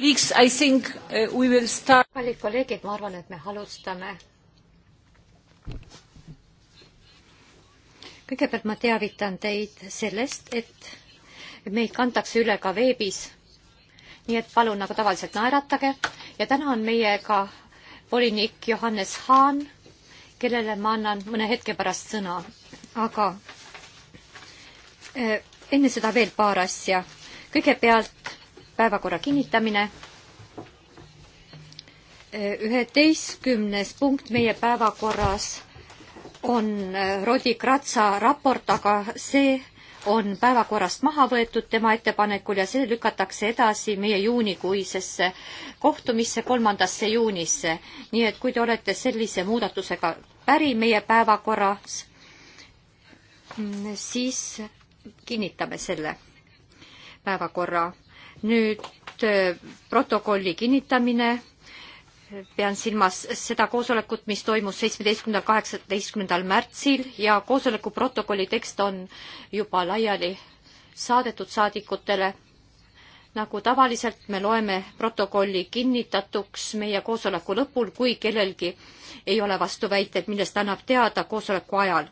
Uh, kallid kolleegid, ma arvan, et me alustame. kõigepealt ma teavitan teid sellest, et meid kantakse üle ka veebis. nii et palun nagu tavaliselt naeratage ja täna on meiega volinik Johannes Haan, kellele ma annan mõne hetke pärast sõna, aga eh, enne seda veel paar asja. kõigepealt päevakorra kinnitamine. üheteistkümnes punkt meie päevakorras on äh, Rodi Kratsa raport, aga see on päevakorrast maha võetud tema ettepanekul ja see lükatakse edasi meie juunikuisesse kohtumisse, kolmandasse juunisse. nii et kui te olete sellise muudatusega päri meie päevakorras, mm, siis kinnitame selle päevakorra nüüd äh, protokolli kinnitamine. pean silmas seda koosolekut, mis toimus seitsmeteistkümnendal, kaheksateistkümnendal märtsil ja koosoleku protokolli tekst on juba laiali saadetud saadikutele. nagu tavaliselt me loeme protokolli kinnitatuks meie koosoleku lõpul, kui kellelgi ei ole vastuväiteid, millest annab teada koosoleku ajal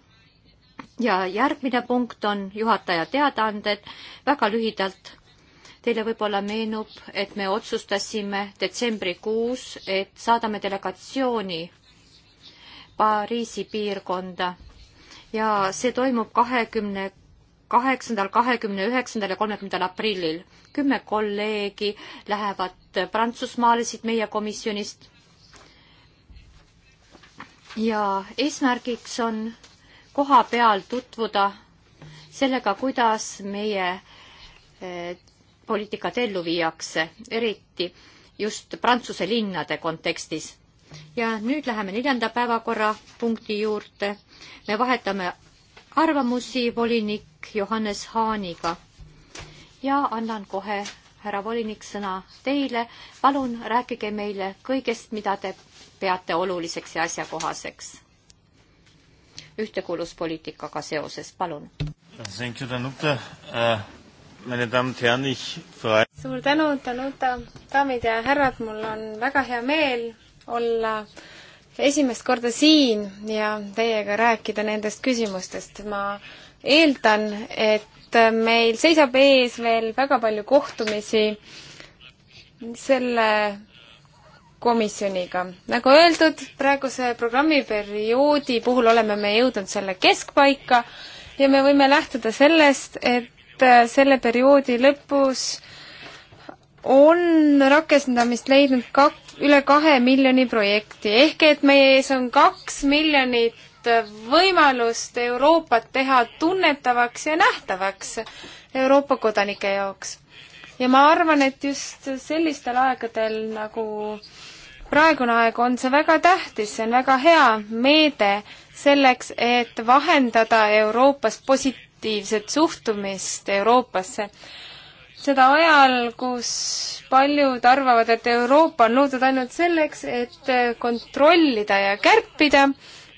ja järgmine punkt on juhataja teadaanded, väga lühidalt Teile võib-olla meenub, et me otsustasime detsembrikuus, et saadame delegatsiooni Pariisi piirkonda ja see toimub kahekümne kaheksandal, kahekümne üheksandal ja kolmekümnendal aprillil. kümme kolleegi lähevad Prantsusmaale siit meie komisjonist. ja eesmärgiks on koha peal tutvuda sellega, kuidas meie eh, poliitikat ellu viiakse, eriti just Prantsuse linnade kontekstis. ja nüüd läheme neljanda päevakorrapunkti juurde. me vahetame arvamusi volinik Johannes Haaniga ja annan kohe härra volinik, sõna teile. palun rääkige meile kõigest, mida te peate oluliseks ja asjakohaseks ühtekuuluvuspoliitikaga seoses, palun suur tänu, Danuta, daamid ja härrad, mul on väga hea meel olla esimest korda siin ja teiega rääkida nendest küsimustest. ma eeldan, et meil seisab ees veel väga palju kohtumisi selle komisjoniga. nagu öeldud, praeguse programmiperioodi puhul oleme me jõudnud selle keskpaika ja me võime lähtuda sellest, et et äh, selle perioodi lõpus on rakendamist leidnud kak-, üle kahe miljoni projekti, ehk et meie ees on kaks miljonit võimalust Euroopat teha tunnetavaks ja nähtavaks Euroopa kodanike jaoks. ja ma arvan, et just sellistel aegadel nagu praegune aeg on see väga tähtis, see on väga hea meede selleks, et vahendada Euroopas posi-, positiivset suhtumist Euroopasse. seda ajal, kus paljud arvavad, et Euroopa on loodud ainult selleks, et kontrollida ja kärpida,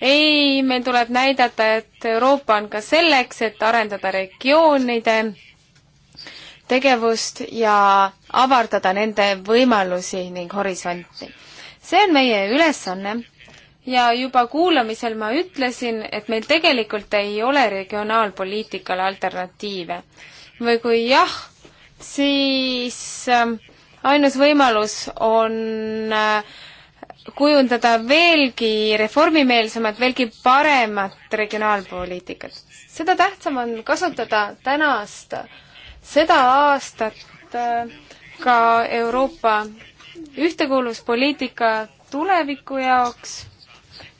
ei, meil tuleb näidata, et Euroopa on ka selleks, et arendada regioonide tegevust ja avardada nende võimalusi ning horisonti. see on meie ülesanne ja juba kuulamisel ma ütlesin, et meil tegelikult ei ole regionaalpoliitikale alternatiive. või kui jah, siis ähm, ainus võimalus on äh, kujundada veelgi reformimeelsemat, veelgi paremat regionaalpoliitikat. seda tähtsam on kasutada tänast, seda aastat äh, ka Euroopa ühtekuuluvuspoliitika tuleviku jaoks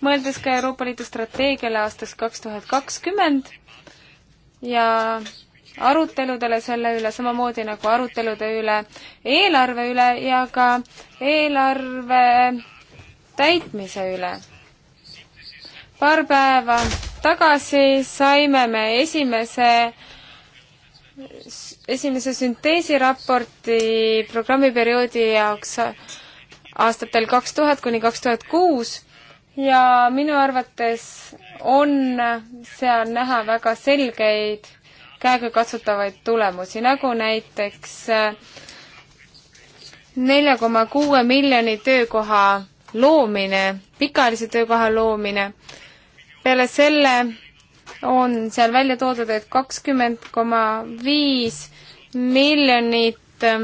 mõeldes ka Euroopa Liidu strateegiale aastast kaks tuhat kakskümmend ja aruteludele selle üle, samamoodi nagu arutelude üle eelarve üle ja ka eelarve täitmise üle. paar päeva tagasi saime me esimese esimese sünteesiraporti programmiperioodi jaoks aastatel kaks tuhat kuni kaks tuhat kuus ja minu arvates on seal näha väga selgeid käegakatsutavaid tulemusi, nagu näiteks äh, nelja koma kuue miljoni töökoha loomine, pikaajalise töökoha loomine. peale selle on seal välja toodud, et kakskümmend koma viis miljonit äh,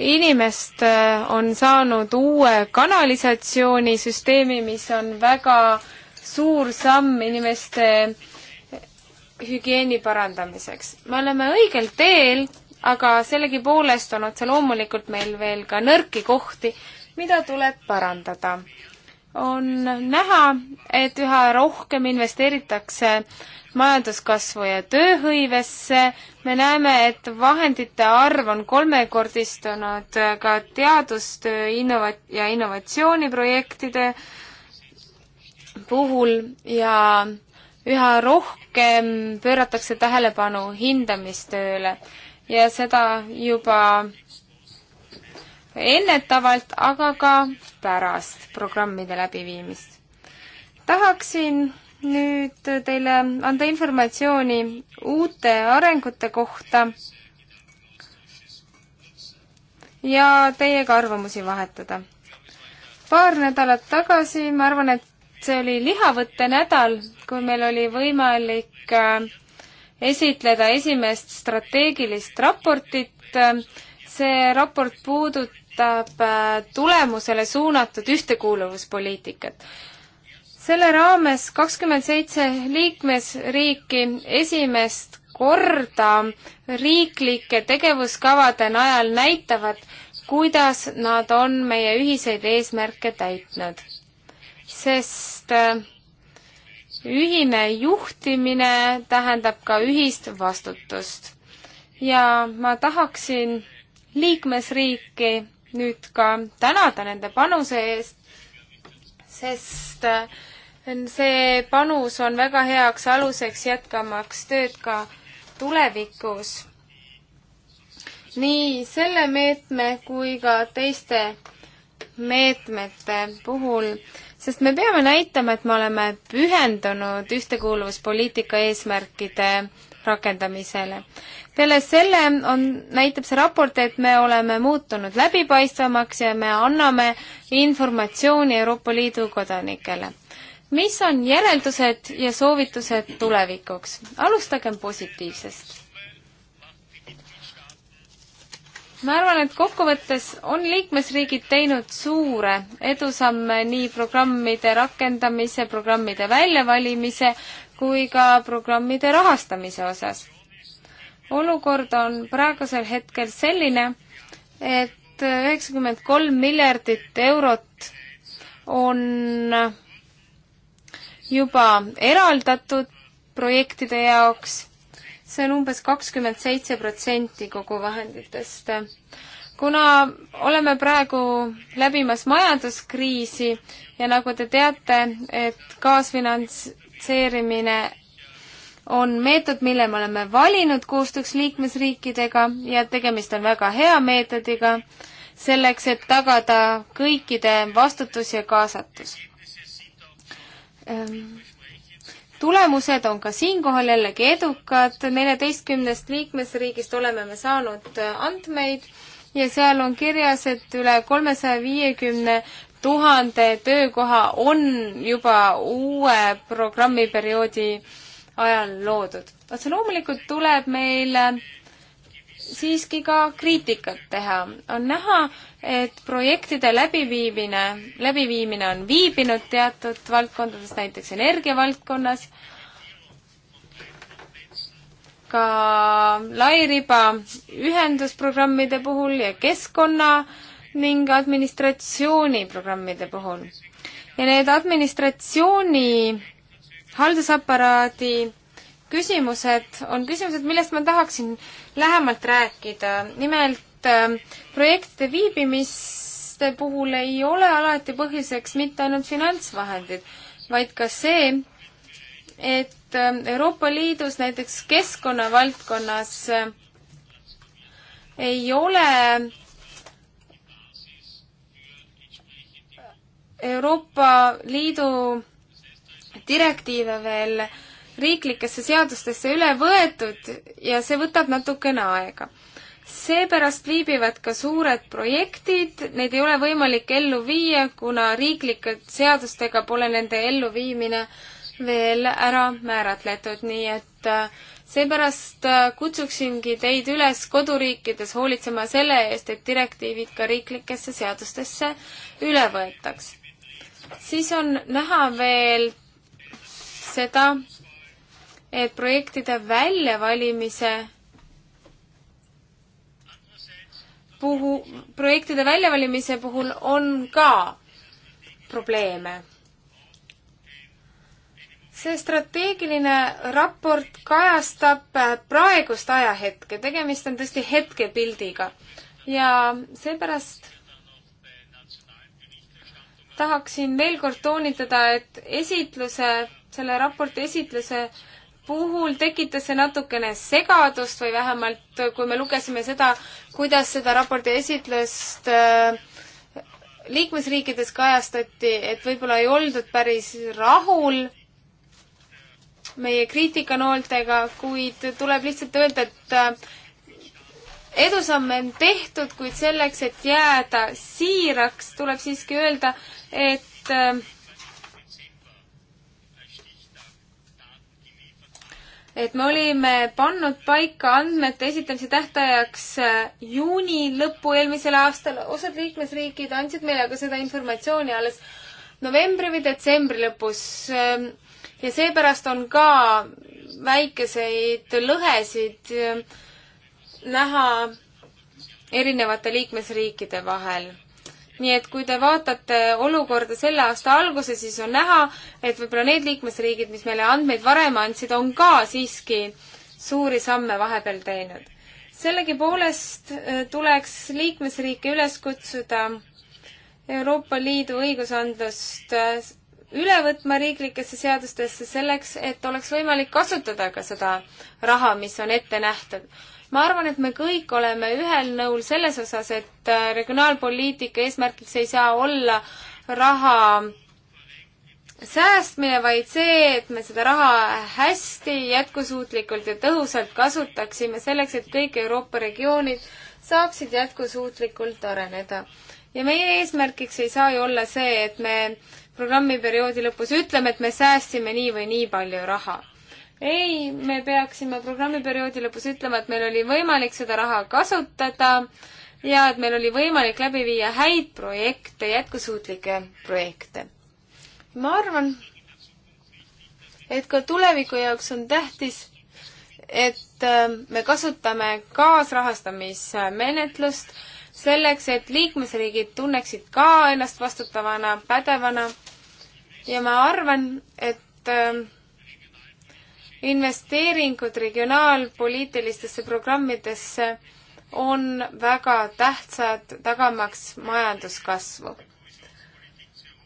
inimest äh, on saanud uue kanalisatsioonisüsteemi, mis on väga suur samm inimeste hügieeni parandamiseks. me oleme õigel teel, aga sellegipoolest on otse loomulikult meil veel ka nõrki kohti, mida tuleb parandada on näha, et üha rohkem investeeritakse majanduskasvu ja tööhõivesse. me näeme, et vahendite arv on kolmekordistunud ka teadustöö innova- ja innovatsiooniprojektide puhul ja üha rohkem pööratakse tähelepanu hindamistööle ja seda juba ennetavalt, aga ka pärast programmide läbiviimist. tahaksin nüüd teile anda informatsiooni uute arengute kohta ja teiega arvamusi vahetada. paar nädalat tagasi, ma arvan, et see oli lihavõtte nädal, kui meil oli võimalik äh, esitleda esimest strateegilist raportit. see raport puudutas puudutab äh, tulemusele suunatud ühtekuuluvuspoliitikat. selle raames kakskümmend seitse liikmesriiki esimest korda riiklike tegevuskavade najal näitavad, kuidas nad on meie ühiseid eesmärke täitnud. sest äh, ühine juhtimine tähendab ka ühist vastutust. ja ma tahaksin liikmesriiki nüüd ka tänada nende panuse eest, sest äh, see panus on väga heaks aluseks jätkamaks tööd ka tulevikus. nii selle meetme kui ka teiste meetmete puhul, sest me peame näitama, et me oleme pühendunud ühtekuuluvuspoliitika eesmärkide rakendamisele peale selle on, näitab see raport, et me oleme muutunud läbipaistvamaks ja me anname informatsiooni Euroopa Liidu kodanikele. mis on järeldused ja soovitused tulevikuks? alustagem positiivsest. ma arvan, et kokkuvõttes on liikmesriigid teinud suure edusamme nii programmide rakendamise, programmide väljavalimise kui ka programmide rahastamise osas olukord on praegusel hetkel selline, et üheksakümmend kolm miljardit eurot on juba eraldatud projektide jaoks, see on umbes kakskümmend seitse protsenti kogu vahenditest. kuna oleme praegu läbimas majanduskriisi ja nagu te teate, et kaasfinants-, finantseerimine on meetod, mille me oleme valinud koostööks liikmesriikidega ja tegemist on väga hea meetodiga selleks, et tagada kõikide vastutus ja kaasatus. Ehm, tulemused on ka siinkohal jällegi edukad, neljateistkümnest liikmesriigist oleme me saanud andmeid ja seal on kirjas, et üle kolmesaja viiekümne tuhande töökoha on juba uue programmiperioodi ajal loodud. otse loomulikult tuleb meil äh, siiski ka kriitikat teha. on näha, et projektide läbiviimine, läbiviimine on viibinud teatud valdkondades, näiteks energiavaldkonnas, ka lairiba ühendusprogrammide puhul ja keskkonna ning administratsiooniprogrammide puhul. ja need administratsiooni haldusaparaadi küsimused on küsimused, millest ma tahaksin lähemalt rääkida. nimelt äh, projektide viibimiste puhul ei ole alati põhjuseks mitte ainult finantsvahendid, vaid ka see, et äh, Euroopa Liidus näiteks keskkonnavaldkonnas äh, ei ole Euroopa Liidu direktiive veel riiklikesse seadustesse üle võetud ja see võtab natukene aega. seepärast viibivad ka suured projektid, neid ei ole võimalik ellu viia, kuna riiklike seadustega pole nende elluviimine veel ära määratletud, nii et äh, seepärast äh, kutsuksingi teid üles koduriikides hoolitsema selle eest, et direktiivid ka riiklikesse seadustesse üle võetaks. siis on näha veel seda, et projektide väljavalimise puhu, projektide väljavalimise puhul on ka probleeme. see strateegiline raport kajastab praegust ajahetke, tegemist on tõesti hetkepildiga ja seepärast tahaksin veel kord toonitada, et esitluse selle raporti esitluse puhul tekitas see natukene segadust või vähemalt kui me lugesime seda, kuidas seda raporti esitlust äh, liikmesriikides kajastati, et võib-olla ei oldud päris rahul meie kriitikanooltega, kuid tuleb lihtsalt öelda, et äh, edusamme on tehtud, kuid selleks, et jääda siiraks, tuleb siiski öelda, et äh, et me olime pannud paika andmete esitamise tähtajaks äh, juuni lõppu eelmisel aastal, osad liikmesriigid andsid meile aga seda informatsiooni alles novembri või detsembri lõpus. Ähm, ja seepärast on ka väikeseid lõhesid äh, näha erinevate liikmesriikide vahel nii et kui te vaatate olukorda selle aasta alguses, siis on näha, et võib-olla need liikmesriigid, mis meile andmeid varem andsid, on ka siiski suuri samme vahepeal teinud. sellegipoolest äh, tuleks liikmesriike üles kutsuda Euroopa Liidu õigusandlust äh, üle võtma riiklikesse seadustesse selleks, et oleks võimalik kasutada ka seda raha, mis on ette nähtud ma arvan, et me kõik oleme ühel nõul selles osas, et äh, regionaalpoliitika eesmärgiks ei saa olla raha säästmine, vaid see, et me seda raha hästi, jätkusuutlikult ja tõhusalt kasutaksime selleks, et kõik Euroopa regioonid saaksid jätkusuutlikult areneda. ja meie eesmärgiks ei saa ju olla see, et me programmiperioodi lõpus ütleme, et me säästsime nii või nii palju raha ei, me peaksime programmiperioodi lõpus ütlema, et meil oli võimalik seda raha kasutada ja et meil oli võimalik läbi viia häid projekte, jätkusuutlikke projekte. ma arvan, et ka tuleviku jaoks on tähtis, et äh, me kasutame kaasrahastamismenetlust selleks, et liikmesriigid tunneksid ka ennast vastutavana, pädevana ja ma arvan, et äh, investeeringud regionaalpoliitilistesse programmidesse on väga tähtsad, tagamaks majanduskasvu.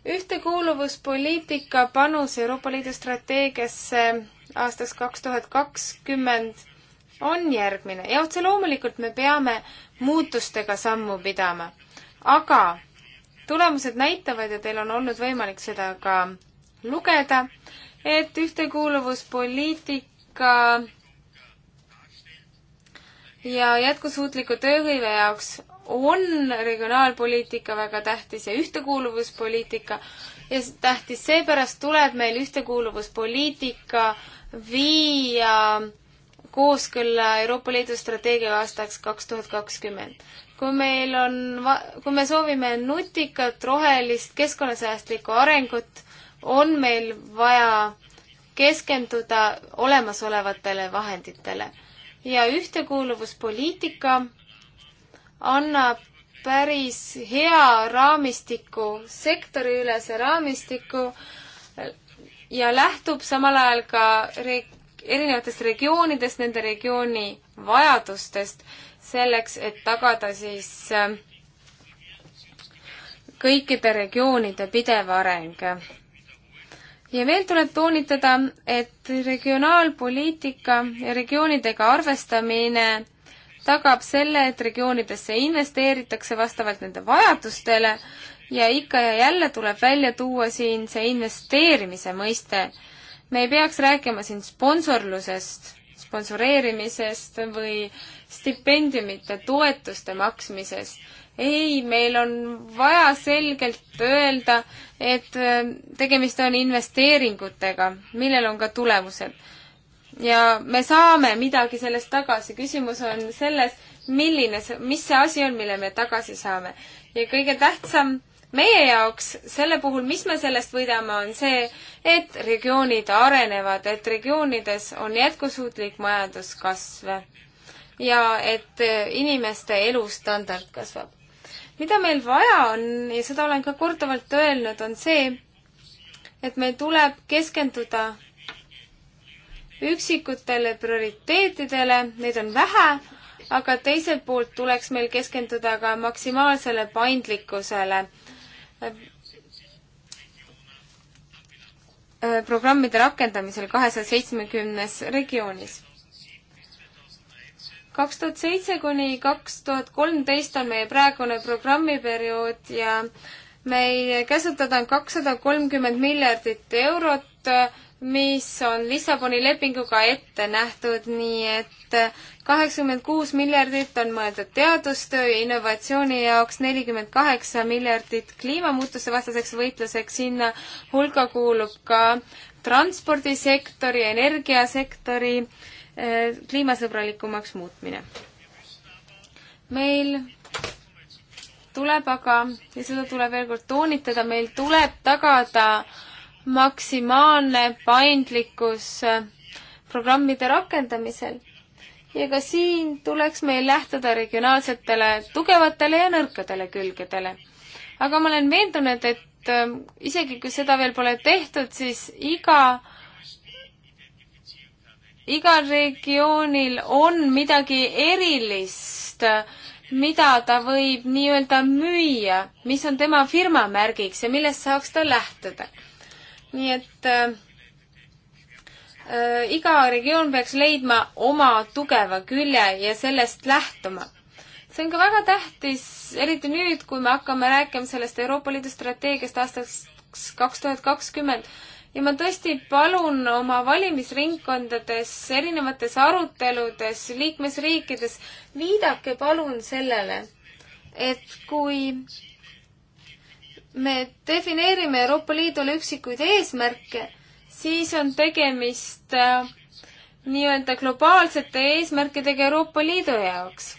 ühtekuuluvuspoliitika panus Euroopa Liidu strateegiasse aastaks kaks tuhat kakskümmend on järgmine ja otse loomulikult me peame muutustega sammu pidama, aga tulemused näitavad ja teil on olnud võimalik seda ka lugeda, et ühtekuuluvuspoliitika ja jätkusuutliku tööhõive jaoks on regionaalpoliitika väga tähtis ja ühtekuuluvuspoliitika ja tähtis, seepärast tuleb meil ühtekuuluvuspoliitika viia kooskõlla Euroopa Liidu strateegia aastaks kaks tuhat kakskümmend. kui meil on, kui me soovime nutikat, rohelist, keskkonnasäästlikku arengut, on meil vaja keskenduda olemasolevatele vahenditele ja ühtekuuluvuspoliitika annab päris hea raamistiku, sektoriülese raamistiku ja lähtub samal ajal ka reg erinevatest regioonidest, nende regiooni vajadustest, selleks et tagada siis äh, kõikide regioonide pidev areng ja veel tuleb toonitada, et regionaalpoliitika ja regioonidega arvestamine tagab selle, et regioonidesse investeeritakse vastavalt nende vajadustele ja ikka ja jälle tuleb välja tuua siin see investeerimise mõiste. me ei peaks rääkima siin sponsorlusest sponsoreerimisest või stipendiumite, toetuste maksmisest. ei, meil on vaja selgelt öelda, et äh, tegemist on investeeringutega, millel on ka tulemused. ja me saame midagi sellest tagasi, küsimus on selles, milline see, mis see asi on, mille me tagasi saame. ja kõige tähtsam meie jaoks selle puhul, mis me sellest võidame, on see, et regioonid arenevad, et regioonides on jätkusuutlik majanduskasv ja et inimeste elustandard kasvab. mida meil vaja on ja seda olen ka korduvalt öelnud, on see, et meil tuleb keskenduda üksikutele prioriteetidele, neid on vähe, aga teiselt poolt tuleks meil keskenduda ka maksimaalsele paindlikkusele Äh, programmide rakendamisel kahesaja seitsmekümnes regioonis. kaks tuhat seitse kuni kaks tuhat kolmteist on meie praegune programmiperiood ja meie käsutada on kakssada kolmkümmend miljardit eurot mis on Lissaboni lepinguga ette nähtud, nii et kaheksakümmend kuus miljardit on mõeldud teadustöö ja innovatsiooni jaoks, nelikümmend kaheksa miljardit kliimamuutuste vastaseks võitluseks, sinna hulka kuulub ka transpordisektori ja energiasektori eh, kliimasõbralikumaks muutmine. meil tuleb aga, ja seda tuleb veel kord toonitada, meil tuleb tagada äh, maksimaalne paindlikkus äh, programmide rakendamisel. ja ka siin tuleks meil lähtuda regionaalsetele tugevatele ja nõrkadele külgedele. aga ma olen veendunud, et äh, isegi kui seda veel pole tehtud, siis iga, igal regioonil on midagi erilist, mida ta võib nii-öelda müüa, mis on tema firmamärgiks ja millest saaks ta lähtuda nii et äh, äh, iga regioon peaks leidma oma tugeva külje ja sellest lähtuma. see on ka väga tähtis, eriti nüüd, kui me hakkame rääkima sellest Euroopa Liidu strateegiast aastaks kaks tuhat kakskümmend ja ma tõesti palun oma valimisringkondades, erinevates aruteludes, liikmesriikides, viidake palun sellele, et kui me defineerime Euroopa Liidule üksikuid eesmärke, siis on tegemist äh, nii-öelda globaalsete eesmärkidega Euroopa Liidu jaoks.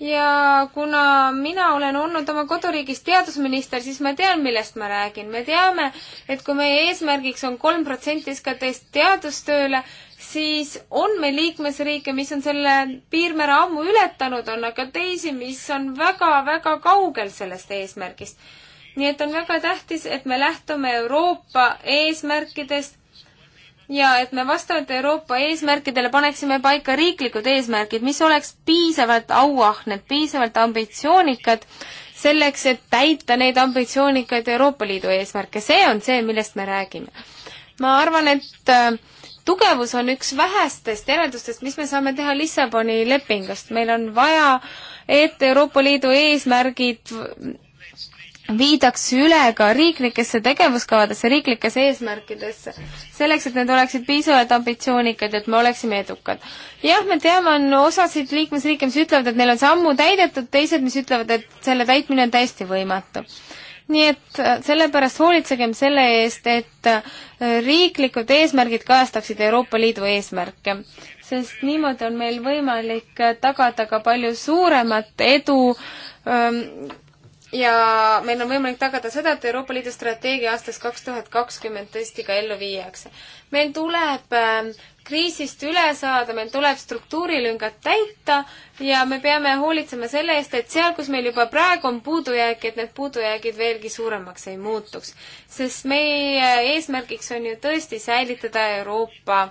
ja kuna mina olen olnud oma koduriigis teadusminister, siis ma tean, millest ma räägin. me teame, et kui meie eesmärgiks on kolm protsenti SKT-st teadustööle, siis on meil liikmesriike, mis on selle piirmäära ammu ületanud, on aga teisi, mis on väga-väga kaugel sellest eesmärgist nii et on väga tähtis, et me lähtume Euroopa eesmärkidest ja et me vastavalt Euroopa eesmärkidele paneksime paika riiklikud eesmärgid, mis oleks piisavalt auahned, piisavalt ambitsioonikad, selleks, et täita neid ambitsioonikaid Euroopa Liidu eesmärke, see on see, millest me räägime. ma arvan, et äh, tugevus on üks vähestest järeldustest, mis me saame teha Lissaboni lepingust, meil on vaja, et Euroopa Liidu eesmärgid viidaks üle ka riiklikesse tegevuskavadesse, riiklikesse eesmärkidesse, selleks, et need oleksid piisavalt ambitsioonikad, et me oleksime edukad. jah, me teame, on osasid liikmesriike, mis ütlevad, et neil on sammu täidetud, teised, mis ütlevad, et selle täitmine on täiesti võimatu. nii et äh, sellepärast hoolitsegem selle eest, et äh, riiklikud eesmärgid kajastaksid Euroopa Liidu eesmärke sest niimoodi on meil võimalik äh, tagada ka palju suuremat edu öö, ähm, ja meil on võimalik tagada seda, et Euroopa Liidu strateegia aastast kaks tuhat kakskümmend tõesti ka ellu viiakse. meil tuleb ähm, kriisist üle saada, meil tuleb struktuurilüngad täita ja me peame hoolitsema selle eest, et seal, kus meil juba praegu on puudujääk, et need puudujäägid veelgi suuremaks ei muutuks. sest meie eesmärgiks on ju tõesti säilitada Euroopa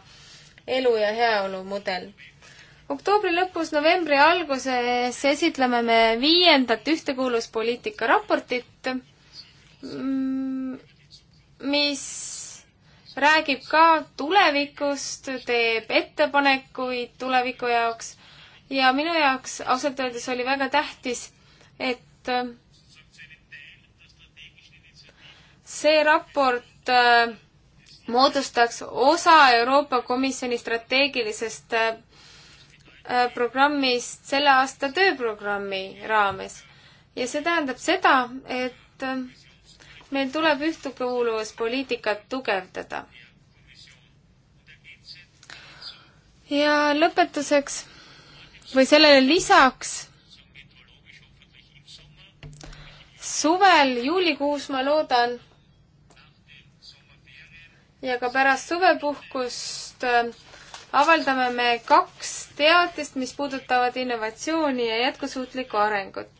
elu ja heaolu mudel oktoobri lõpus, novembri alguses esitleme me viiendat ühtekuuluvuspoliitika raportit, mm, mis räägib ka tulevikust, teeb ettepanekuid tuleviku jaoks ja minu jaoks ausalt öeldes oli väga tähtis, et see raport äh, moodustaks osa Euroopa Komisjoni strateegilisest äh, Äh, programmist selle aasta tööprogrammi raames. ja see tähendab seda, et äh, meil tuleb ühtekuuluvuspoliitikat tugevdada. ja lõpetuseks või sellele lisaks suvel, juulikuus ma loodan, ja ka pärast suvepuhkust äh, avaldame me kaks teatist, mis puudutavad innovatsiooni ja jätkusuutlikku arengut,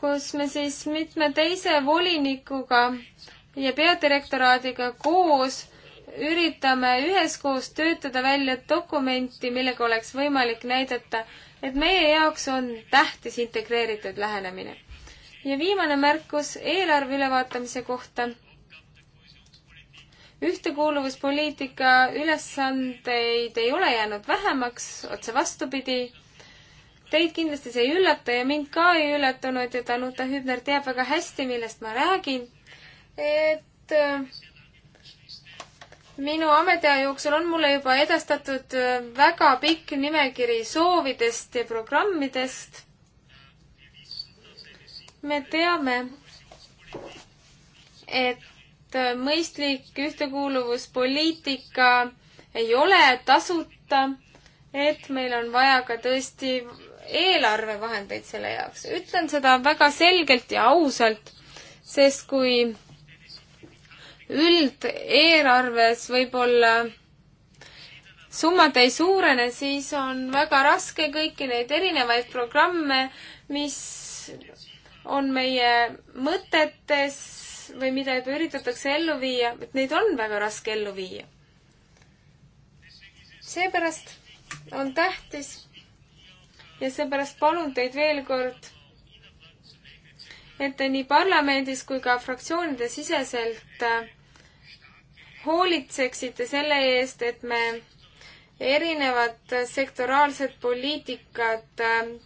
kus me siis mitme teise volinikuga ja peadirektoraadiga koos üritame üheskoos töötada välja dokumenti, millega oleks võimalik näidata, et meie jaoks on tähtis integreeritud lähenemine. ja viimane märkus eelarve ülevaatamise kohta ühtekuuluvuspoliitika ülesandeid ei ole jäänud vähemaks, otse vastupidi. Teid kindlasti see ei üllata ja mind ka ei üllatunud ja Danuta Hübner teab väga hästi, millest ma räägin. et äh, minu ametiaja jooksul on mulle juba edastatud äh, väga pikk nimekiri soovidest ja programmidest. me teame, et Äh, mõistlik ühtekuuluvuspoliitika ei ole tasuta, et meil on vaja ka tõesti eelarvevahendeid selle jaoks. ütlen seda väga selgelt ja ausalt, sest kui üldeelarves võib-olla summad ei suurene, siis on väga raske kõiki neid erinevaid programme, mis on meie mõtetes või mida juba üritatakse ellu viia, et neid on väga raske ellu viia. seepärast on tähtis ja seepärast palun teid veel kord, et te nii parlamendis kui ka fraktsioonide siseselt äh, hoolitseksite selle eest, et me erinevad sektoraalsed poliitikad äh,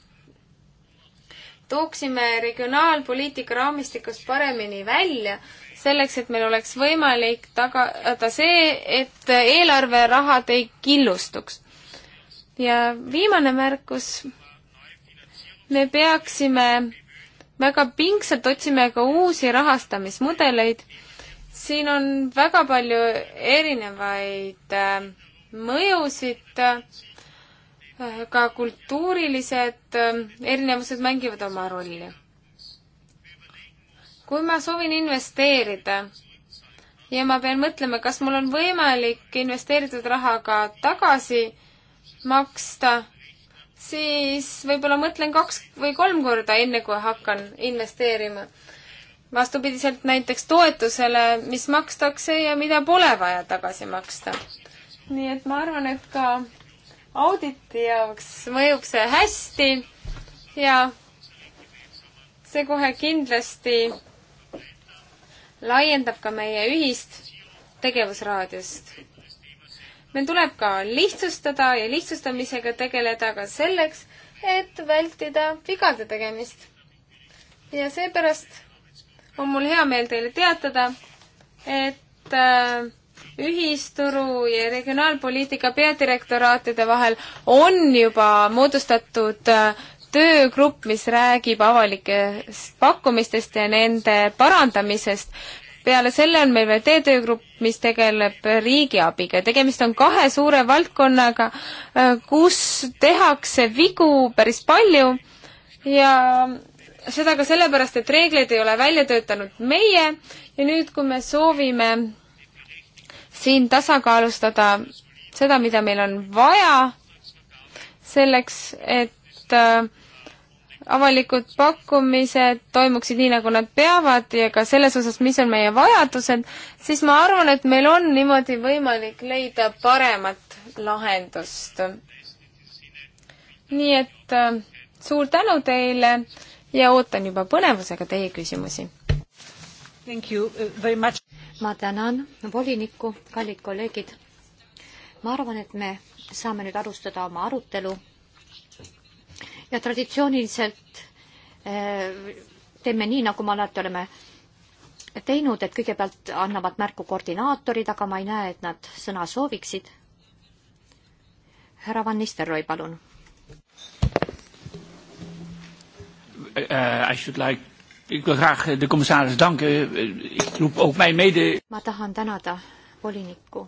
tooksime regionaalpoliitika raamistikust paremini välja, selleks, et meil oleks võimalik tagada see, et eelarverahad ei killustuks. ja viimane märkus, me peaksime väga pingsalt otsime ka uusi rahastamismudeleid. siin on väga palju erinevaid äh, mõjusid äh, ka kultuurilised äh, erinevused mängivad oma rolli. kui ma soovin investeerida ja ma pean mõtlema, kas mul on võimalik investeeritud raha ka tagasi maksta, siis võib-olla mõtlen kaks või kolm korda, enne kui hakkan investeerima. vastupidiselt näiteks toetusele, mis makstakse ja mida pole vaja tagasi maksta. nii et ma arvan, et ka auditi jaoks mõjub see hästi ja see kohe kindlasti laiendab ka meie ühist tegevusraadiust. meil tuleb ka lihtsustada ja lihtsustamisega tegeleda ka selleks, et vältida vigade tegemist. ja seepärast on mul hea meel teile teatada, et äh, ühisturu ja regionaalpoliitika peadirektoraatide vahel on juba moodustatud äh, töögrupp, mis räägib avalikest pakkumistest ja nende parandamisest. peale selle on meil veel teetöögrupp, mis tegeleb riigiabiga. tegemist on kahe suure valdkonnaga, äh, kus tehakse vigu päris palju ja seda ka sellepärast, et reegleid ei ole välja töötanud meie ja nüüd, kui me soovime siin tasakaalustada seda, mida meil on vaja selleks, et äh, avalikud pakkumised toimuksid nii, nagu nad peavad ja ka selles osas, mis on meie vajadused, siis ma arvan, et meil on niimoodi võimalik leida paremat lahendust. nii et äh, suur tänu teile ja ootan juba põnevusega teie küsimusi ma tänan volinikku, kallid kolleegid. ma arvan, et me saame nüüd alustada oma arutelu. ja traditsiooniliselt eh, teeme nii, nagu me alati oleme teinud, et kõigepealt annavad märku koordinaatorid, aga ma ei näe, et nad sõna sooviksid. härra Van Nistelrooy, palun. Uh, I should like Ik wil graag eh, de commissaris danken. Eh, ik roep ook mijn mede... Ma tahan tänada volinikku.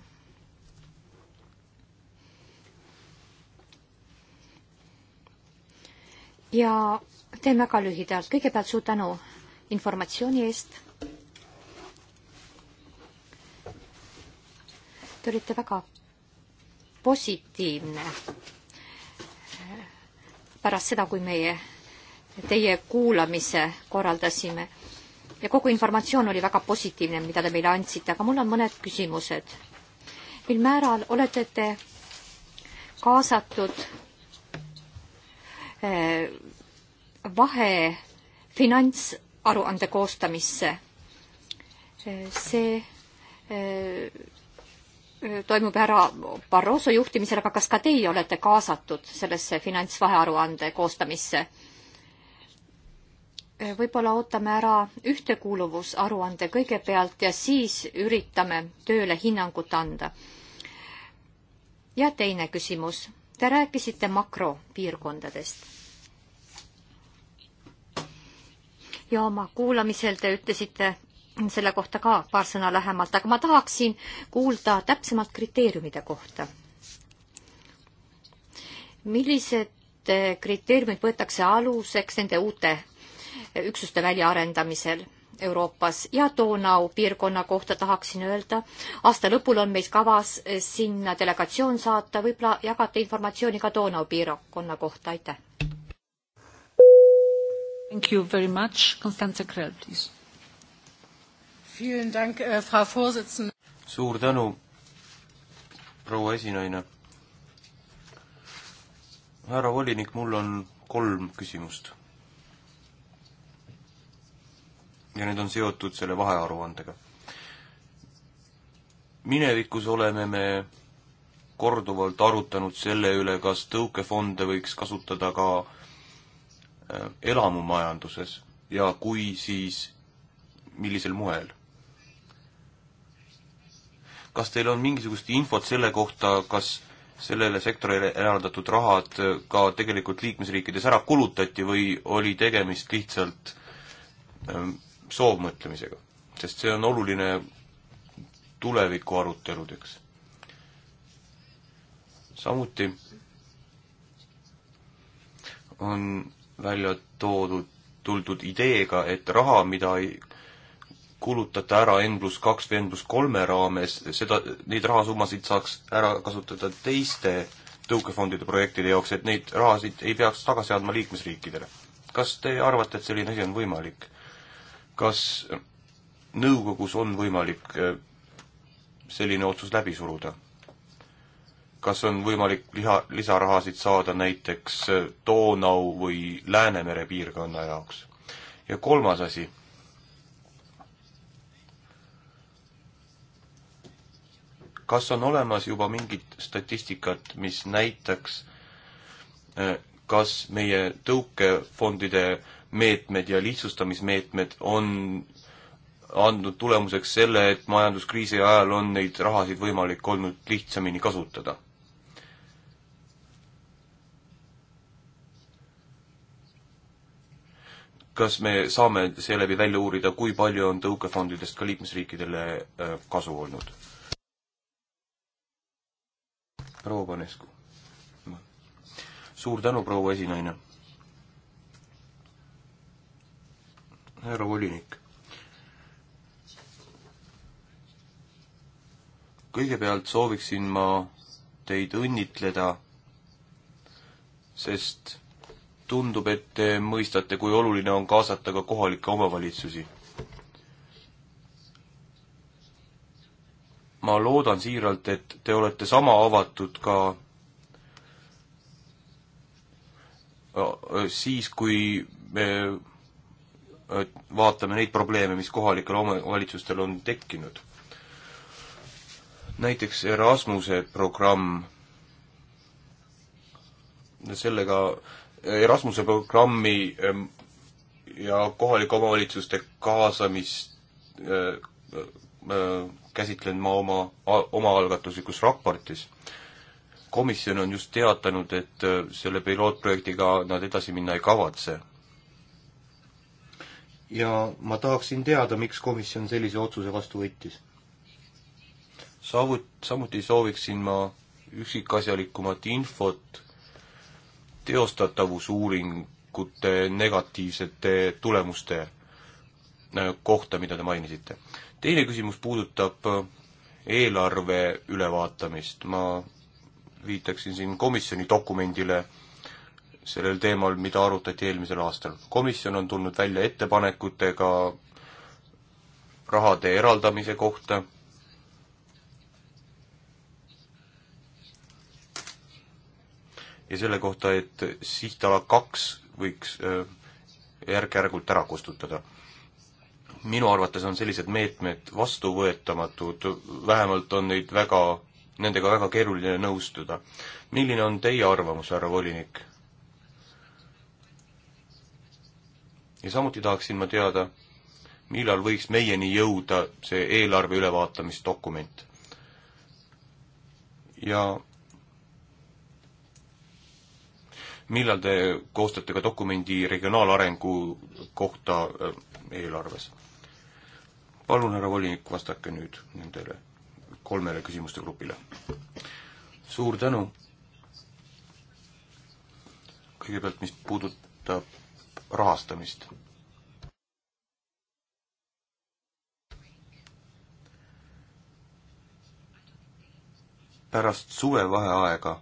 ja teen väga lühidalt. kõigepealt suur tänu informatsiooni eest. Te olite väga positiivne eh, pärast seda, kui meie teie kuulamise korraldasime ja kogu informatsioon oli väga positiivne, mida te meile andsite, aga mul on mõned küsimused. mil määral olete te kaasatud eh, vahe finantsaruande koostamisse? Eh, see eh, toimub ära Barroso juhtimisel, aga kas ka teie olete kaasatud sellesse finantsvahearuande koostamisse? võib-olla ootame ära ühtekuuluvusaruande kõigepealt ja siis üritame tööle hinnangut anda. ja teine küsimus. Te rääkisite makropiirkondadest. ja oma kuulamisel te ütlesite selle kohta ka paar sõna lähemalt, aga ma tahaksin kuulda täpsemalt kriteeriumide kohta. millised eh, kriteeriumid võetakse aluseks nende uute üksuste väljaarendamisel Euroopas ja Donau piirkonna kohta tahaksin öelda, aasta lõpul on meil kavas sinna delegatsioon saata, võib-olla jagate informatsiooni ka Donau piirkonna kohta, aitäh. Thank you very much, Konstantin Krell, please. Vielen Dank, äh, Frau Vorsitzende. suur tänu, proua esinaine. härra volinik, mul on kolm küsimust ja need on seotud selle vahearuandega. minevikus oleme me korduvalt arutanud selle üle, kas tõukefonde võiks kasutada ka äh, elamumajanduses ja kui, siis millisel moel? kas teil on mingisugust infot selle kohta, kas sellele sektorile eraldatud rahad ka tegelikult liikmesriikides ära kulutati või oli tegemist lihtsalt ähm, soovmõtlemisega, sest see on oluline tuleviku aruteludeks. samuti on välja toodud, tuldud ideega, et raha, mida ei kulutata ära N pluss kaks või N pluss kolme raames, seda, neid rahasummasid saaks ära kasutada teiste tõukefondide projektide jaoks, et neid rahasid ei peaks tagasi andma liikmesriikidele. kas te arvate, et selline asi on võimalik? kas nõukogus on võimalik äh, selline otsus läbi suruda? kas on võimalik liha, lisarahasid saada näiteks äh, Donau või Läänemere piirkonna jaoks? ja kolmas asi kas on olemas juba mingit statistikat, mis näitaks, äh, kas meie tõukefondide meetmed ja lihtsustamismeetmed on andnud tulemuseks selle, et majanduskriisi ajal on neid rahasid võimalik olnud lihtsamini kasutada. kas me saame seeläbi välja uurida, kui palju on tõukefondidest ka liikmesriikidele äh, kasu olnud? proua Panescu. suur tänu, proua esinaine härra volinik. kõigepealt sooviksin ma teid õnnitleda, sest tundub, et te mõistate, kui oluline on kaasata ka kohalikke omavalitsusi. ma loodan siiralt, et te olete sama avatud ka äh, siis, kui me vaatame neid probleeme, mis kohalikel omavalitsustel on tekkinud. näiteks Erasmuse programm, sellega, Erasmuse programmi ja kohalike omavalitsuste kaasamist e, e, käsitlen ma oma, omaalgatuslikus raportis. komisjon on just teatanud, et e, selle pilootprojektiga nad edasi minna ei kavatse ja ma tahaksin teada, miks komisjon sellise otsuse vastu võttis. Saavut-, samuti sooviksin ma üksikasjalikumat infot teostatavusuuringute negatiivsete tulemuste äh, kohta, mida te mainisite. teine küsimus puudutab äh, eelarve ülevaatamist, ma viitaksin siin komisjoni dokumendile sellel teemal, mida arutati eelmisel aastal. komisjon on tulnud välja ettepanekutega rahade eraldamise kohta, ja selle kohta, et sihtala kaks võiks järk-järgult ära kustutada. minu arvates on sellised meetmed vastuvõetamatud, vähemalt on neid väga, nendega väga keeruline nõustuda. milline on teie arvamus, härra volinik? ja samuti tahaksin ma teada, millal võiks meieni jõuda see eelarve ülevaatamisdokument. ja millal te koostate ka dokumendi regionaalarengu kohta äh, eelarves? palun, härra volinik, vastake nüüd nendele kolmele küsimuste grupile. suur tänu. kõigepealt, mis puudutab rahastamist. pärast suvevaheaega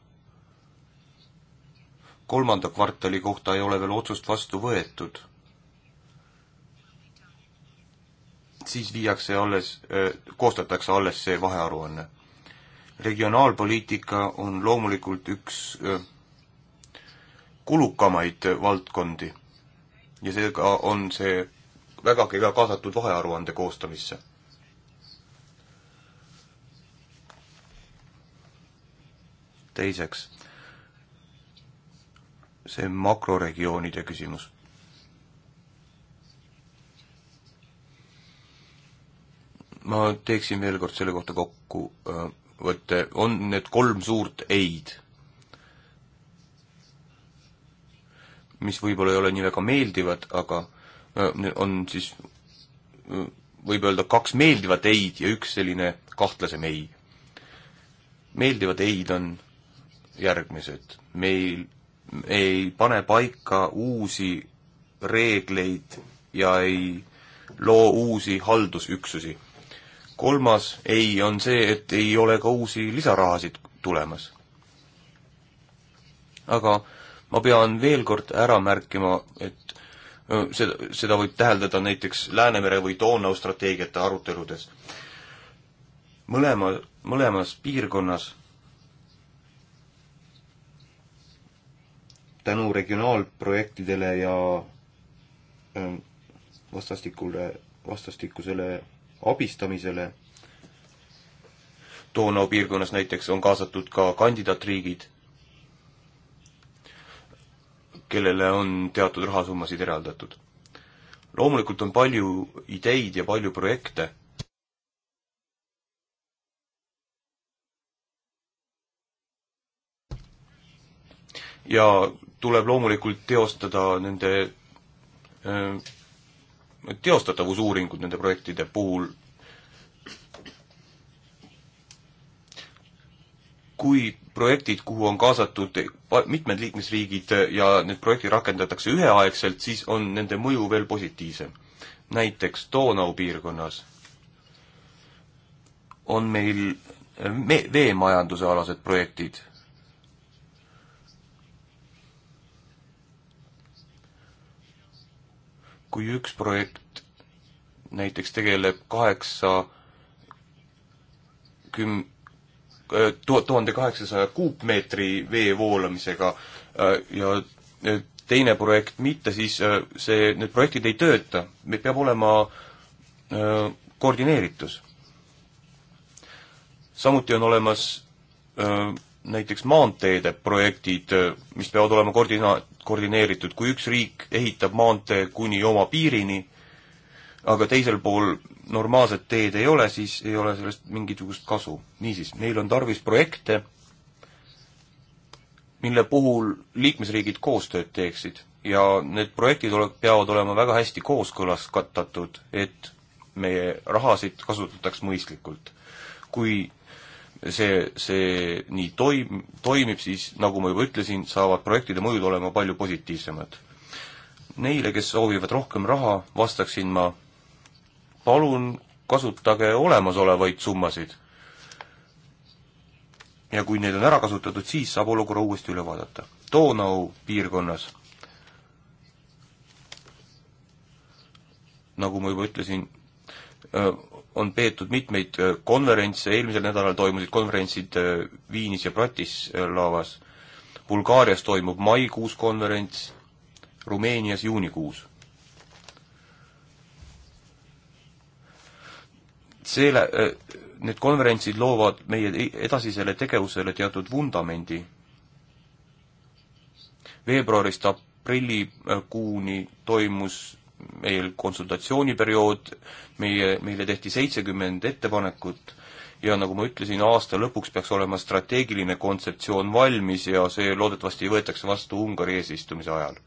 kolmanda kvartali kohta ei ole veel otsust vastu võetud siis viiakse alles, äh, koostatakse alles see vahearuanne. regionaalpoliitika on loomulikult üks äh, kulukamaid valdkondi ja seega on see vägagi ka kaasatud vahearuande koostamisse. teiseks, see makroregioonide küsimus. ma teeksin veel kord selle kohta kokkuvõtte, äh, on need kolm suurt ei-d mis võib-olla ei ole nii väga meeldivad, aga äh, on siis, äh, võib öelda, kaks meeldivat ei-d ja üks selline kahtlasem ei. meeldivad ei-d on järgmised. meil ei pane paika uusi reegleid ja ei loo uusi haldusüksusi. kolmas ei on see, et ei ole ka uusi lisarahasid tulemas. aga ma pean veel kord ära märkima, et seda, seda võib täheldada näiteks Läänemere või Donau strateegiate aruteludes. mõlema, mõlemas piirkonnas tänu regionaalprojektidele ja vastastikule, vastastikusele abistamisele Donau piirkonnas näiteks on kaasatud ka kandidaatriigid kellele on teatud rahasummasid eraldatud. loomulikult on palju ideid ja palju projekte ja tuleb loomulikult teostada nende äh, teostatavusuuringud nende projektide puhul kui projektid, kuhu on kaasatud mitmed liikmesriigid ja need projektid rakendatakse üheaegselt, siis on nende mõju veel positiivsem. näiteks Donau piirkonnas on meil me-, veemajanduse alased projektid. kui üks projekt näiteks tegeleb kaheksa küm-, Äh, tuhande kaheksasaja kuupmeetri vee voolamisega äh, ja äh, teine projekt mitte, siis see, need projektid ei tööta. meil peab olema koordineeritus. samuti on olemas näiteks maanteede projektid, mis peavad olema koordina-, koordineeritud, kui üks riik ehitab maantee kuni oma piirini, aga teisel pool normaalset teed ei ole, siis ei ole sellest mingisugust kasu. niisiis, meil on tarvis projekte, mille puhul liikmesriigid koostööd teeksid ja need projektid ole-, peavad olema väga hästi kooskõlas katatud, et meie rahasid kasutataks mõistlikult. kui see, see nii toim-, toimib, siis nagu ma juba ütlesin, saavad projektide mõjud olema palju positiivsemad. Neile, kes soovivad rohkem raha, vastaksin ma palun kasutage olemasolevaid summasid. ja kui need on ära kasutatud, siis saab olukorra uuesti üle vaadata. Donau piirkonnas, nagu ma juba ütlesin, on peetud mitmeid konverentse, eelmisel nädalal toimusid konverentsid Viinis ja Bratislavas, Bulgaarias toimub maikuus konverents, Rumeenias juunikuus see lä-, need konverentsid loovad meie e-, edasisele tegevusele teatud vundamendi. veebruarist aprillikuuni toimus meil konsultatsiooniperiood, meie, meile tehti seitsekümmend ettepanekut ja nagu ma ütlesin, aasta lõpuks peaks olema strateegiline kontseptsioon valmis ja see loodetavasti võetakse vastu Ungari eesistumise ajal.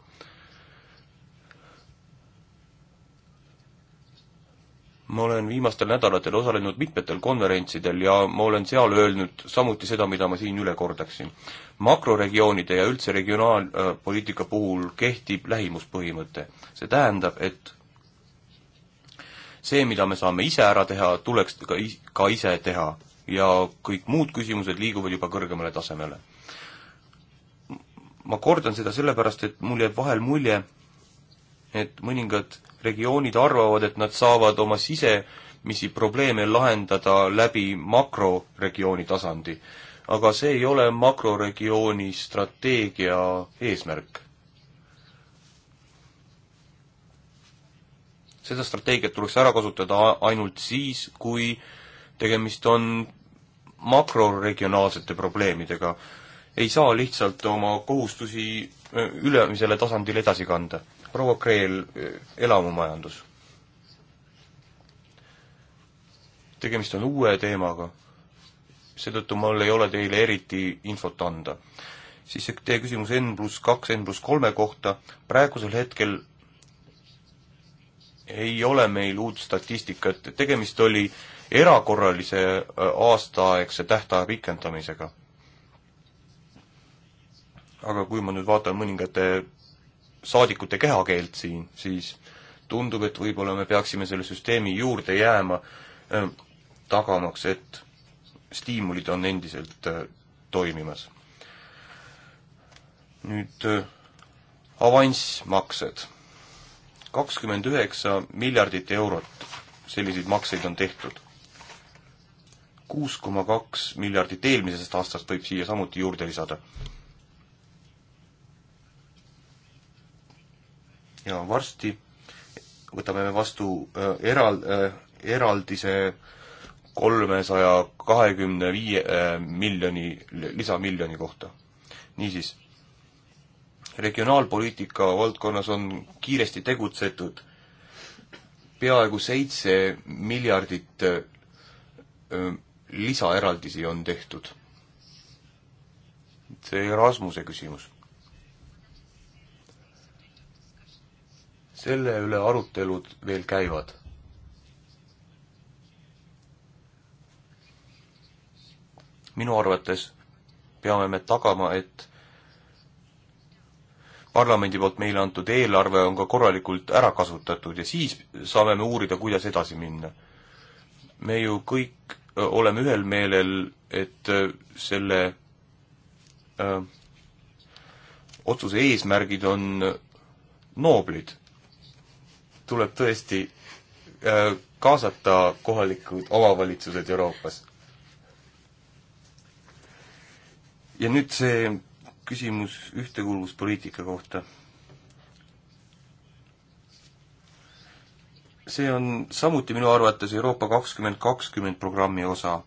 ma olen viimastel nädalatel osalenud mitmetel konverentsidel ja ma olen seal öelnud samuti seda, mida ma siin üle kordaksin. makroregioonide ja üldse regionaalpoliitika puhul kehtib lähimuspõhimõte. see tähendab, et see, mida me saame ise ära teha, tuleks ka, ka ise teha ja kõik muud küsimused liiguvad juba kõrgemale tasemele. ma kordan seda sellepärast, et mul jääb vahel mulje, et mõningad regioonid arvavad, et nad saavad oma sisemisi probleeme lahendada läbi makroregiooni tasandi. aga see ei ole makroregiooni strateegia eesmärk. seda strateegiat tuleks ära kasutada ainult siis, kui tegemist on makroregionaalsete probleemidega. ei saa lihtsalt oma kohustusi ülemisele tasandile edasi kanda proua Kreel, elamumajandus. tegemist on uue teemaga, seetõttu mul ei ole teile eriti infot anda. siis teie küsimus N pluss kaks, N pluss kolme kohta, praegusel hetkel ei ole meil uut statistikat, tegemist oli erakorralise äh, aastaaegse tähtaja pikendamisega aga kui ma nüüd vaatan mõningate saadikute kehakeelt siin, siis tundub, et võib-olla me peaksime selle süsteemi juurde jääma, ähm, tagamaks, et stiimulid on endiselt äh, toimimas. nüüd äh, avansmaksed. kakskümmend üheksa miljardit eurot selliseid makseid on tehtud. kuus koma kaks miljardit eelmisest aastast võib siia samuti juurde lisada ja varsti võtame me vastu äh, eral-, äh, eraldise kolmesaja kahekümne viie äh, miljoni, lisamiljoni kohta. niisiis, regionaalpoliitika valdkonnas on kiiresti tegutsetud peaaegu seitse miljardit lisaeraldisi on tehtud. see Erasmuse küsimus. selle üle arutelud veel käivad. minu arvates peame me tagama, et parlamendi poolt meile antud eelarve on ka korralikult ära kasutatud ja siis saame me uurida, kuidas edasi minna. me ju kõik oleme ühel meelel, et selle öö, otsuse eesmärgid on nooblid tuleb tõesti äh, kaasata kohalikud omavalitsused Euroopas. ja nüüd see küsimus ühtekuuluvuspoliitika kohta. see on samuti minu arvates Euroopa kakskümmend kakskümmend programmi osa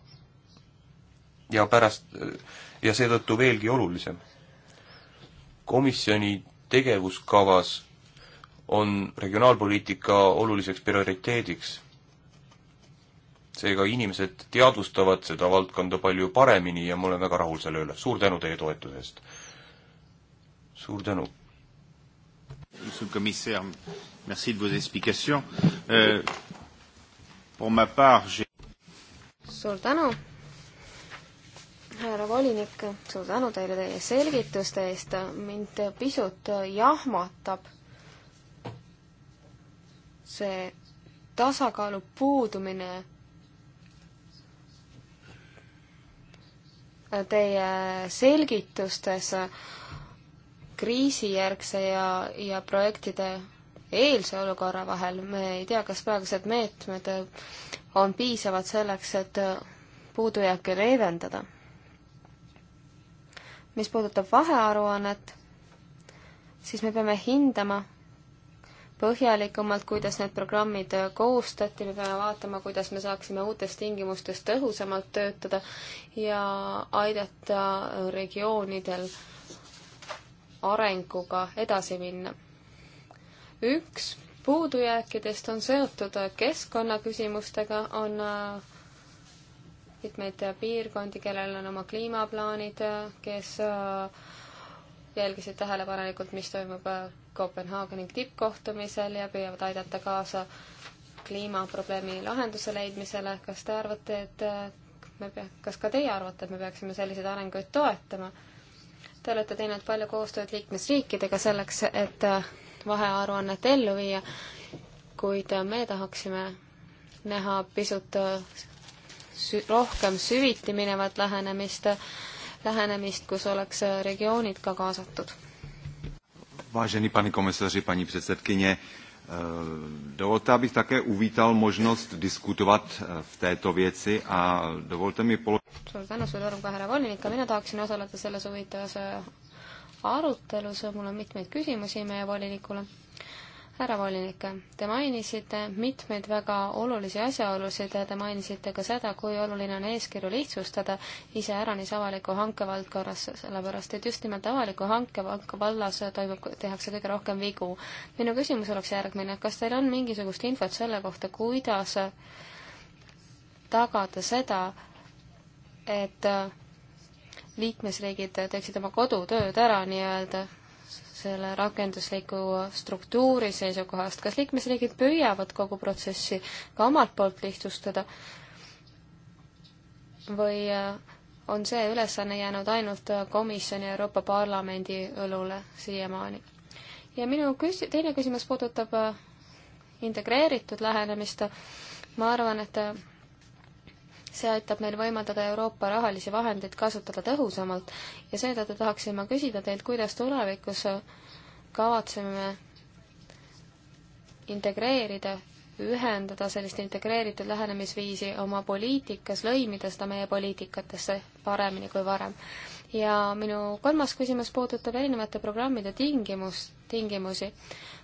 ja pärast ja seetõttu veelgi olulisem. komisjoni tegevuskavas on regionaalpoliitika oluliseks prioriteediks. seega inimesed teadvustavad seda valdkonda palju paremini ja ma olen väga rahul selle üle. suur tänu teie toetuse eest! suur tänu! Euh, suur tänu! härra volinik, suur tänu teile teie selgituste eest, mind pisut jahmatab see tasakaalu puudumine teie selgitustes kriisijärgse ja, ja projektide eelse olukorra vahel, me ei tea, kas praegused meetmed on piisavad selleks, et puudujääke leevendada. mis puudutab vahearuannet, siis me peame hindama, põhjalikumalt, kuidas need programmid koostati, me peame vaatama, kuidas me saaksime uutes tingimustes tõhusamalt töötada ja aidata regioonidel arenguga edasi minna. üks puudujääkidest on seotud keskkonnaküsimustega, on äh, mitmeid piirkondi, kellel on oma kliimaplaanid, äh, kes äh, jälgisid tähelepanelikult, mis toimub äh, Kopenhaageni tippkohtumisel ja püüavad aidata kaasa kliimaprobleemi lahenduse leidmisele. kas te arvate, et äh, me pea-, kas ka teie arvate, et me peaksime selliseid arenguid toetama? Te olete teinud palju koostööd liikmesriikidega selleks, et äh, vahearuannet ellu viia, kuid me tahaksime näha pisut rohkem süviti minevat lähenemist lähenemist, kus oleks regioonid ka kaasatud. Vážený pane komisaři, paní předsedkyně, eh, dovolte, abych také uvítal možnost diskutovat eh, v této věci a dovolte mi polo-... suur tänu sulle, Urmo Kaheravonik, ka mina tahaksin osaleda selles huvitavas eh, arutelus, mul on mitmeid küsimusi meie volinikule härra volinik, te mainisite mitmeid väga olulisi asjaolusid ja te mainisite ka seda, kui oluline on eeskirju lihtsustada iseäranis avaliku hanke valdkonnas, sellepärast et just nimelt avaliku hanke vallas toimub, tehakse kõige rohkem vigu. minu küsimus oleks järgmine, kas teil on mingisugust infot selle kohta, kuidas tagada seda, et liikmesriigid teeksid oma kodutööd ära nii-öelda selle rakendusliku struktuuri seisukohast, kas liikmesriigid püüavad kogu protsessi ka omalt poolt lihtsustada või äh, on see ülesanne jäänud ainult äh, komisjoni ja Euroopa Parlamendi õlule siiamaani? ja minu küs-, teine küsimus puudutab äh, integreeritud lähenemist, ma arvan, et see aitab meil võimaldada Euroopa rahalisi vahendeid kasutada tõhusamalt ja seetõttu tahaksin ma küsida teilt, kuidas tulevikus kavatseme integreerida, ühendada sellist integreeritud lähenemisviisi oma poliitikas, lõimida seda meie poliitikatesse paremini kui varem. ja minu kolmas küsimus puudutab erinevate programmide tingimus, tingimusi.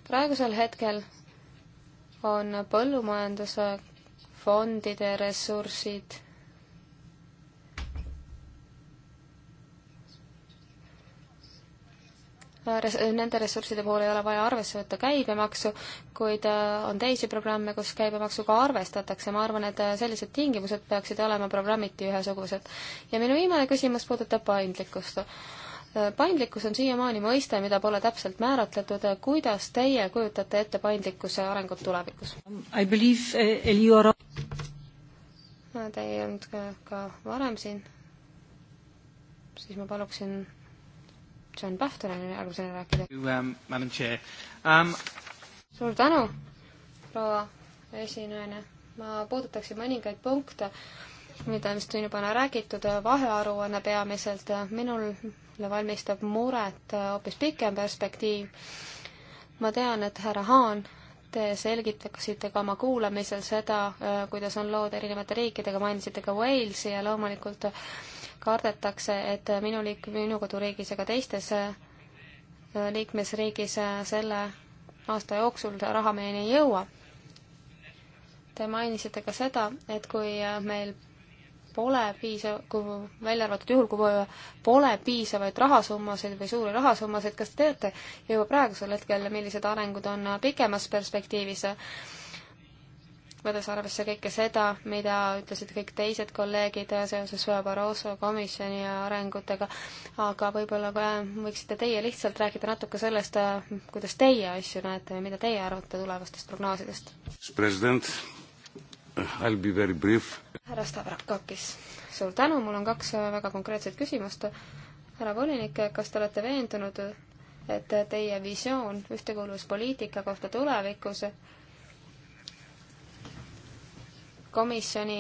praegusel hetkel on põllumajanduse fondide ressursid. Nende ressursside puhul ei ole vaja arvesse võtta käibemaksu, kuid äh, on teisi programme, kus käibemaksuga arvestatakse. ma arvan, et äh, sellised tingimused peaksid olema programmiti ühesugused. ja minu viimane küsimus puudutab paindlikkust paindlikkus on siiamaani mõiste, mida pole täpselt määratletud, kuidas teie kujutate ette paindlikkuse arengut tulevikus? Eh, Te ei olnud ka, ka varem siin, siis ma paluksin John Pähtonile järgmisena rääkida um,. Um... suur tänu, proua esinejana. ma puudutaksin mõningaid punkte mida vist on juba räägitud, vahearuanne peamiselt, minul mulle valmistab muret äh, hoopis pikem perspektiiv. ma tean, et härra Haan, te selgitasite ka oma kuulamisel seda, äh, kuidas on lood erinevate riikidega, mainisite ka Walesi ja loomulikult kardetakse, et minu liik-, minu koduriigis ja ka teistes äh, liikmesriigis selle aasta jooksul raha meieni ei jõua. Te mainisite ka seda, et kui meil pole piisav, kui välja arvatud juhul, kui pole piisavaid rahasummasid või suuri rahasummasid, kas te teate juba praegusel hetkel, millised arengud on pikemas perspektiivis? võttes arvesse kõike seda, mida ütlesid kõik teised kolleegid seoses Barroso komisjoni ja arengutega, aga võib-olla võiksite teie lihtsalt rääkida natuke sellest, kuidas teie asju näete ja mida teie arvate tulevastest prognoosidest? president, I will be very brief härra Stavrakakis, suur tänu, mul on kaks äh, väga konkreetset küsimust. härra volinik, kas te olete veendunud, et teie visioon ühtekuuluvuspoliitika kohta tulevikus komisjoni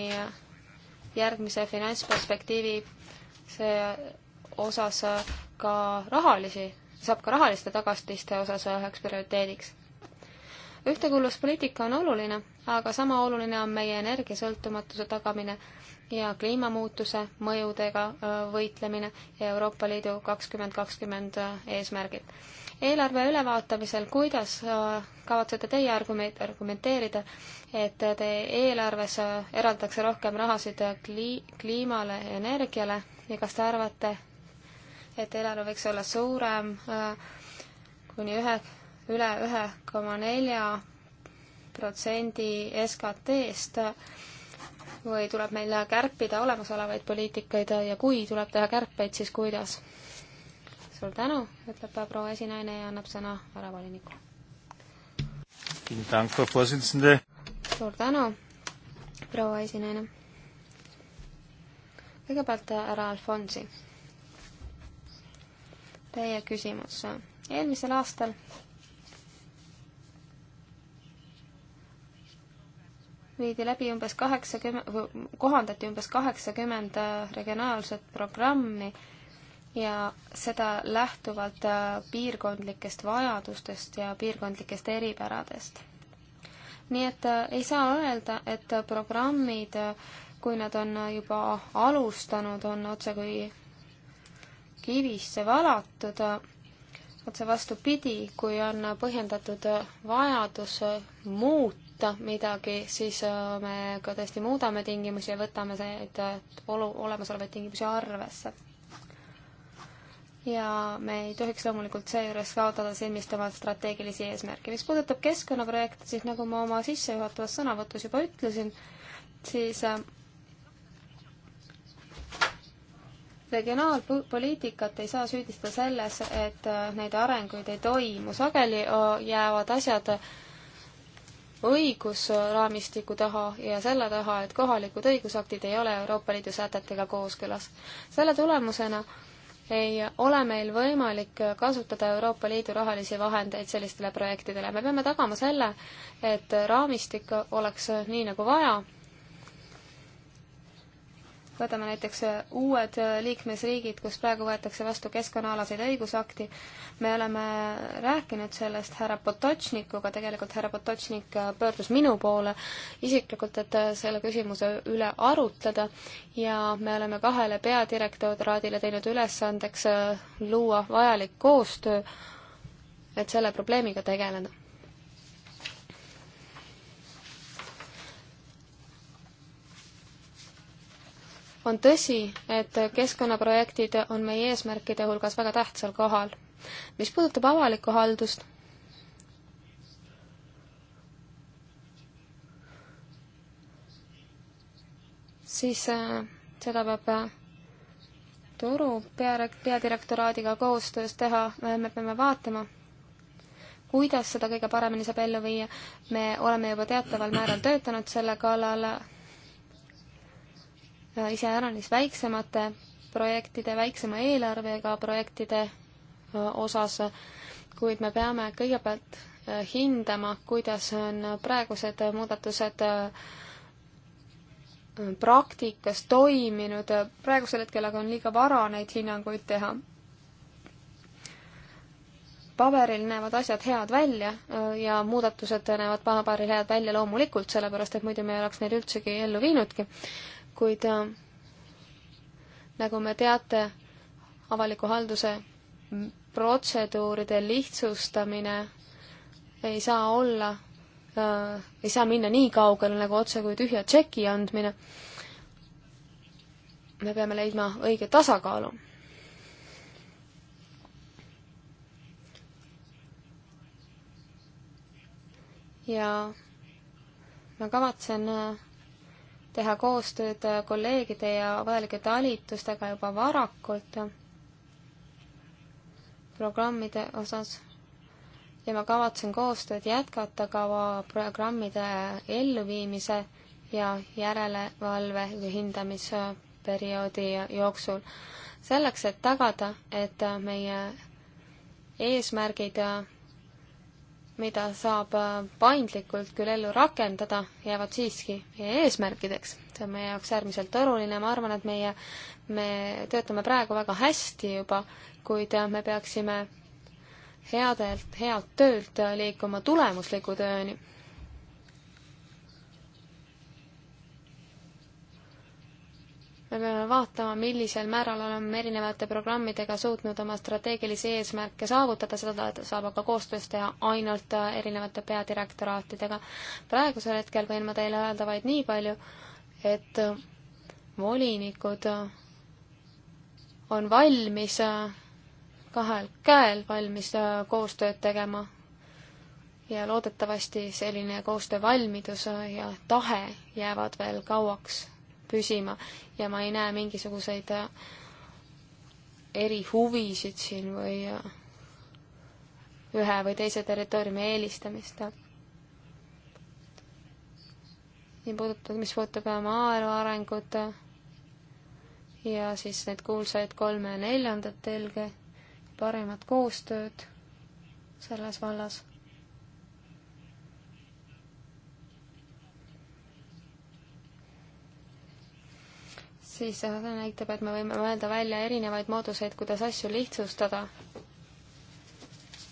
järgmise finantsperspektiivi see osas ka rahalisi, saab ka rahaliste tagatiste osas üheks prioriteediks? ühtekuuluvuspoliitika on oluline, aga sama oluline on meie energiasõltumatuse tagamine ja kliimamuutuse mõjudega võitlemine ja Euroopa Liidu kakskümmend kakskümmend eesmärgid. eelarve ülevaatamisel, kuidas kavatsete teie argument, argumenteerida, et teie eelarves eraldatakse rohkem rahasid kli-, kliimale ja energiale ja kas te arvate, et eelarve võiks olla suurem kuni ühe üle ühe koma nelja protsendi SKT-st või tuleb meil kärpida olemasolevaid poliitikaid ja kui tuleb teha kärpeid, siis kuidas? suur tänu, ütleb proua esinaine ja annab sõna härra volinikule. suur tänu, proua esinaine. kõigepealt härra Alfonsi. Teie küsimus. eelmisel aastal viidi läbi umbes kaheksakümmend, kohandati umbes kaheksakümmend äh, regionaalset programmi ja seda lähtuvalt äh, piirkondlikest vajadustest ja piirkondlikest eripäradest. nii et äh, ei saa öelda, et programmid, kui nad on juba alustanud, on otsekui kivisse valatud, otse vastupidi, kui on põhjendatud vajadus muuta muuta midagi, siis äh, me ka tõesti muudame tingimusi ja võtame neid äh, olu, olemasolevaid tingimusi arvesse. ja me ei tohiks loomulikult seejuures kaotada silmist oma strateegilisi eesmärke. mis puudutab keskkonnaprojekte, siis nagu ma oma sissejuhatavas sõnavõtus juba ütlesin, siis äh, regionaalpoliitikat ei saa süüdistada selles, et neid arenguid ei toimu, sageli jäävad asjad õigusraamistiku taha ja selle taha, et kohalikud õigusaktid ei ole Euroopa Liidu sätetega kooskõlas. selle tulemusena ei ole meil võimalik kasutada Euroopa Liidu rahalisi vahendeid sellistele projektidele. me peame tagama selle, et raamistik oleks nii, nagu vaja võtame näiteks äh, uued äh, liikmesriigid, kus praegu võetakse vastu keskkonnaalaseid õigusakti, me oleme rääkinud sellest härra Potočnikuga, tegelikult härra Potočnik äh, pöördus minu poole isiklikult, et selle küsimuse üle arutleda ja me oleme kahele peadirektoraadile teinud ülesandeks luua vajalik koostöö, et selle probleemiga tegeleda on tõsi, et keskkonnaprojektid on meie eesmärkide hulgas väga tähtsal kohal. mis puudutab avalikku haldust, siis äh, seda peab äh, turu peadirektoraadiga koostöös teha, me peame vaatama, kuidas seda kõige paremini saab ellu viia. me oleme juba teataval määral töötanud selle kallal Äh, iseäranis väiksemate projektide, väiksema eelarvega projektide äh, osas, kuid me peame kõigepealt äh, hindama, kuidas on praegused muudatused praktikas toiminud, praegusel hetkel aga on liiga vara neid hinnanguid teha. paberil näevad asjad head välja ja muudatused näevad paberil head välja loomulikult, sellepärast et muidu me ei oleks neid üldsegi ellu viinudki, kuid äh, nagu me teate, avaliku halduse protseduuride lihtsustamine ei saa olla, äh, ei saa minna nii kaugele nagu otse kui tühja tšeki andmine. me peame leidma õige tasakaalu. ja ma kavatsen äh, teha koostööd kolleegide ja vajalike talitustega juba varakult programmide osas ja ma kavatsen koostööd jätkata kava programmide elluviimise ja järelevalve või hindamisperioodi jooksul. selleks, et tagada, et meie eesmärgid mida saab äh, paindlikult küll ellu rakendada, jäävad siiski meie eesmärkideks. see on meie jaoks äärmiselt oluline, ma arvan, et meie, me töötame praegu väga hästi juba, kuid äh, me peaksime headelt, head töölt äh, liikuma tulemusliku tööni me peame vaatama, millisel määral oleme erinevate programmidega suutnud oma strateegilisi eesmärke saavutada, seda saab aga koostöös teha ainult äh, erinevate peadirektoraatidega. praegusel hetkel võin ma teile öelda vaid nii palju, et äh, volinikud äh, on valmis kahel käel valmis koostööd tegema ja loodetavasti selline koostöövalmidus ja tahe jäävad veel kauaks püsima ja ma ei näe mingisuguseid äh, erihuvisid siin või äh, ühe või teise territooriumi eelistamist. ja puudutab, mis puudutab äh, maaelu arengut ja siis need kuulsaid kolme ja neljandat telge, paremat koostööd selles vallas siis see näitab, et me võime mõelda välja erinevaid mooduseid, kuidas asju lihtsustada.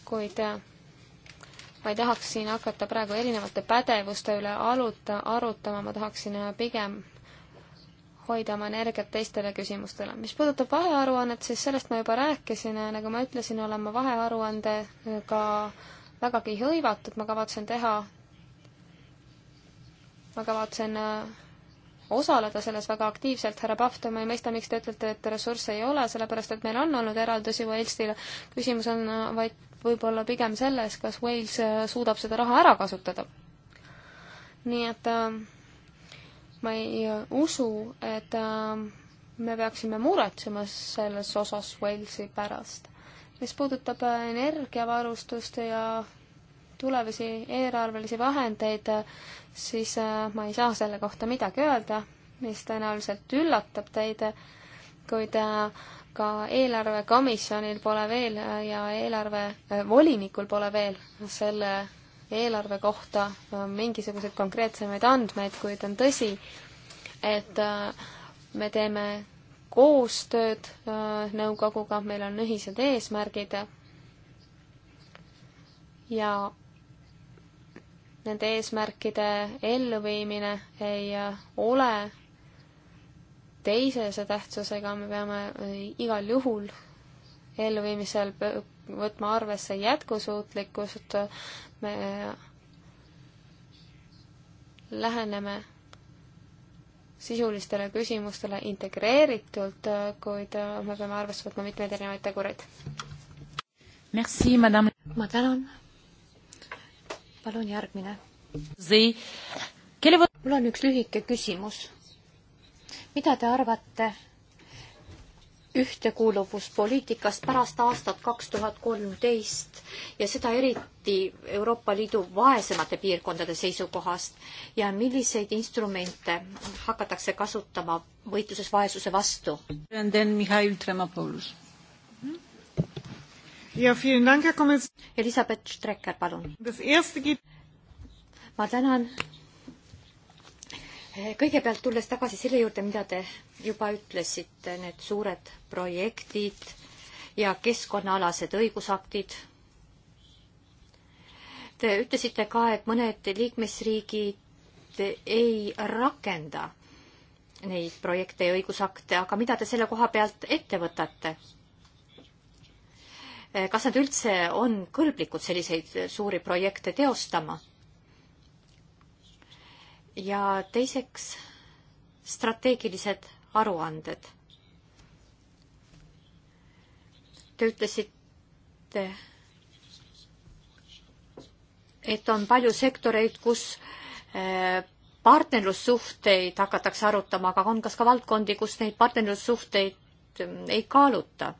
kuid äh, ma ei tahaks siin hakata praegu erinevate pädevuste üle aluta, arutama, ma tahaksin äh, pigem hoida oma energiat teistele küsimustele. mis puudutab vahearuannet, siis sellest ma juba rääkisin ja äh, nagu ma ütlesin, olen ma vahearuandega vägagi hõivatud, ma kavatsen teha, ma kavatsen osaleda selles väga aktiivselt, härra Pahv, ma ei mõista, miks te ütlete, et ressursse ei ole, sellepärast et meil on olnud eraldusi Walesile. küsimus on äh, vaid võib-olla pigem selles, kas Wales äh, suudab seda raha ära kasutada. nii et äh, ma ei usu, et me peaksime muretsema selles osas Walesi pärast. mis puudutab energiavarustust ja tulevasi eelarvelisi vahendeid, siis äh, ma ei saa selle kohta midagi öelda, mis tõenäoliselt üllatab teid, kuid äh, ka eelarvekomisjonil pole veel äh, ja eelarve volinikul pole veel selle eelarve kohta mingisuguseid konkreetsemaid andmeid, kuid on tõsi, et me teeme koostööd nõukoguga, meil on ühised eesmärgid ja nende eesmärkide elluviimine ei ole teisese tähtsusega, me peame igal juhul elluviimisel võtma arvesse jätkusuutlikkust, me läheneme sisulistele küsimustele integreeritult, kuid me peame arvesse võtma mitmeid erinevaid tegureid. ma tänan palun järgmine. mul on üks lühike küsimus. mida te arvate ühtekuuluvuspoliitikast pärast aastat kaks tuhat kolmteist ja seda eriti Euroopa Liidu vaesemate piirkondade seisukohast ja milliseid instrumente hakatakse kasutama võitluses vaesuse vastu? Mihhail Tremopoulos. Elisabeth Strecker, palun. ma tänan. kõigepealt tulles tagasi selle juurde, mida te juba ütlesite, need suured projektid ja keskkonnaalased õigusaktid. Te ütlesite ka, et mõned liikmesriigid ei rakenda neid projekte ja õigusakte, aga mida te selle koha pealt ette võtate? Eh, kas nad üldse on kõlblikud selliseid eh, suuri projekte teostama? ja teiseks strateegilised aruanded. Te ütlesite, et on palju sektoreid, kus eh, partnerlussuhteid hakatakse arutama, aga on kas ka valdkondi, kus neid partnerlussuhteid mm, ei kaaluta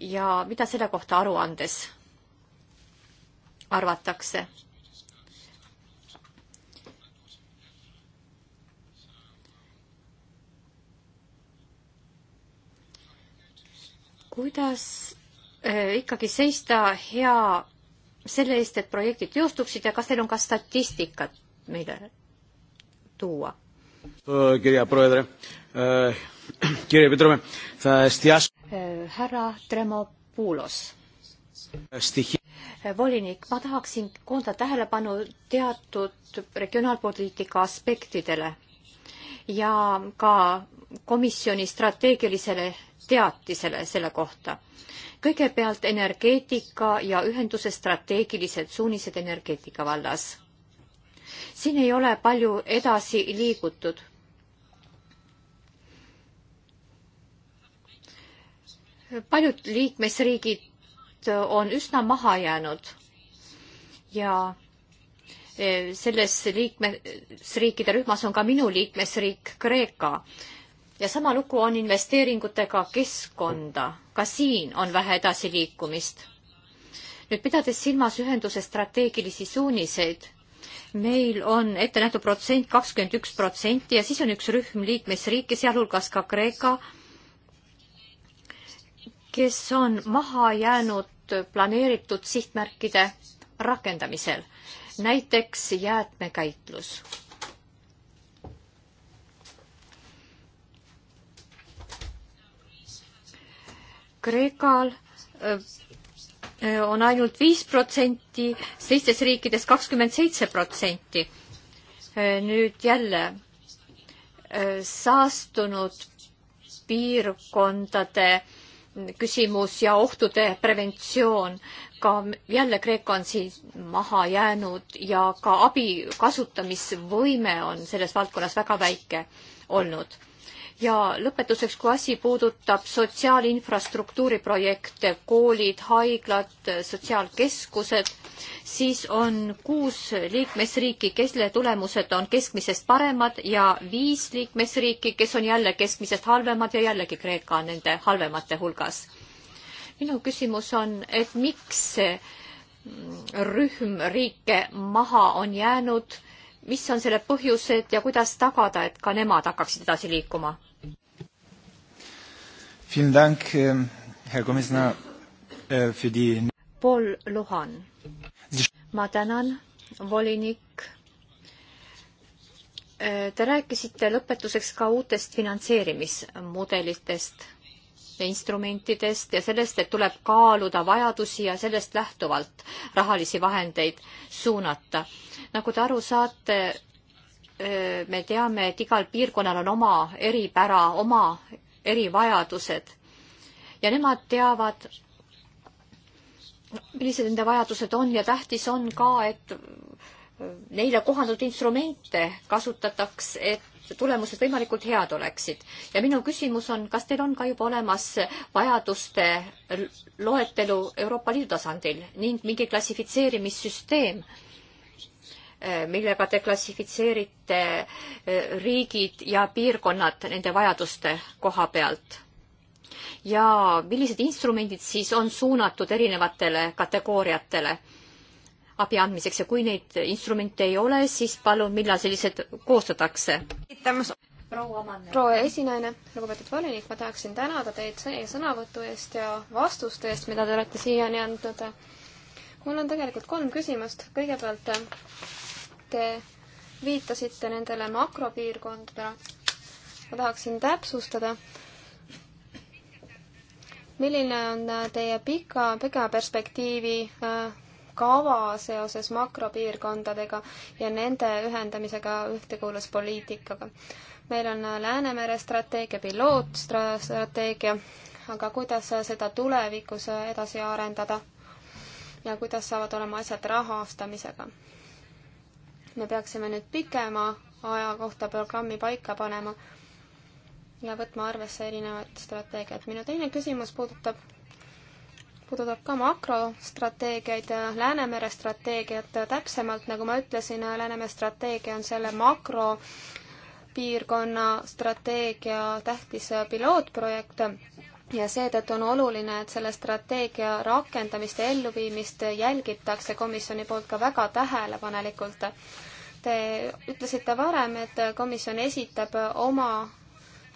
ja mida selle kohta aruandes arvatakse? kuidas äh, ikkagi seista hea selle eest, et projektid teostuksid ja kas teil on ka statistikat meile tuua? Äh, härra Tremopoulos. volinik, ma tahaksin koondada tähelepanu teatud regionaalpoliitika aspektidele ja ka komisjoni strateegilisele teatisele selle kohta. kõigepealt energeetika ja ühenduse strateegilised suunised energeetika vallas. siin ei ole palju edasi liigutud paljud liikmesriigid äh, on üsna maha jäänud ja äh, selles liikmesriikide rühmas on ka minu liikmesriik Kreeka ja sama lugu on investeeringutega keskkonda, ka siin on vähe edasiliikumist. nüüd pidades silmas ühenduse strateegilisi suuniseid, meil on ette nähtud protsent kakskümmend üks protsenti ja siis on üks rühm liikmesriike, sealhulgas ka Kreeka, kes on maha jäänud planeeritud sihtmärkide rakendamisel, näiteks jäätmekäitlus. Kreekal äh, on ainult viis protsenti, teistes riikides kakskümmend seitse protsenti. Äh, nüüd jälle äh, saastunud piirkondade küsimus ja ohtude preventsioon. ka jälle Kreeka on siin maha jäänud ja ka abi kasutamisvõime on selles valdkonnas väga väike olnud ja lõpetuseks, kui asi puudutab sotsiaalinfrastruktuuri projekte, koolid, haiglad, sotsiaalkeskused, siis on kuus liikmesriiki, kelle tulemused on keskmisest paremad ja viis liikmesriiki, kes on jälle keskmisest halvemad ja jällegi Kreeka on nende halvemate hulgas. minu küsimus on, et miks see rühm riike maha on jäänud mis on selle põhjused ja kuidas tagada, et ka nemad hakkaksid edasi liikuma? Äh, äh, Paul Luhan, ma tänan, volinik. Äh, te rääkisite lõpetuseks ka uutest finantseerimismudelitest instrumentidest ja sellest, et tuleb kaaluda vajadusi ja sellest lähtuvalt rahalisi vahendeid suunata. nagu te aru saate, me teame, et igal piirkonnal on oma eripära, oma erivajadused ja nemad teavad, millised nende vajadused on ja tähtis on ka, et neile kohandatud instrumente kasutataks, et tulemused võimalikult head oleksid. ja minu küsimus on, kas teil on ka juba olemas vajaduste loetelu Euroopa Liidu tasandil ning mingi klassifitseerimissüsteem, millega te klassifitseerite eh, riigid ja piirkonnad nende vajaduste koha pealt? ja millised instrumendid siis on suunatud erinevatele kategooriatele? abi andmiseks ja kui neid instrumente ei ole, siis palun, millal sellised koostatakse? proua esinaine, lugupeetud volinik, ma tahaksin tänada teid sõnavõtu eest ja vastuste eest, mida te olete siiani andnud. mul on tegelikult kolm küsimust. kõigepealt te viitasite nendele makropiirkondadele. ma tahaksin täpsustada, milline on teie pika, pika perspektiivi äh, kava seoses makropiirkondadega ja nende ühendamisega ühtekuuluvuspoliitikaga. meil on Läänemere strateegia, pilootstrateegia, aga kuidas seda tulevikus edasi arendada ja kuidas saavad olema asjad rahastamisega. me peaksime nüüd pikema aja kohta programmi paika panema ja võtma arvesse erinevaid strateegiaid. minu teine küsimus puudutab puudutab ka makrostrateegiaid, Läänemere strateegiat täpsemalt, nagu ma ütlesin, Läänemere strateegia on selle makropiirkonna strateegia tähtis pilootprojekt ja seetõttu on oluline, et selle strateegia rakendamist ja elluviimist jälgitakse komisjoni poolt ka väga tähelepanelikult. Te ütlesite varem, et komisjon esitab oma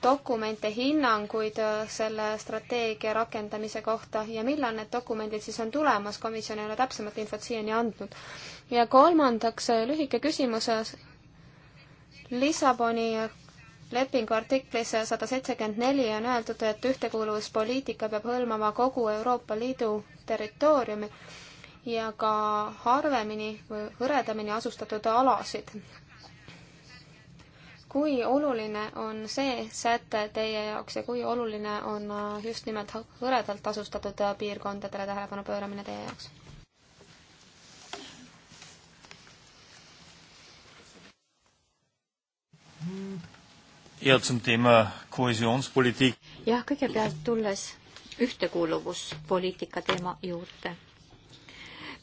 dokumente, hinnanguid äh, selle strateegia rakendamise kohta ja millal need dokumendid siis on tulemas, komisjon ei ole täpsemat infot siiani andnud. ja kolmandaks äh, lühike küsimus äh, Lissaboni lepingu artiklis sada seitsekümmend neli on öeldud, et ühtekuuluvuspoliitika peab hõlmama kogu Euroopa Liidu territooriumi ja ka harvemini või hõredamini asustatud alasid kui oluline on see säte teie jaoks ja kui oluline on äh, just nimelt hõredalt asustatud äh, piirkondadele tähelepanu pööramine teie jaoks? ja zum Thema Kohäsionspolitik. jah, kõigepealt tulles ühtekuuluvuspoliitika teema juurde.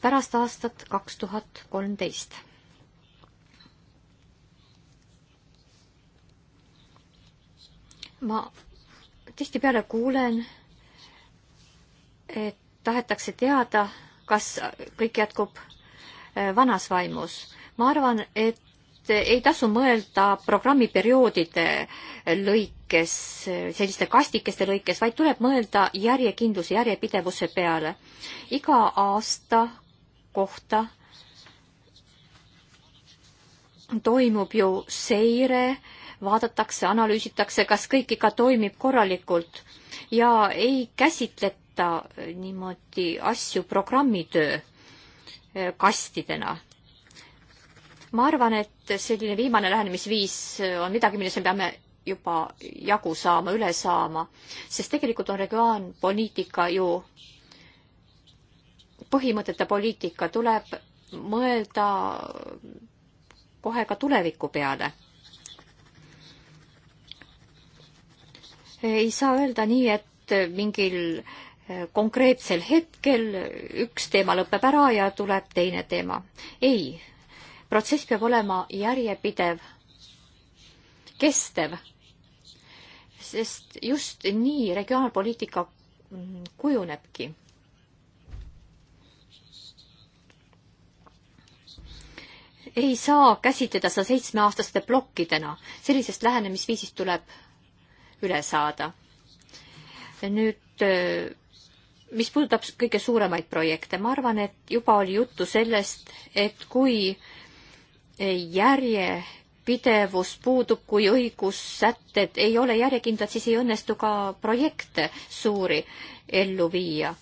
pärast aastat kaks tuhat kolmteist ma tihtipeale kuulen, et tahetakse teada, kas kõik jätkub äh, vanas vaimus. ma arvan, et ei tasu mõelda programmiperioodide lõikes, selliste kastikeste lõikes, vaid tuleb mõelda järjekindluse, järjepidevuse peale. iga aasta kohta toimub ju seire vaadatakse, analüüsitakse, kas kõik ikka toimib korralikult ja ei käsitleta niimoodi asju programmitöö eh, kastidena. ma arvan, et selline viimane lähenemisviis eh, on midagi, millesse me peame juba jagu saama, üle saama, sest tegelikult on regionaalpoliitika ju põhimõtete poliitika, tuleb mõelda kohe ka tuleviku peale ei saa öelda nii, et mingil eh, konkreetsel hetkel üks teema lõpeb ära ja tuleb teine teema. ei, protsess peab olema järjepidev, kestev, sest just nii regionaalpoliitika mm, kujunebki. ei saa käsitleda seda seitsmeaastaste plokkidena, sellisest lähenemisviisist tuleb üle saada. nüüd, äh, mis puudutab kõige suuremaid projekte, ma arvan, et juba oli juttu sellest, et kui järjepidevus puudub, kui õigussätted ei ole järjekindlad, siis ei õnnestu ka projekte suuri ellu viia.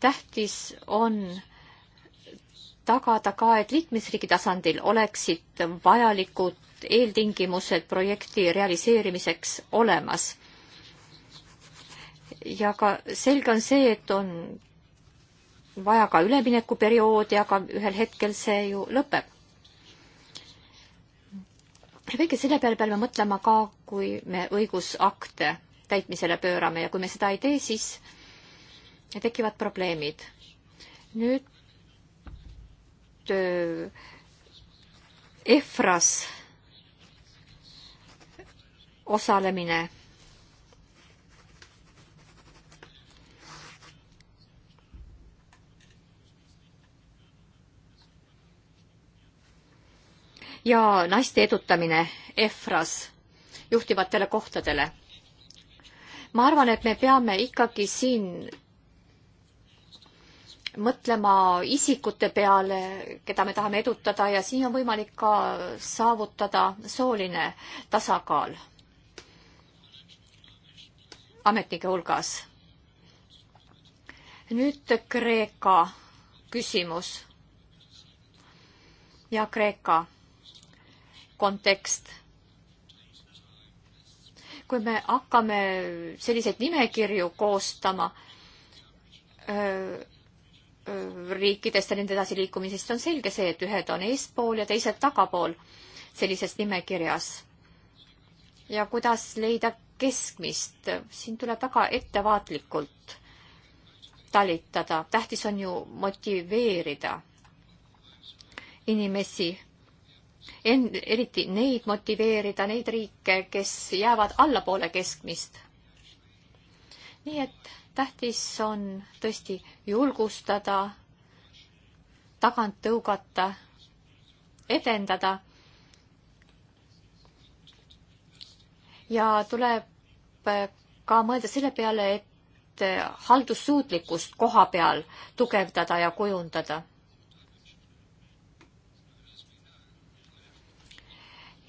tähtis on tagada ka, et liikmesriigi tasandil oleksid vajalikud eeltingimused projekti realiseerimiseks olemas. ja ka selge on see, et on vaja ka üleminekuperioodi, aga ühel hetkel see ju lõpeb. kõige selle peale peame mõtlema ka, kui me õigusakte täitmisele pöörame ja kui me seda ei tee, siis tekivad probleemid. nüüd äh, EFRAS osalemine. ja naiste edutamine EFRAS juhtivatele kohtadele. ma arvan, et me peame ikkagi siin mõtlema isikute peale, keda me tahame edutada ja siin on võimalik ka saavutada sooline tasakaal ametnike hulgas. nüüd Kreeka küsimus ja Kreeka kontekst. kui me hakkame selliseid nimekirju koostama öö, öö, riikidest ja nende edasiliikumisest, on selge see, et ühed on eespool ja teised tagapool sellises nimekirjas. ja kuidas leida keskmist, siin tuleb väga ettevaatlikult talitada, tähtis on ju motiveerida inimesi, en-, eriti neid motiveerida, neid riike, kes jäävad allapoole keskmist. nii et tähtis on tõesti julgustada, tagant tõugata, edendada ja tuleb eh, ka mõelda selle peale, et eh, haldussuutlikkust koha peal tugevdada ja kujundada.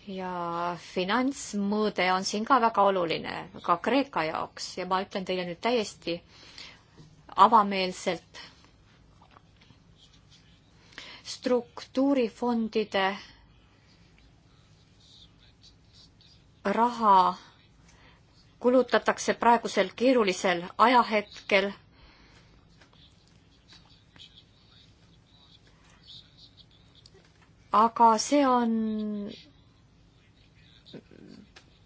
ja finantsmõõde on siin ka väga oluline, ka Kreeka jaoks ja ma ütlen teile nüüd täiesti avameelselt, struktuurifondide raha kulutatakse praegusel keerulisel ajahetkel aga see on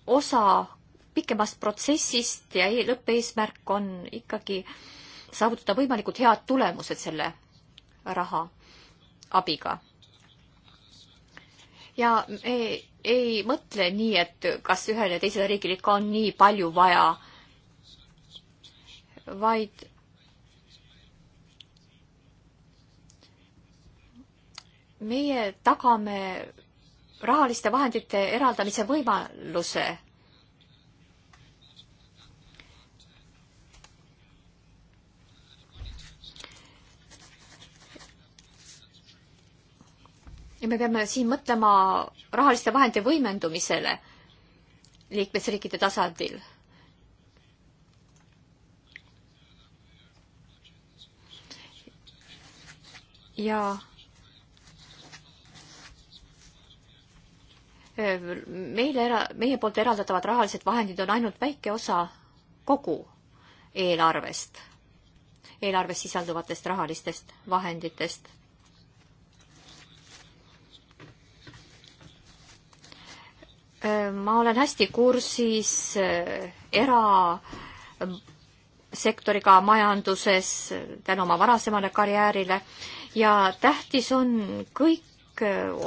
osa pikemast protsessist ja e- lõppeesmärk on ikkagi saavutada võimalikult head tulemused selle raha abiga ja me ei, ei mõtle nii, et kas ühele ja teisele riigile ikka on nii palju vaja, vaid meie tagame rahaliste vahendite eraldamise võimaluse ja me peame siin mõtlema rahaliste vahendite võimendumisele liikmesriikide tasandil. ja e, meile era-, meie poolt eraldatavad rahalised vahendid on ainult väike osa kogu eelarvest, eelarves sisalduvatest rahalistest vahenditest Äh, ma olen hästi kursis äh, erasektoriga majanduses äh, tänu oma varasemale karjäärile ja tähtis on kõik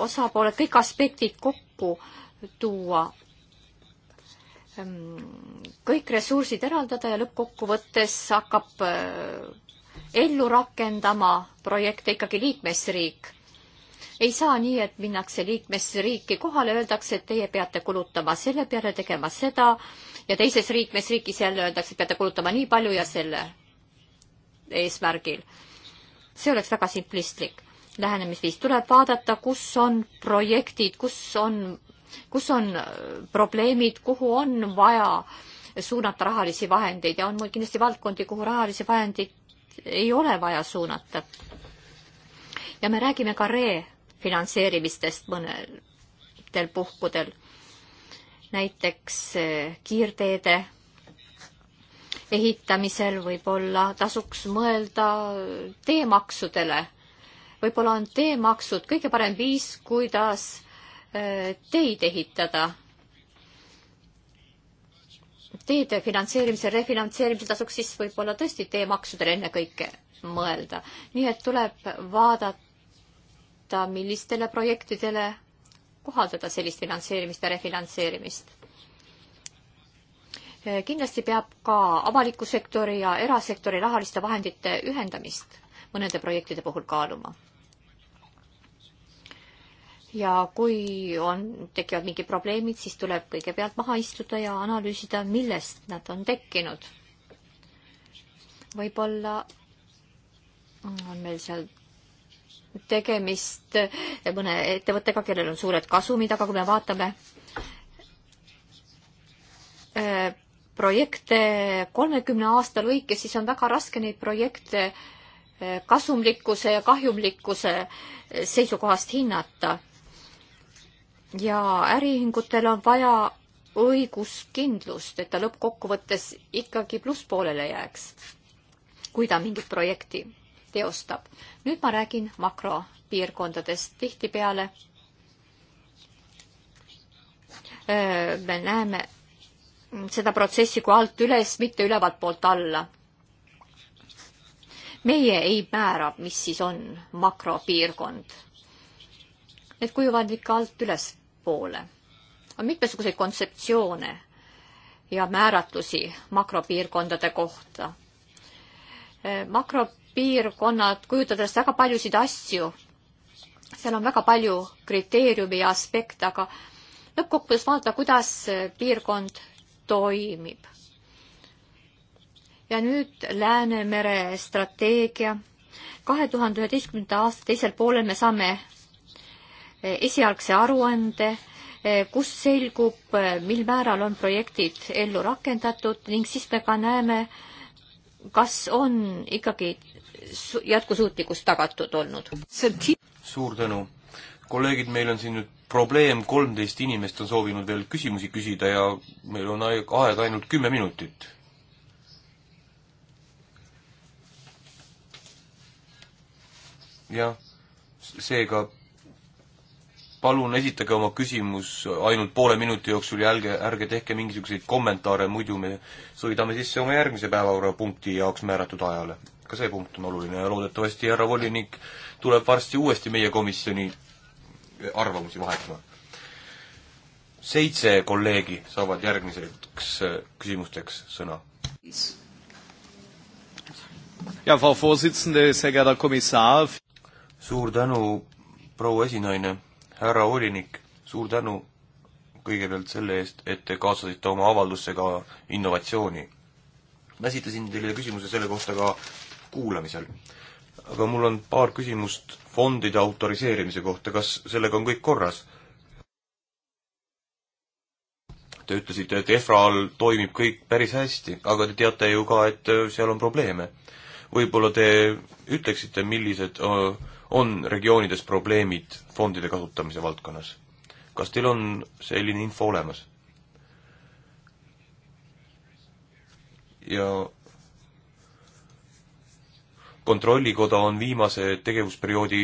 osapooled, kõik aspektid kokku tuua, ähm, kõik ressursid eraldada ja lõppkokkuvõttes hakkab ellu rakendama projekte ikkagi liikmesriik ei saa nii, et minnakse liikmesriiki kohale, öeldakse, et teie peate kulutama selle peale, tegema seda ja teises liikmesriigis jälle öeldakse, et peate kulutama nii palju ja selle eesmärgil. see oleks väga simplistlik lähenemisviis. tuleb vaadata, kus on projektid, kus on, kus on äh, probleemid, kuhu on vaja suunata rahalisi vahendeid ja on mul kindlasti valdkondi, kuhu rahalisi vahendeid ei ole vaja suunata. ja me räägime ka RE finantseerimistest mõnedel puhkudel. näiteks eh, kiirteede ehitamisel võib-olla tasuks mõelda teemaksudele. võib-olla on teemaksud kõige parem viis, kuidas eh, teid ehitada teede finantseerimisel, refinantseerimisel tasuks siis võib-olla tõesti teemaksudele ennekõike mõelda. nii et tuleb vaadata mõelda, millistele projektidele kohaldada sellist finantseerimist ja refinantseerimist. kindlasti peab ka avaliku sektori ja erasektori rahaliste vahendite ühendamist mõnede projektide puhul kaaluma. ja kui on, tekivad mingid probleemid, siis tuleb kõigepealt maha istuda ja analüüsida, millest nad on tekkinud. võib-olla on meil seal tegemist mõne ettevõttega, kellel on suured kasumid, aga kui me vaatame äh, projekte kolmekümne aasta lõikes, siis on väga raske neid projekte äh, kasumlikkuse ja kahjumlikkuse äh, seisukohast hinnata. ja äriühingutel on vaja õiguskindlust, et ta lõppkokkuvõttes ikkagi plusspoolele jääks, kui ta mingit projekti teostab. nüüd ma räägin makropiirkondadest. tihtipeale me näeme seda protsessi kui alt üles, mitte ülevalt poolt alla. meie ei määra, mis siis on makropiirkond. Need kujuvad ikka alt ülespoole. on mitmesuguseid kontseptsioone ja määratlusi makropiirkondade kohta. makro piirkonnad, kujutades väga paljusid asju. seal on väga palju kriteeriumi ja aspekte, aga lõppkokkuvõttes vaadata, kuidas piirkond toimib. ja nüüd Läänemere strateegia. kahe tuhande üheteistkümnenda aasta teisel poolel me saame esialgse aruande kus selgub, mil määral on projektid ellu rakendatud ning siis me ka näeme, kas on ikkagi jätkusuutlikkus tagatud olnud. suur tänu. kolleegid, meil on siin nüüd probleem, kolmteist inimest on soovinud veel küsimusi küsida ja meil on aega ainult kümme minutit. jah, seega palun esitage oma küsimus ainult poole minuti jooksul ja ärge, ärge tehke mingisuguseid kommentaare, muidu me sõidame sisse oma järgmise päevakorrapunkti jaoks määratud ajale ka see punkt on oluline ja loodetavasti härra volinik tuleb varsti uuesti meie komisjoni arvamusi vahetama. seitse kolleegi saavad järgmiseks äh, küsimusteks sõna. ja, Frau Vorsitzende, sehr geehrter Kommissar. suur tänu, proua esinaine, härra volinik, suur tänu kõigepealt selle eest, et te kaasasite oma avaldusse ka innovatsiooni. ma esitasin teile küsimuse selle kohta ka kuulamisel. aga mul on paar küsimust fondide autoriseerimise kohta, kas sellega on kõik korras? Te ütlesite, et EFRA-l toimib kõik päris hästi, aga te teate ju ka, et äh, seal on probleeme. võib-olla te ütleksite, millised äh, on regioonides probleemid fondide kasutamise valdkonnas? kas teil on selline info olemas? ja kontrollikoda on viimase tegevusperioodi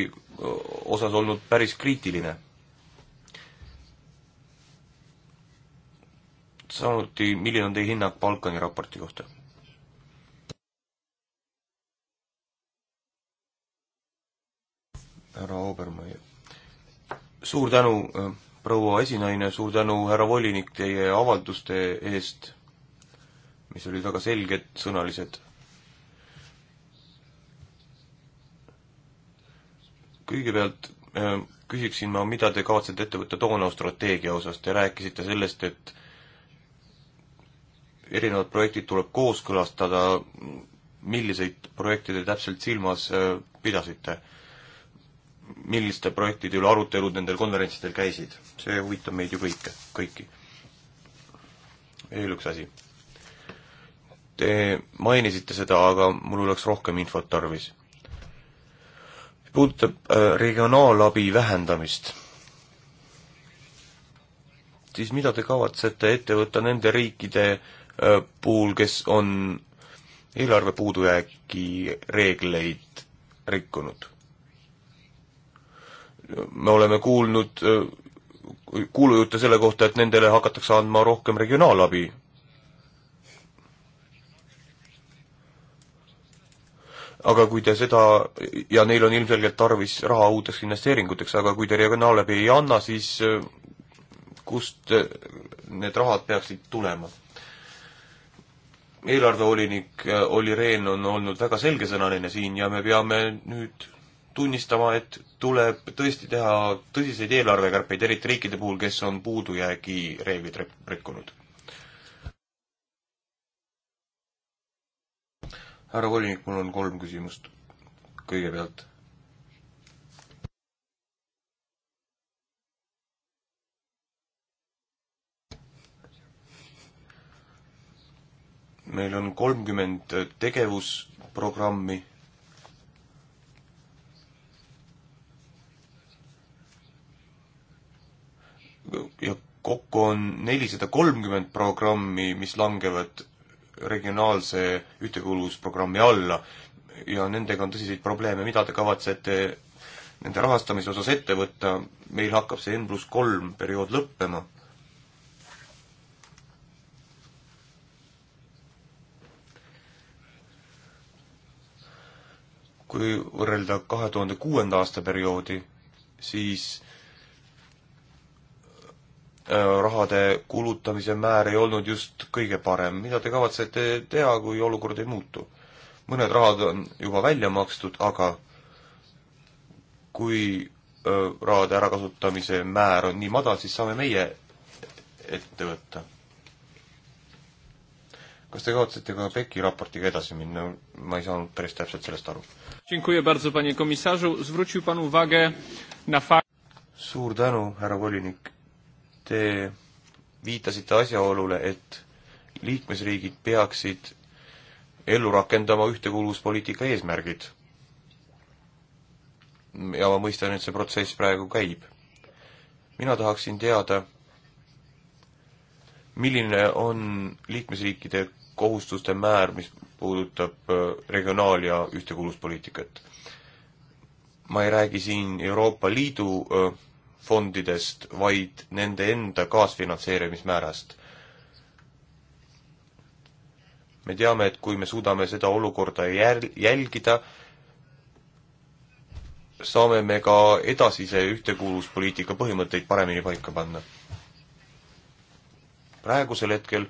osas olnud päris kriitiline. samuti, milline on teie hinnang Balkani raporti kohta? härra Obermaier. suur tänu, proua esinaine, suur tänu, härra volinik, teie avalduste eest, mis olid väga selged, sõnalised kõigepealt äh, küsiksin ma, mida te kavatsete ette võtta toona strateegia osas, te rääkisite sellest, et erinevad projektid tuleb kooskõlastada, milliseid projekte te täpselt silmas äh, pidasite? milliste projektide üle arutelud nendel konverentsidel käisid? see huvitab meid ju kõike, kõiki. veel üks asi. Te mainisite seda, aga mul oleks rohkem infot tarvis puudutab äh, regionaalabi vähendamist, siis mida te kavatsete ette võtta nende riikide äh, puhul, kes on eelarve puudujäägi reegleid rikkunud? me oleme kuulnud äh, kuulujutte selle kohta, et nendele hakatakse andma rohkem regionaalabi aga kui te seda, ja neil on ilmselgelt tarvis raha uuteks investeeringuteks, aga kui te regionaalabi ei anna, siis eh, kust eh, need rahad peaksid tulema? eelarvevolinik eh, Olli Rehn on olnud väga selgesõnaline siin ja me peame nüüd tunnistama, et tuleb tõesti teha tõsiseid eelarvekärpeid, eriti riikide puhul, kes on puudujäägi reeglid rikkunud härra volinik, mul on kolm küsimust. kõigepealt. meil on kolmkümmend tegevusprogrammi ja kokku on nelisada kolmkümmend programmi, mis langevad regionaalse ühtekuuluvusprogrammi alla ja nendega on tõsiseid probleeme, mida te kavatsete nende rahastamise osas ette võtta, meil hakkab see N pluss kolm periood lõppema. kui võrrelda kahe tuhande kuuenda aasta perioodi, siis Äh, rahade kulutamise määr ei olnud just kõige parem. mida te kavatsete teha, kui olukord ei muutu? mõned rahad on juba välja makstud, aga kui äh, rahade ärakasutamise määr on nii madal, siis saame meie ette võtta. kas te kavatsete ka PEC-i raportiga edasi minna? ma ei saanud päris täpselt sellest aru. suur tänu, härra volinik Te viitasite asjaolule, et liikmesriigid peaksid ellu rakendama ühtekuuluvuspoliitika eesmärgid. ja ma mõistan, et see protsess praegu käib. mina tahaksin teada, milline on liikmesriikide kohustuste määr, mis puudutab äh, regionaal- ja ühtekuuluvuspoliitikat? ma ei räägi siin Euroopa Liidu öö, äh, fondidest, vaid nende enda kaasfinantseerimismäärast. me teame, et kui me suudame seda olukorda jäl-, jälgida, saame me ka edasise ühtekuuluvuspoliitika põhimõtteid paremini paika panna. praegusel hetkel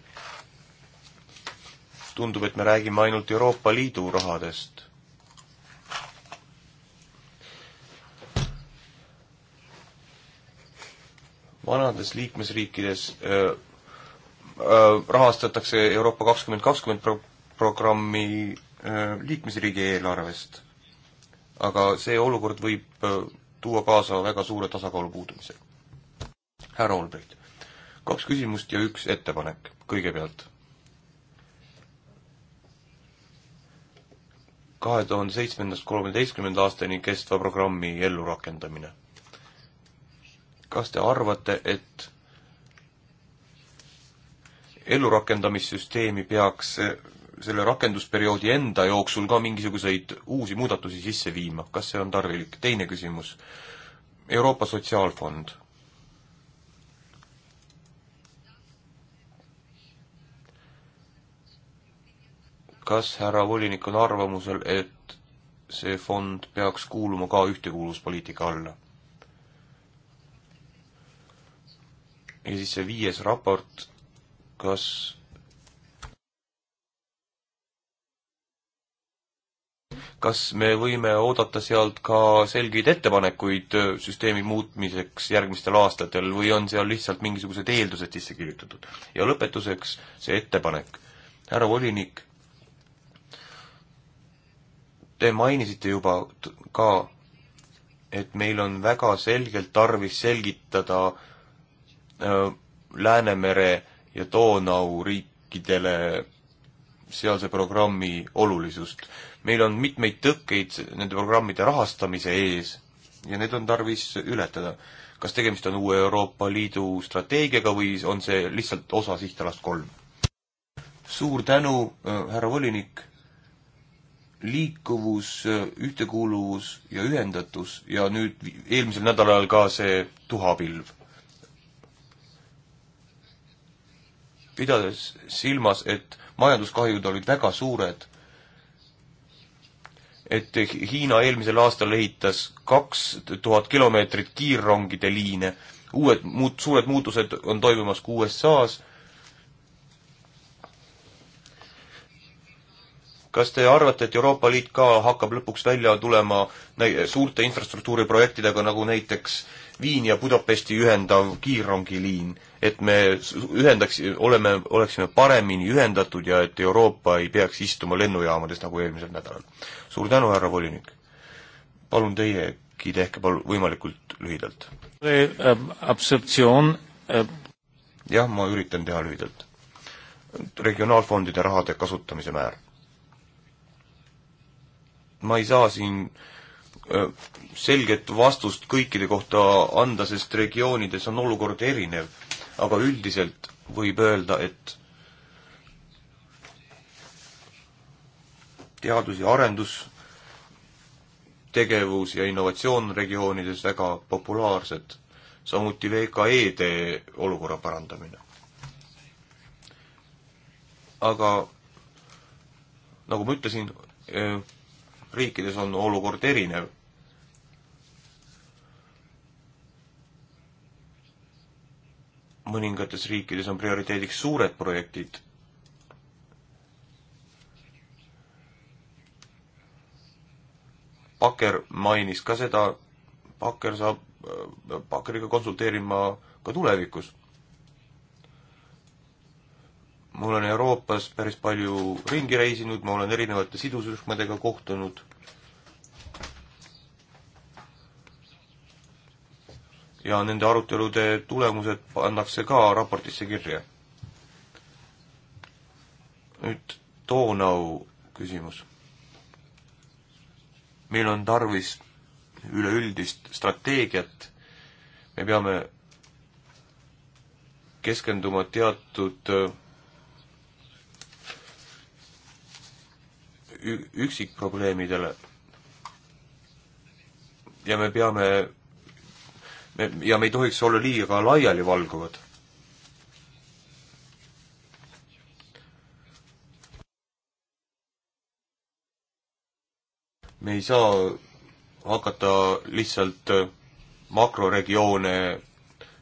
tundub, et me räägime ainult Euroopa Liidu rahadest vanades liikmesriikides öö, öö, rahastatakse Euroopa kakskümmend kakskümmend pro-, programmi öö, liikmesriigi eelarvest. aga see olukord võib öö, tuua kaasa väga suure tasakaalu puudumise. härra Olbrit, kaks küsimust ja üks ettepanek kõigepealt. kahe tuhande seitsmendast kolmeteistkümnenda aastani kestva programmi ellurakendamine kas te arvate, et ellurakendamissüsteemi peaks selle rakendusperioodi enda jooksul ka mingisuguseid uusi muudatusi sisse viima, kas see on tarvilik? teine küsimus, Euroopa Sotsiaalfond. kas härra volinik on arvamusel, et see fond peaks kuuluma ka ühtekuuluvuspoliitika alla? ja siis see viies raport, kas kas me võime oodata sealt ka selgeid ettepanekuid süsteemi muutmiseks järgmistel aastatel või on seal lihtsalt mingisugused eeldused sisse kirjutatud? ja lõpetuseks see ettepanek. härra volinik, te mainisite juba ka, et meil on väga selgelt tarvis selgitada Äh, Läänemere ja Doonau riikidele sealse programmi olulisust. meil on mitmeid tõkkeid nende programmide rahastamise ees ja need on tarvis ületada. kas tegemist on uue Euroopa Liidu strateegiaga või on see lihtsalt osa sihtalast kolm? suur tänu, äh, härra volinik, liikuvus, äh, ühtekuuluvus ja ühendatus ja nüüd eelmisel nädalal ka see tuhapilv pidades silmas, et majanduskahjud olid väga suured, et Hiina eelmisel aastal ehitas kaks tuhat kilomeetrit kiirrongide liine, uued muut-, suured muutused on toimumas ka USA-s, kas te arvate, et Euroopa Liit ka hakkab lõpuks välja tulema suurte infrastruktuuriprojektidega, nagu näiteks Viini ja Budapesti ühendav kiirrongiliin? et me ühendaks, oleme, oleksime paremini ühendatud ja et Euroopa ei peaks istuma lennujaamades nagu eelmisel nädalal. suur tänu, härra volinik! palun teiegi tehke palun võimalikult lühidalt. Ähm, absorptsioon ähm. jah, ma üritan teha lühidalt. regionaalfondide rahade kasutamise määr. ma ei saa siin äh, selget vastust kõikide kohta anda, sest regioonides on olukord erinev aga üldiselt võib öelda, et teadus- ja arendustegevus ja innovatsioon regioonides väga populaarsed, samuti VKE-de olukorra parandamine. aga nagu ma ütlesin, eh, riikides on olukord erinev mõningates riikides on prioriteediks suured projektid. Pakker mainis ka seda, Pakker saab, Pakkeriga konsulteerin ma ka tulevikus. mul on Euroopas päris palju ringi reisinud, ma olen erinevate sidusrühmadega kohtunud ja nende arutelude tulemused pannakse ka raportisse kirja. nüüd Donau küsimus. meil on tarvis üleüldist strateegiat, me peame keskenduma teatud äh, üksikprobleemidele ja me peame me, ja me ei tohiks olla liiga laialivalguvad. me ei saa hakata lihtsalt äh, makroregioone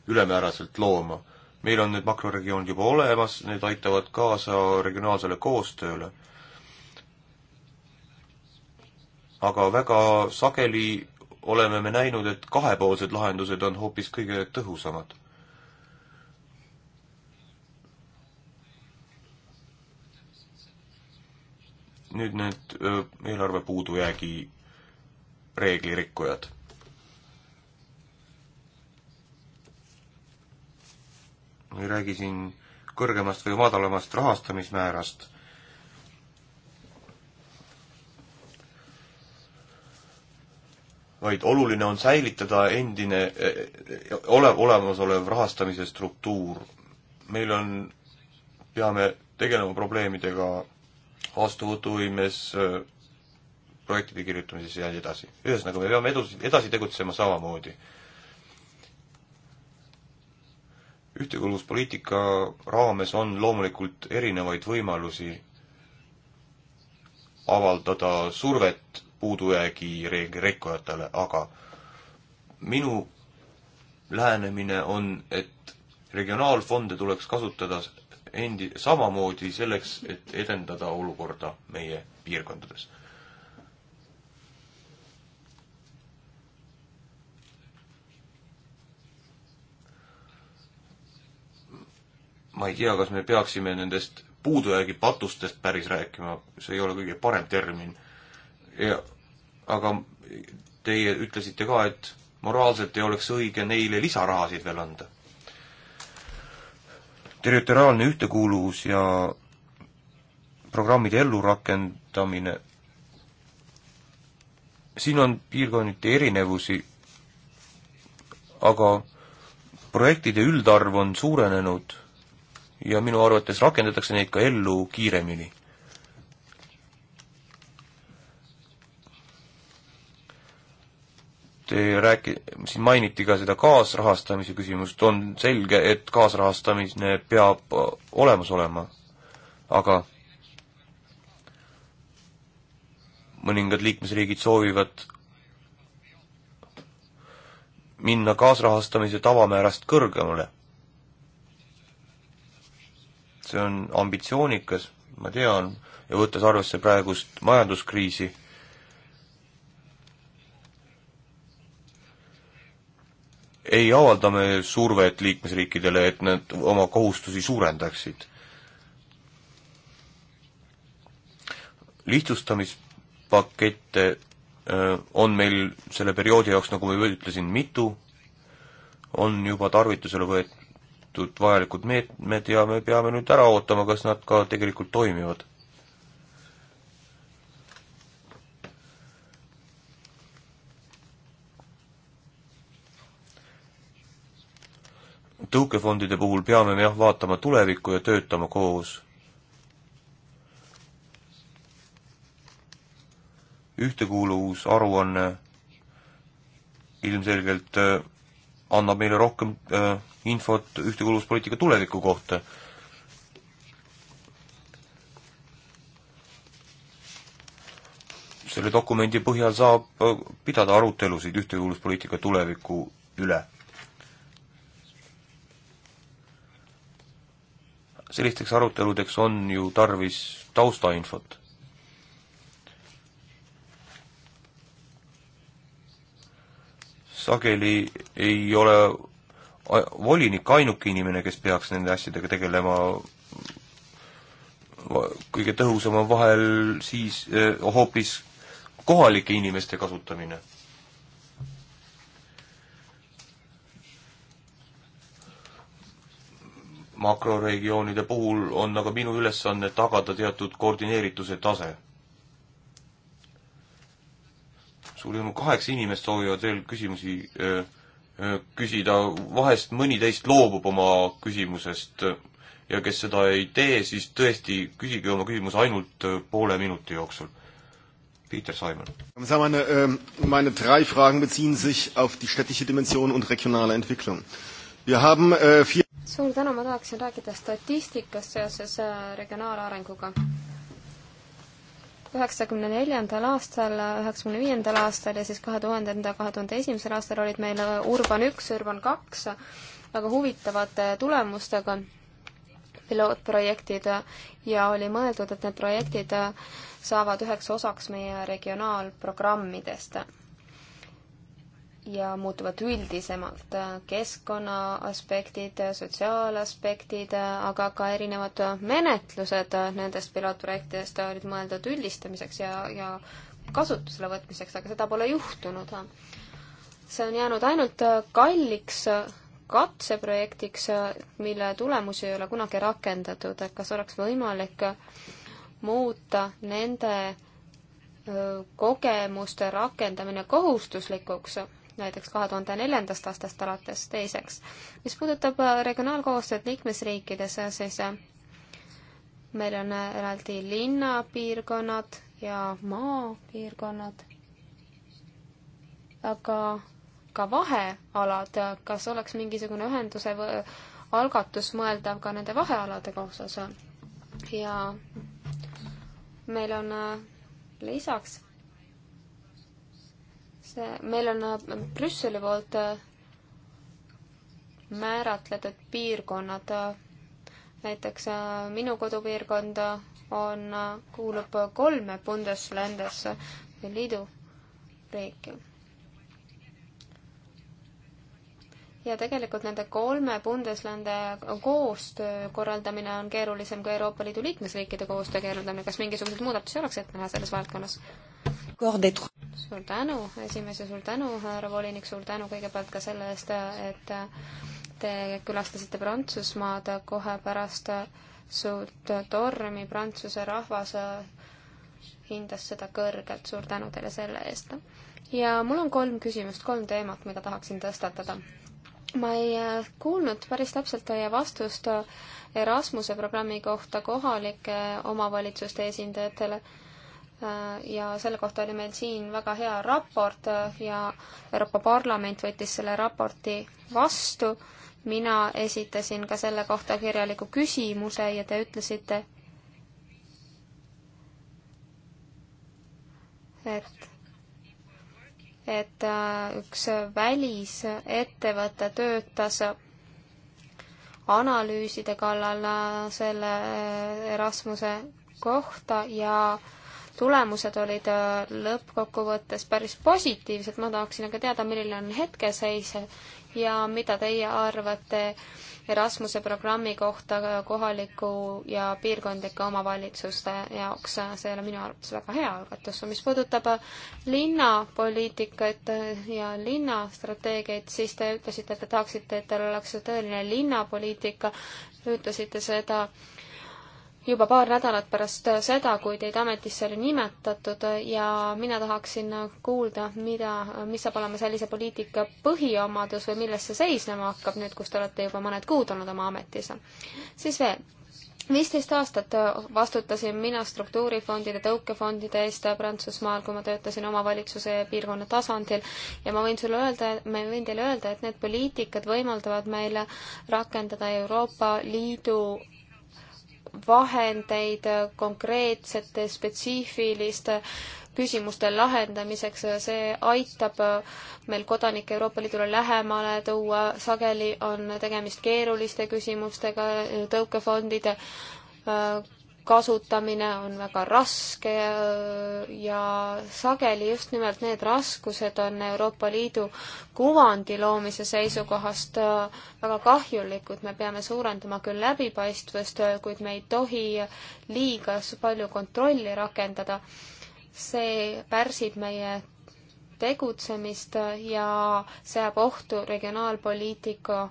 ülemääraselt looma. meil on need makroregioonid juba olemas, need aitavad kaasa regionaalsele koostööle. aga väga sageli oleme me näinud, et kahepoolsed lahendused on hoopis kõige tõhusamad. nüüd need eelarve puudujäägi reeglirikkujad. ei räägi siin kõrgemast või madalamast rahastamismäärast vaid oluline on säilitada endine ole, olemasolev rahastamise struktuur. meil on, peame tegelema probleemidega vastuvõtuvõimes, projektide kirjutamises ja nii edasi. ühesõnaga, me peame edus, edasi tegutsema samamoodi. ühtekuuluvuspoliitika raames on loomulikult erinevaid võimalusi avaldada survet puudujäägi reegli rikkujatele, aga minu lähenemine on, et regionaalfonde tuleks kasutada endi-, samamoodi selleks, et edendada olukorda meie piirkondades. ma ei tea, kas me peaksime nendest puudujäägi patustest päris rääkima, see ei ole kõige parem termin aga teie ütlesite ka, et moraalselt ei oleks õige neile lisarahasid veel anda. territoriaalne ühtekuuluvus ja programmide ellurakendamine, siin on piirkonniti erinevusi, aga projektide üldarv on suurenenud ja minu arvates rakendatakse neid ka ellu kiiremini. Te eh, rääki-, siin mainiti ka seda kaasrahastamise küsimust, on selge, et kaasrahastamine peab olemas olema, aga mõningad liikmesriigid soovivad minna kaasrahastamise tavamäärast kõrgemale. see on ambitsioonikas, ma tean, ja võttes arvesse praegust majanduskriisi ei avalda me survet liikmesriikidele, et nad oma kohustusi suurendaksid. lihtsustamispakette on meil selle perioodi jaoks, nagu ma juba ütlesin, mitu, on juba tarvitusele võetud vajalikud meetmed ja me peame nüüd ära ootama, kas nad ka tegelikult toimivad tõukefondide puhul peame me jah, vaatama tulevikku ja töötama koos. ühtekuuluvusaruanne ilmselgelt äh, annab meile rohkem äh, infot ühtekuuluvuspoliitika tuleviku kohta. selle dokumendi põhjal saab äh, pidada arutelusid ühtekuuluvuspoliitika tuleviku üle sellisteks aruteludeks on ju tarvis taustainfot. sageli ei ole volinik ainuke inimene, kes peaks nende asjadega tegelema, kõige tõhusam on vahel siis eh, hoopis kohalike inimeste kasutamine makroregioonide puhul on aga minu ülesanne tagada teatud koordineerituse tase. suur tänu, kaheksa inimest soovivad veel küsimusi öö, küsida, vahest mõni teist loobub oma küsimusest ja kes seda ei tee, siis tõesti küsige oma küsimus ainult poole minuti jooksul. Peter Simon. Meine, äh, um meine drei Fragen beziehen sich auf die städtische Dimension und regionale Entwicklung. Wir haben äh, vier suur tänu, ma tahaksin rääkida statistikast seoses äh, regionaalarenguga. üheksakümne neljandal aastal, üheksakümne viiendal aastal ja siis kahe tuhandenda, kahe tuhande esimesel aastal olid meil äh, Urban üks, Urban kaks väga huvitavate tulemustega pilootprojektid äh, ja oli mõeldud, et need projektid saavad üheks osaks meie regionaalprogrammidest ja muutuvad üldisemalt keskkonna aspektid, sotsiaalaspektid, aga ka erinevad menetlused nendest pilootprojektidest olid mõeldud üldistamiseks ja, ja kasutusele võtmiseks, aga seda pole juhtunud. see on jäänud ainult kalliks katseprojektiks, mille tulemusi ei ole kunagi rakendatud, et kas oleks võimalik muuta nende kogemuste rakendamine kohustuslikuks näiteks kahe tuhande neljandast aastast alates teiseks. mis puudutab äh, regionaalkoostööd liikmesriikides, äh, siis äh, meil on eraldi linnapiirkonnad ja maapiirkonnad, aga ka vahealad, kas oleks mingisugune ühenduse või algatus mõeldav ka nende vahealade kohta ja meil on lisaks meil on äh, Brüsseli poolt äh, määratletud piirkonnad, äh, näiteks minu kodupiirkond on, kuulub kolme Bundesländesse või liidu riiki. ja tegelikult nende kolme Bundeslande koostöö korraldamine on keerulisem kui Euroopa Liidu liikmesriikide koostöö korraldamine. kas mingisuguseid muudatusi oleks ette näha selles valdkonnas? suur tänu, esimees ja suur tänu, härra volinik, suur tänu kõigepealt ka selle eest, et te külastasite Prantsusmaad kohe pärast suurt tormi, Prantsuse rahvas hindas seda kõrgelt, suur tänu teile selle eest. ja mul on kolm küsimust, kolm teemat, mida tahaksin tõstatada. ma ei kuulnud päris täpselt teie vastust Erasmuse programmi kohta kohalike omavalitsuste esindajatele Äh, ja selle kohta oli meil siin väga hea raport äh, ja Euroopa Parlament võttis selle raporti vastu. mina esitasin ka selle kohta kirjaliku küsimuse ja te ütlesite, et et äh, üks välisettevõte töötas analüüside kallal selle Erasmuse kohta ja tulemused olid äh, lõppkokkuvõttes päris positiivsed, ma tahaksin aga teada, milline on hetkeseis ja mida teie arvate Erasmuse programmi kohta kohaliku ja piirkondlike omavalitsuste jaoks, see ei ole minu arvates väga hea algatus. mis puudutab linnapoliitikat ja linnastrateegiaid, siis te ütlesite, et te tahaksite, et teil oleks tõeline linnapoliitika, ütlesite seda juba paar nädalat pärast seda, kui teid ametisse oli nimetatud ja mina tahaksin kuulda, mida, mis saab olema sellise poliitika põhiomadus või milles see seisnema hakkab nüüd, kus te olete juba mõned kuud olnud oma ametis. siis veel viisteist aastat vastutasin mina struktuurifondide, tõukefondide eest Prantsusmaal, kui ma töötasin omavalitsuse piirkonna tasandil ja ma võin sulle öelda, ma võin teile öelda, et need poliitikad võimaldavad meile rakendada Euroopa Liidu vahendeid konkreetsete spetsiifiliste küsimuste lahendamiseks, see aitab meil kodanikke Euroopa Liidule lähemale tuua, sageli on tegemist keeruliste küsimustega, tõukefondide kasutamine on väga raske ja sageli just nimelt need raskused on Euroopa Liidu kuvandi loomise seisukohast äh, väga kahjulikud. me peame suurendama küll läbipaistvust, äh, kuid me ei tohi liiga palju kontrolli rakendada. see pärsib meie tegutsemist äh, ja seab ohtu regionaalpoliitika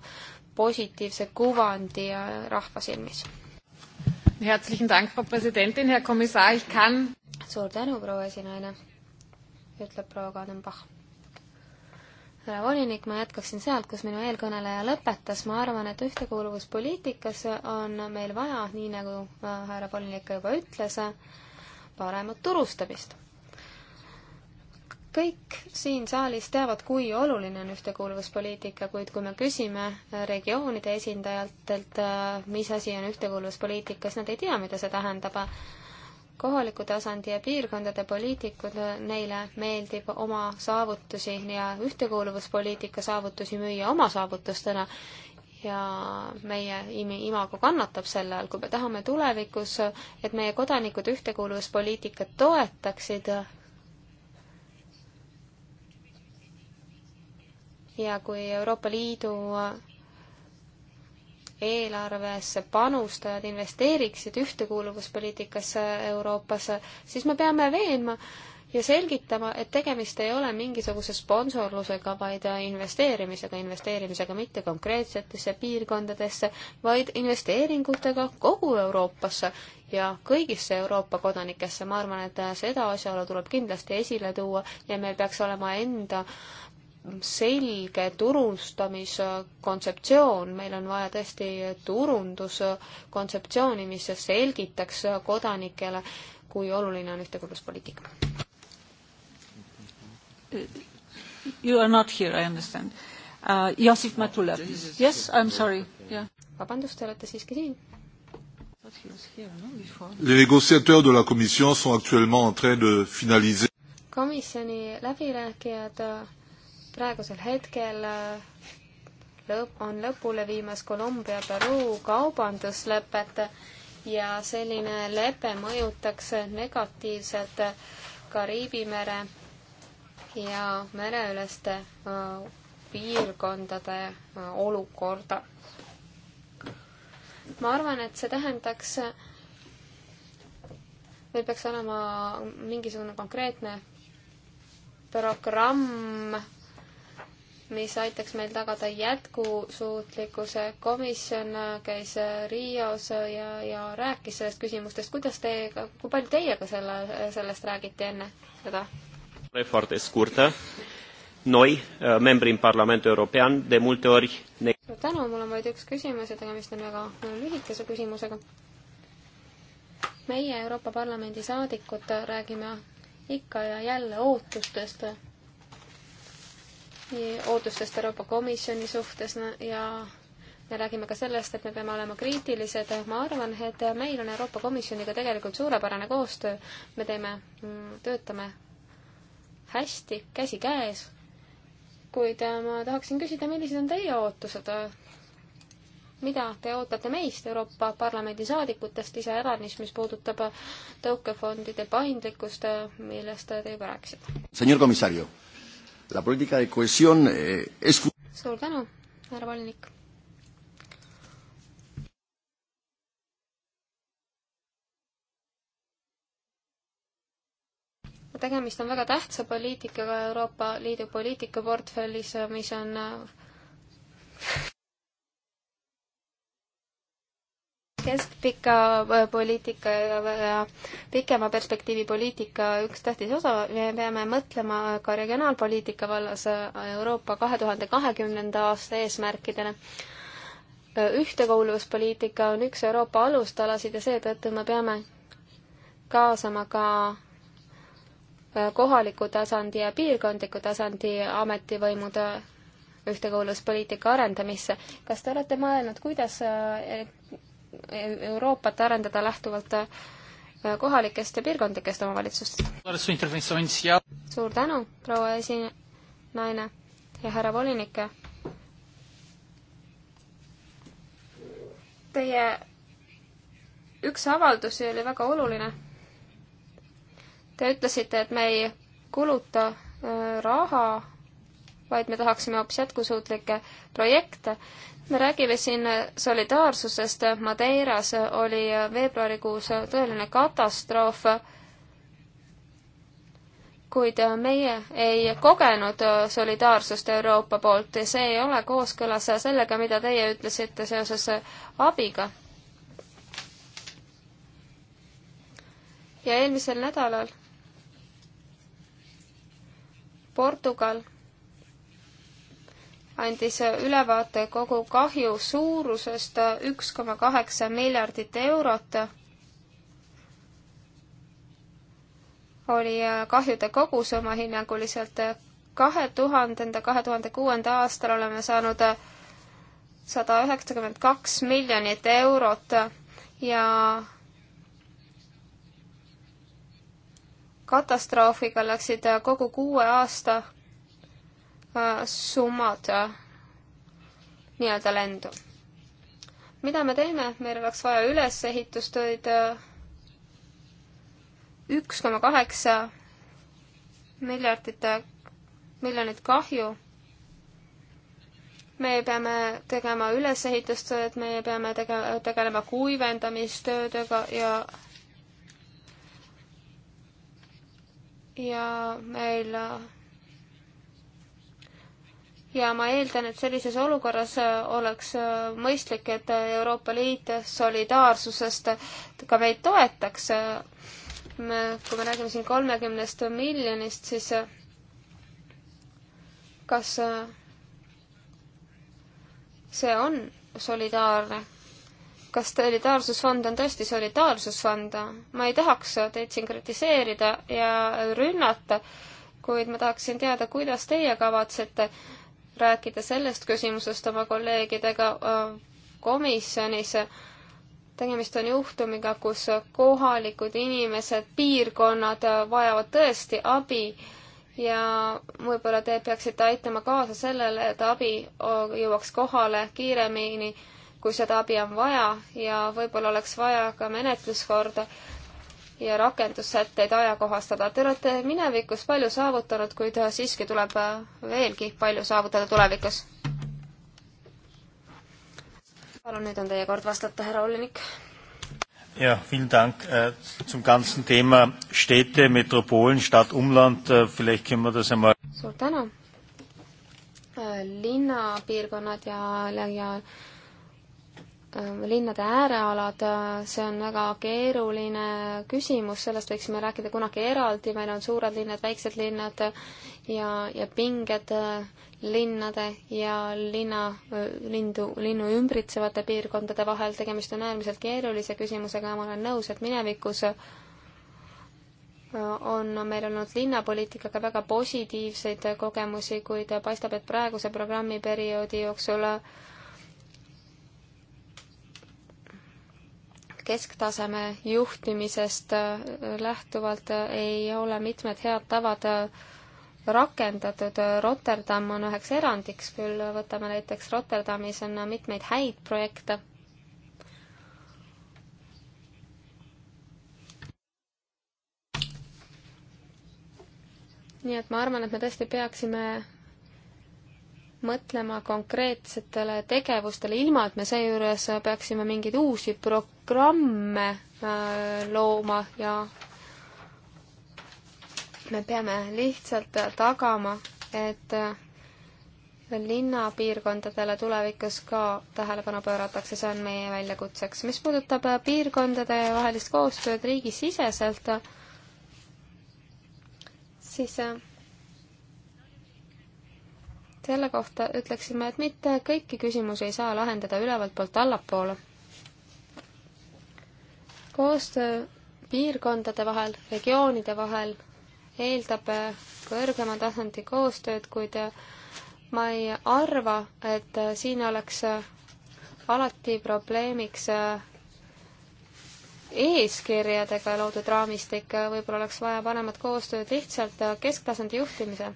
positiivse kuvandi rahva silmis Herzlichen Dank, Frau Präsidentin, Herr Kommissar, ich kann. suur tänu, proua esinaine, ütleb proua Kadenbach. härra volinik, ma jätkaksin sealt, kus minu eelkõneleja lõpetas, ma arvan, et ühtekuuluvuspoliitikas on meil vaja, nii nagu äh, härra volinik juba ütles, paremat turustamist kõik siin saalis teavad, kui oluline on ühtekuuluvuspoliitika, kuid kui me küsime regioonide esindajatelt, äh, mis asi on ühtekuuluvuspoliitika, siis nad ei tea, mida see tähendab. kohaliku tasandi ja piirkondade poliitikud, äh, neile meeldib oma saavutusi ja ühtekuuluvuspoliitika saavutusi müüa oma saavutustena ja meie imago kannatab selle all, kui me tahame tulevikus, äh, et meie kodanikud ühtekuuluvuspoliitikat toetaksid ja kui Euroopa Liidu eelarvesse panustajad investeeriksid ühtekuuluvuspoliitikasse Euroopas, siis me peame veenma ja selgitama, et tegemist ei ole mingisuguse sponsorlusega, vaid investeerimisega, investeerimisega mitte konkreetsetesse piirkondadesse, vaid investeeringutega kogu Euroopasse ja kõigisse Euroopa kodanikesse. ma arvan, et seda asjaolu tuleb kindlasti esile tuua ja meil peaks olema enda äh, selge turustamiskontseptsioon, meil on vaja tõesti turunduskontseptsiooni, mis selgitaks kodanikele, kui oluline on ühtekuuluvuspoliitika. You are not here, I understand uh,. Jossif Matula, oh, yes, I am sorry yeah.. vabandust, te olete siiski siin Les négociateurs de la Commission sont actuellement en train de finaliser. komisjoni läbirääkijad praegusel hetkel äh, lõpp, on lõpule viimas Kolumbia-Peruu kaubanduslepet ja selline lepe mõjutaks negatiivselt Kariibi mere ja mereüleste äh, piirkondade äh, olukorda. ma arvan, et see tähendaks, meil peaks olema mingisugune konkreetne programm mis aitaks meil tagada jätkusuutlikkuse. komisjon käis Rios ja, ja rääkis sellest küsimustest. kuidas teiega, kui palju teiega selle, sellest räägiti enne seda? Noi, eh, membri in Parlamentul European, de multe ori ne-... suur tänu, mul on vaid üks küsimus ja tegemist on väga lühikese küsimusega. meie Euroopa Parlamendi saadikud räägime ikka ja jälle ootustest ootustest Euroopa Komisjoni suhtes ja me räägime ka sellest, et me peame olema kriitilised. ma arvan, et meil on Euroopa Komisjoniga tegelikult suurepärane koostöö. me teeme, mm, töötame hästi, käsikäes. kuid äh, ma tahaksin küsida, millised on teie ootused? mida te ootate meist, Euroopa Parlamendi saadikutest, iseäranis, mis puudutab tõukefondide paindlikkust, äh, millest te juba rääkisite? la política de cohesión eh, es... suur tänu, härra volinik. tegemist on väga tähtsa poliitikaga Euroopa Liidu poliitikaportfellis, mis on äh, keskpika äh, poliitika ja pikema perspektiivi poliitika üks tähtis osa, me peame mõtlema ka regionaalpoliitika vallas äh, Euroopa kahe tuhande kahekümnenda aasta eesmärkidele. Äh, ühtekuuluvuspoliitika on üks Euroopa alustalasid ja seetõttu me peame kaasama ka kohaliku tasandi ja piirkondliku tasandi ametivõimud ühtekuuluvuspoliitika arendamisse. kas te olete mõelnud, kuidas Euroopat arendada lähtuvalt äh, kohalikest ja piirkondlikest omavalitsustest. suur tänu, proua esinaine ja härra volinik. Teie üks avaldusi oli väga oluline. Te ütlesite, et me ei kuluta äh, raha, vaid me tahaksime hoopis jätkusuutlikke projekte me räägime siin solidaarsusest, Madeiras oli veebruarikuus tõeline katastroof, kuid meie ei kogenud solidaarsust Euroopa poolt ja see ei ole kooskõlas sellega, mida teie ütlesite seoses abiga. ja eelmisel nädalal Portugal andis ülevaate kogu kahju suurusest üks koma kaheksa miljardit eurot. oli äh, kahjude kogusumma hinnanguliselt kahe tuhandenda, kahe tuhande kuuenda aastal oleme saanud äh, sada üheksakümmend kaks miljonit eurot ja katastroofiga läksid äh, kogu kuue aasta summad äh, nii-öelda lendu. mida me teeme, meil oleks vaja ülesehitustöid äh, üks koma kaheksa miljardit, äh, miljonit kahju. me peame tegema ülesehitustööd, me peame tege-, tegelema kuivendamistöödega ja ja meil ja ma eeldan, et sellises olukorras äh, oleks äh, mõistlik, et äh, Euroopa Liit solidaarsusest ka meid toetaks. kui me räägime siin kolmekümnest miljonist, siis kas see on solidaarne? kas solidaarsusfond on tõesti solidaarsusfond? ma ei tahaks teid siin kritiseerida ja rünnata, kuid ma tahaksin teada, kuidas teie kavatsete rääkida sellest küsimusest oma kolleegidega äh, komisjonis. tegemist on juhtumiga, kus kohalikud inimesed, piirkonnad äh, vajavad tõesti abi ja võib-olla te peaksite aitama kaasa sellele, et abi äh, jõuaks kohale kiiremini, kui seda abi on vaja ja võib-olla oleks vaja ka menetluskorda, ja rakendussätteid ajakohastada. Te olete minevikus palju saavutanud, kuid siiski tuleb äh, veelgi palju saavutada tulevikus. palun, nüüd on teie kord vastata, härra Ollinik. Ja, vielen Dank äh, zum ganzen Thema Städte, Metropolen, Stadt, Umland. Äh, vielleicht können wir das einmal. Suur tänu. Äh, linnapiirkonnad ja, ja Äh, linnade äärealad, äh, see on väga keeruline küsimus, sellest võiksime rääkida kunagi eraldi, meil on suured linnad, väiksed linnad ja, ja pinged äh, linnade ja linna, lindu, linnu ümbritsevate piirkondade vahel, tegemist on äärmiselt keerulise küsimusega ja ma olen nõus, et minevikus on meil olnud linnapoliitikaga väga positiivseid kogemusi, kuid paistab, et praeguse programmiperioodi jooksul kesktaseme juhtimisest äh, lähtuvalt äh, ei ole mitmed head tavad äh, rakendatud. Rotterdam on üheks erandiks küll, võtame näiteks Rotterdamis on mitmeid häid projekte. nii et ma arvan, et me tõesti peaksime mõtlema konkreetsetele tegevustele, ilma et me seejuures peaksime mingeid uusi programme äh, looma ja me peame lihtsalt tagama, et äh, linnapiirkondadele tulevikus ka tähelepanu pööratakse, see on meie väljakutseks. mis puudutab äh, piirkondade vahelist koostööd riigisiseselt, siis selle kohta ütleksime, et mitte kõiki küsimusi ei saa lahendada ülevalt poolt allapoole. koostöö piirkondade vahel, regioonide vahel eeldab kõrgema tasandi koostööd, kuid ma ei arva, et siin oleks alati probleemiks eeskirjadega loodud raamistik, võib-olla oleks vaja paremat koostööd lihtsalt kesktasandi juhtimise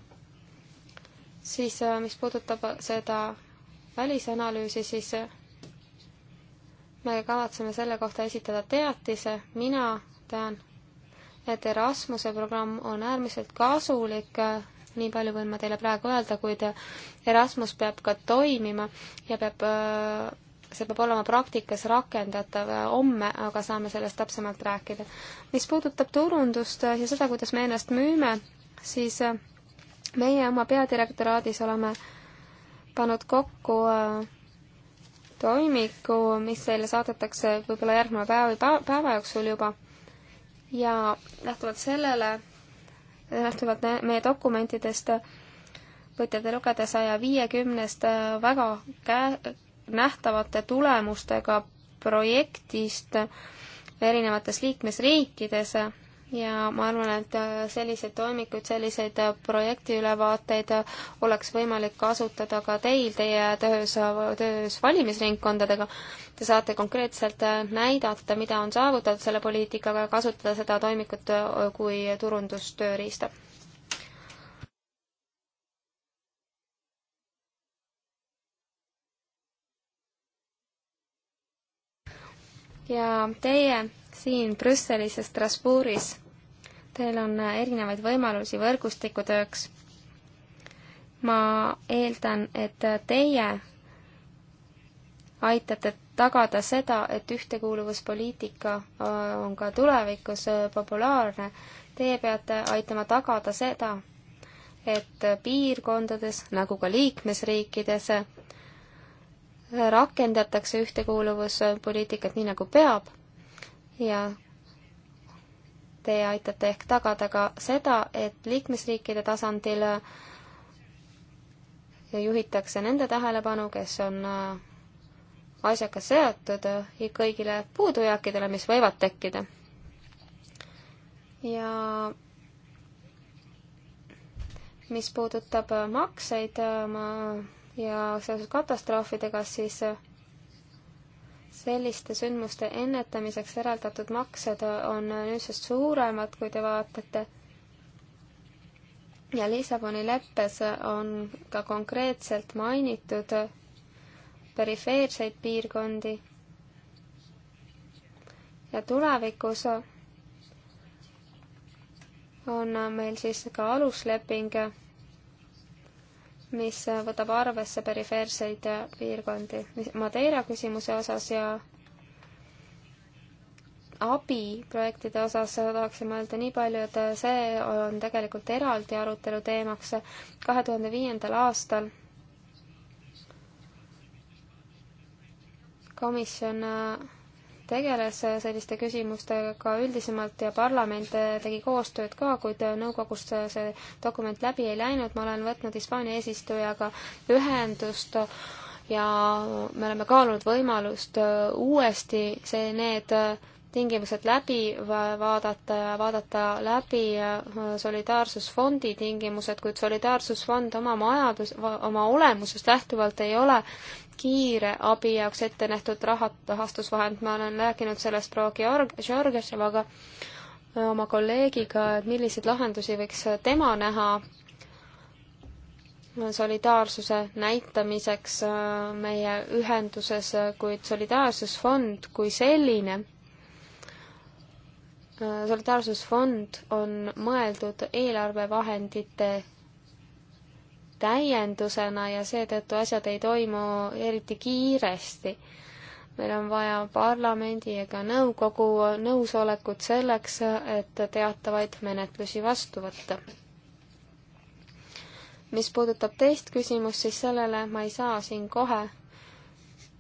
siis äh, mis puudutab seda välisanalüüsi, siis äh, me kavatseme selle kohta esitada teatise, mina tean, et Erasmuse programm on äärmiselt kasulik, äh, nii palju võin ma teile praegu öelda, kuid Erasmus peab ka toimima ja peab, see peab olema praktikas rakendatav homme, aga saame sellest täpsemalt rääkida. mis puudutab turundust ja seda, kuidas me ennast müüme, siis meie oma peadirektoraadis oleme pannud kokku äh, toimiku, mis teile saadetakse võib-olla järgneva päeva või päeva jooksul juba. ja lähtuvalt sellele, lähtuvalt meie dokumentidest võite te lugeda saja viiekümnest äh, väga kä-, nähtavate tulemustega projektist erinevates liikmesriikides ja ma arvan, et äh, selliseid toimikuid, selliseid äh, projektiülevaateid äh, oleks võimalik kasutada ka teil teie töös, töös valimisringkondadega. Te saate konkreetselt näidata, mida on saavutatud selle poliitikaga ja kasutada seda toimikut kui turundustööriista. ja teie siin Brüsselis ja Strasbourgis Teil on erinevaid võimalusi võrgustikutööks. ma eeldan, et teie aitate tagada seda, et ühtekuuluvuspoliitika äh, on ka tulevikus äh, populaarne. Teie peate aitama tagada seda, et piirkondades nagu ka liikmesriikides rakendatakse ühtekuuluvuspoliitikat nii, nagu peab ja Teie aitate ehk tagada ka seda, et liikmesriikide tasandil juhitakse nende tähelepanu, kes on äh, asjaga seotud äh, kõigile puudujääkidele, mis võivad tekkida. ja mis puudutab äh, makseid ma ja seoses katastroofidega, siis selliste sündmuste ennetamiseks eraldatud maksed on nüüdsest suuremad, kui te vaatate. ja Lissaboni leppes on ka konkreetselt mainitud perifeerseid piirkondi. ja tulevikus on meil siis ka alusleping mis võtab arvesse perifeerseid piirkondi Madeira küsimuse osas ja abiprojektide osas tahaksime öelda nii palju, et see on tegelikult eraldi arutelu teemaks. kahe tuhande viiendal aastal komisjon tegeles selliste küsimustega üldisemalt ja parlament tegi koostööd ka, kuid nõukogust see dokument läbi ei läinud, ma olen võtnud Hispaania eesistujaga ühendust ja me oleme kaalunud võimalust uuesti see, need tingimused läbi vaadata ja vaadata läbi solidaarsusfondi tingimused, kuid solidaarsusfond oma majadus, oma olemusest lähtuvalt ei ole kiire abi jaoks ette nähtud rahat, rahastusvahend, ma olen rääkinud sellest proua Georg-, Georgisevaga, äh, oma kolleegiga, et milliseid lahendusi võiks tema näha solidaarsuse näitamiseks äh, meie ühenduses, kuid solidaarsusfond kui selline, äh, solidaarsusfond on mõeldud eelarvevahendite täiendusena ja seetõttu asjad ei toimu eriti kiiresti. meil on vaja parlamendi ega nõukogu nõusolekut selleks, et teatavaid menetlusi vastu võtta. mis puudutab teist küsimust, siis sellele ma ei saa siin kohe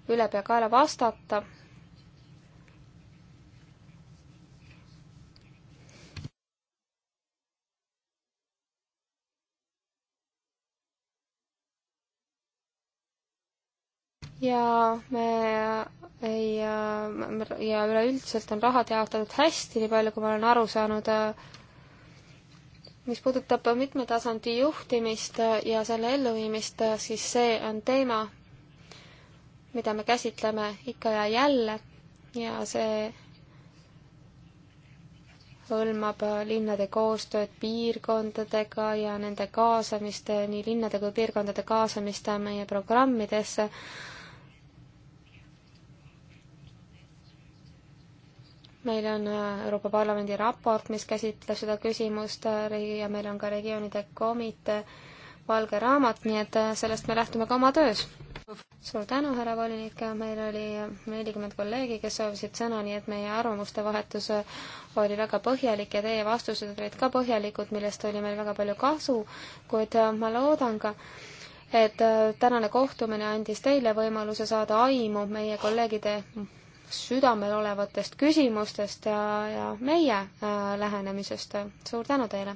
ülepeakaela vastata ja me ei, äh, ja üleüldiselt on rahad jaotatud hästi, nii palju kui ma olen aru saanud, äh, mis puudutab mitmetasandi juhtimist äh, ja selle elluviimist, siis see on teema, mida me käsitleme ikka ja jälle ja see hõlmab linnade koostööd piirkondadega ja nende kaasamist, nii linnade kui piirkondade kaasamist meie programmidesse meil on äh, Euroopa Parlamendi raport, mis käsitleb seda küsimust äh, ja meil on ka regioonide komitee valge raamat, nii et äh, sellest me lähtume ka oma töös. suur tänu, härra volinik, meil oli nelikümmend kolleegi, kes soovisid sõna, nii et meie arvamuste vahetus oli väga põhjalik ja teie vastused olid ka põhjalikud, millest oli meil väga palju kasu, kuid ma loodan ka, et tänane kohtumine andis teile võimaluse saada aimu meie kolleegide südamel olevatest küsimustest ja, ja meie äh, lähenemisest. suur tänu teile!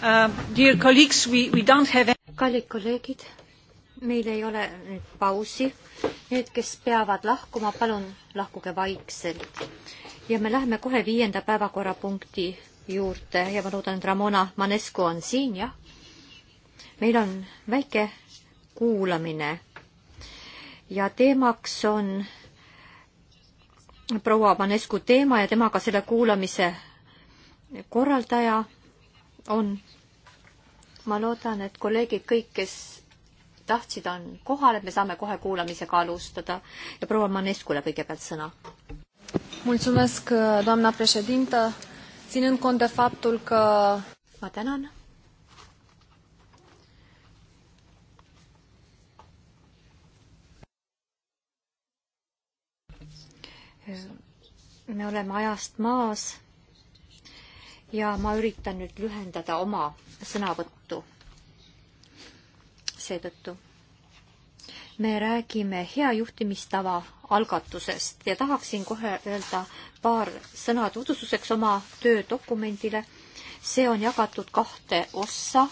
Uh, kallid kolleegid, meil ei ole nüüd pausi Need, kes peavad lahkuma, palun lahkuge vaikselt. ja me läheme kohe viienda päevakorrapunkti juurde ja ma loodan, et Ramona Manescu on siin, jah. meil on väike kuulamine ja teemaks on proua Manescu teema ja temaga selle kuulamise korraldaja on. ma loodan, et kolleegid kõik, kes tahtsid, on kohal, et me saame kohe kuulamisega alustada ja proua Maneskule kõigepealt sõna. Mulțumesc, doamna președintă, ținând cont de faptul că... Ma tänan. me oleme ajast maas ja ma üritan nüüd lühendada oma sõnavõttu seetõttu. me räägime hea juhtimistava algatusest ja tahaksin kohe öelda paar sõna tutvustuseks oma töödokumendile. see on jagatud kahte ossa.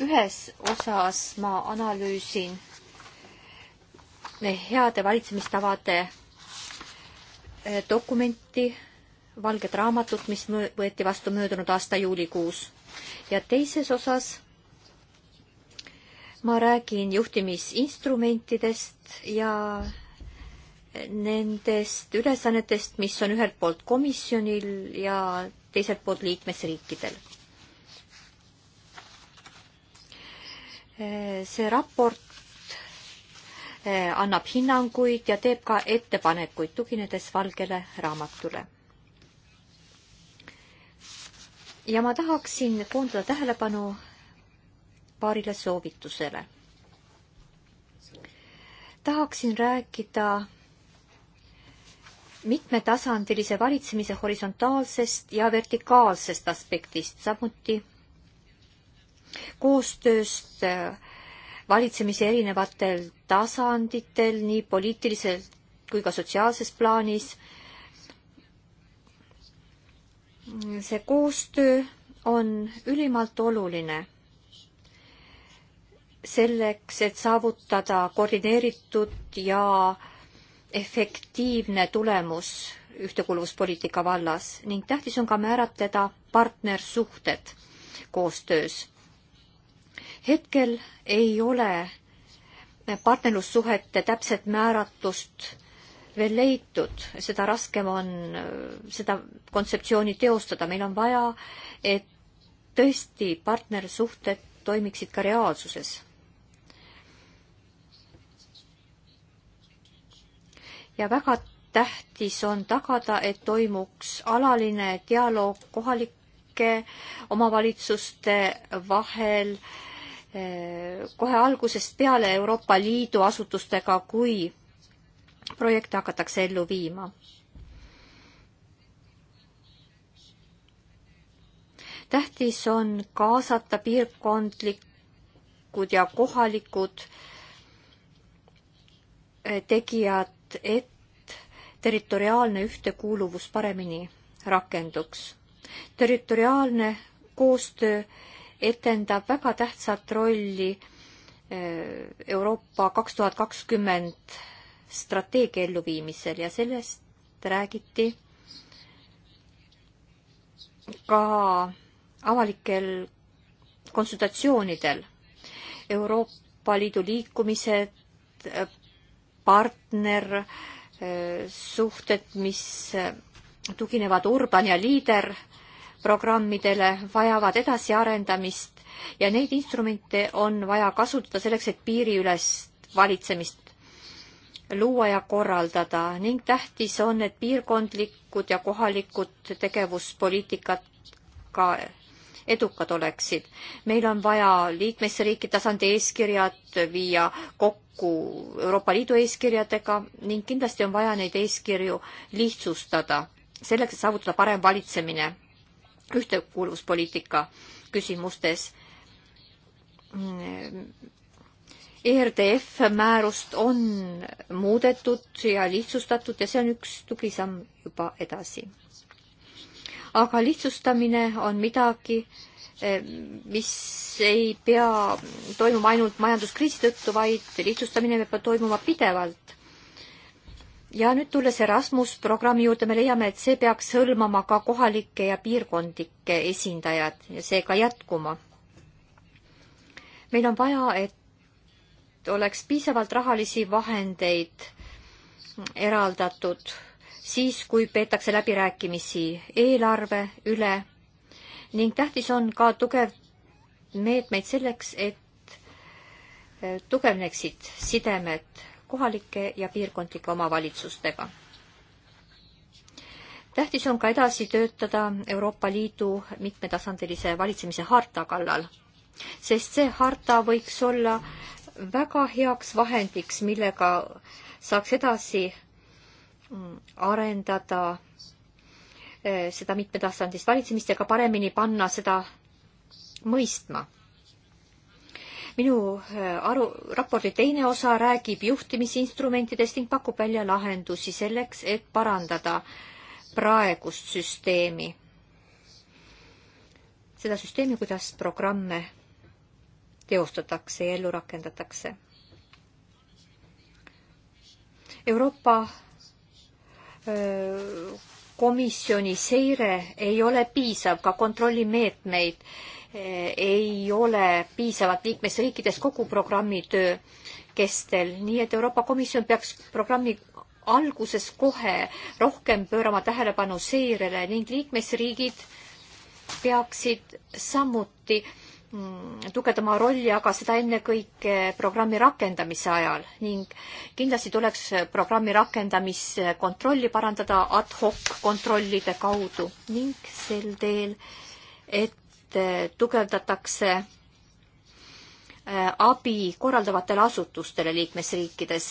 ühes osas ma analüüsin heade valitsemistavade eh, dokumenti, valget raamatut, mis võeti vastu möödunud aasta juulikuus ja teises osas ma räägin juhtimisinstrumentidest ja nendest ülesannetest, mis on ühelt poolt komisjonil ja teiselt poolt liikmesriikidel. see raport eh, annab hinnanguid ja teeb ka ettepanekuid, tuginedes valgele raamatule. ja ma tahaksin koondada tähelepanu paarile soovitusele. tahaksin rääkida mitmetasandilise valitsemise horisontaalsest ja vertikaalsest aspektist, samuti koostööst äh, valitsemise erinevatel tasanditel, nii poliitilisel kui ka sotsiaalses plaanis. see koostöö on ülimalt oluline selleks, et saavutada koordineeritud ja efektiivne tulemus ühtekuuluvuspoliitika vallas ning tähtis on ka määratleda partnersuhted koostöös. hetkel ei ole partnerlussuhete täpset määratlust veel leitud, seda raskem on seda kontseptsiooni teostada, meil on vaja, et tõesti partnersuhted toimiksid ka reaalsuses. ja väga tähtis on tagada, et toimuks alaline dialoog kohalike omavalitsuste vahel eh, kohe algusest peale Euroopa Liidu asutustega, kui projekte hakatakse ellu viima. tähtis on kaasata piirkondlikud ja kohalikud eh, tegijad et territoriaalne ühtekuuluvus paremini rakenduks. territoriaalne koostöö etendab väga tähtsat rolli eh, Euroopa kaks tuhat kakskümmend strateegia elluviimisel ja sellest räägiti ka avalikel konsultatsioonidel. Euroopa Liidu liikumised, partnersuhted, eh, mis eh, tuginevad Urban ja Leader programmidele, vajavad edasiarendamist ja neid instrumente on vaja kasutada selleks, et piiriülest valitsemist luua ja korraldada ning tähtis on, et piirkondlikud ja kohalikud tegevuspoliitikad ka edukad oleksid. meil on vaja liikmesriigi tasandi eeskirjad viia kokku kokku Euroopa Liidu eeskirjadega ning kindlasti on vaja neid eeskirju lihtsustada, selleks et saavutada parem valitsemine ühtekuuluvuspoliitika küsimustes. ERDF määrust on muudetud ja lihtsustatud ja see on üks tugisamm juba edasi. aga lihtsustamine on midagi, Eh, mis ei pea toimuma ainult majanduskriisi tõttu, vaid lihtsustamine peab toimuma pidevalt. ja nüüd tulles Erasmus programmi juurde, me leiame, et see peaks hõlmama ka kohalikke ja piirkondlikke esindajad ja seega jätkuma. meil on vaja, et oleks piisavalt rahalisi vahendeid eraldatud siis, kui peetakse läbirääkimisi eelarve üle ning tähtis on ka tugev meetmeid selleks, et tugevneksid sidemed kohalike ja piirkondlike omavalitsustega. tähtis on ka edasi töötada Euroopa Liidu mitmetasandilise valitsemise harta kallal, sest see harta võiks olla väga heaks vahendiks, millega saaks edasi mm, arendada Äh, seda mitmetasandist valitsemist ja ka paremini panna seda mõistma. minu äh, aru, raporti teine osa räägib juhtimisinstrumentidest ning pakub välja lahendusi selleks, et parandada praegust süsteemi. seda süsteemi, kuidas programme teostatakse ja ellu rakendatakse. Euroopa öö, äh, komisjoni seire ei ole piisav, ka kontrollimeetmeid eh, ei ole piisavalt liikmesriikides kogu programmi töö kestel, nii et Euroopa Komisjon peaks programmi alguses kohe rohkem pöörama tähelepanu seirele ning liikmesriigid peaksid samuti äh, Mm, tugevdama rolli, aga seda ennekõike programmi rakendamise ajal ning kindlasti tuleks programmi rakendamiskontrolli parandada ad hoc kontrollide kaudu ning sel teel, et eh, tugevdatakse eh, abi korraldavatele asutustele liikmesriikides.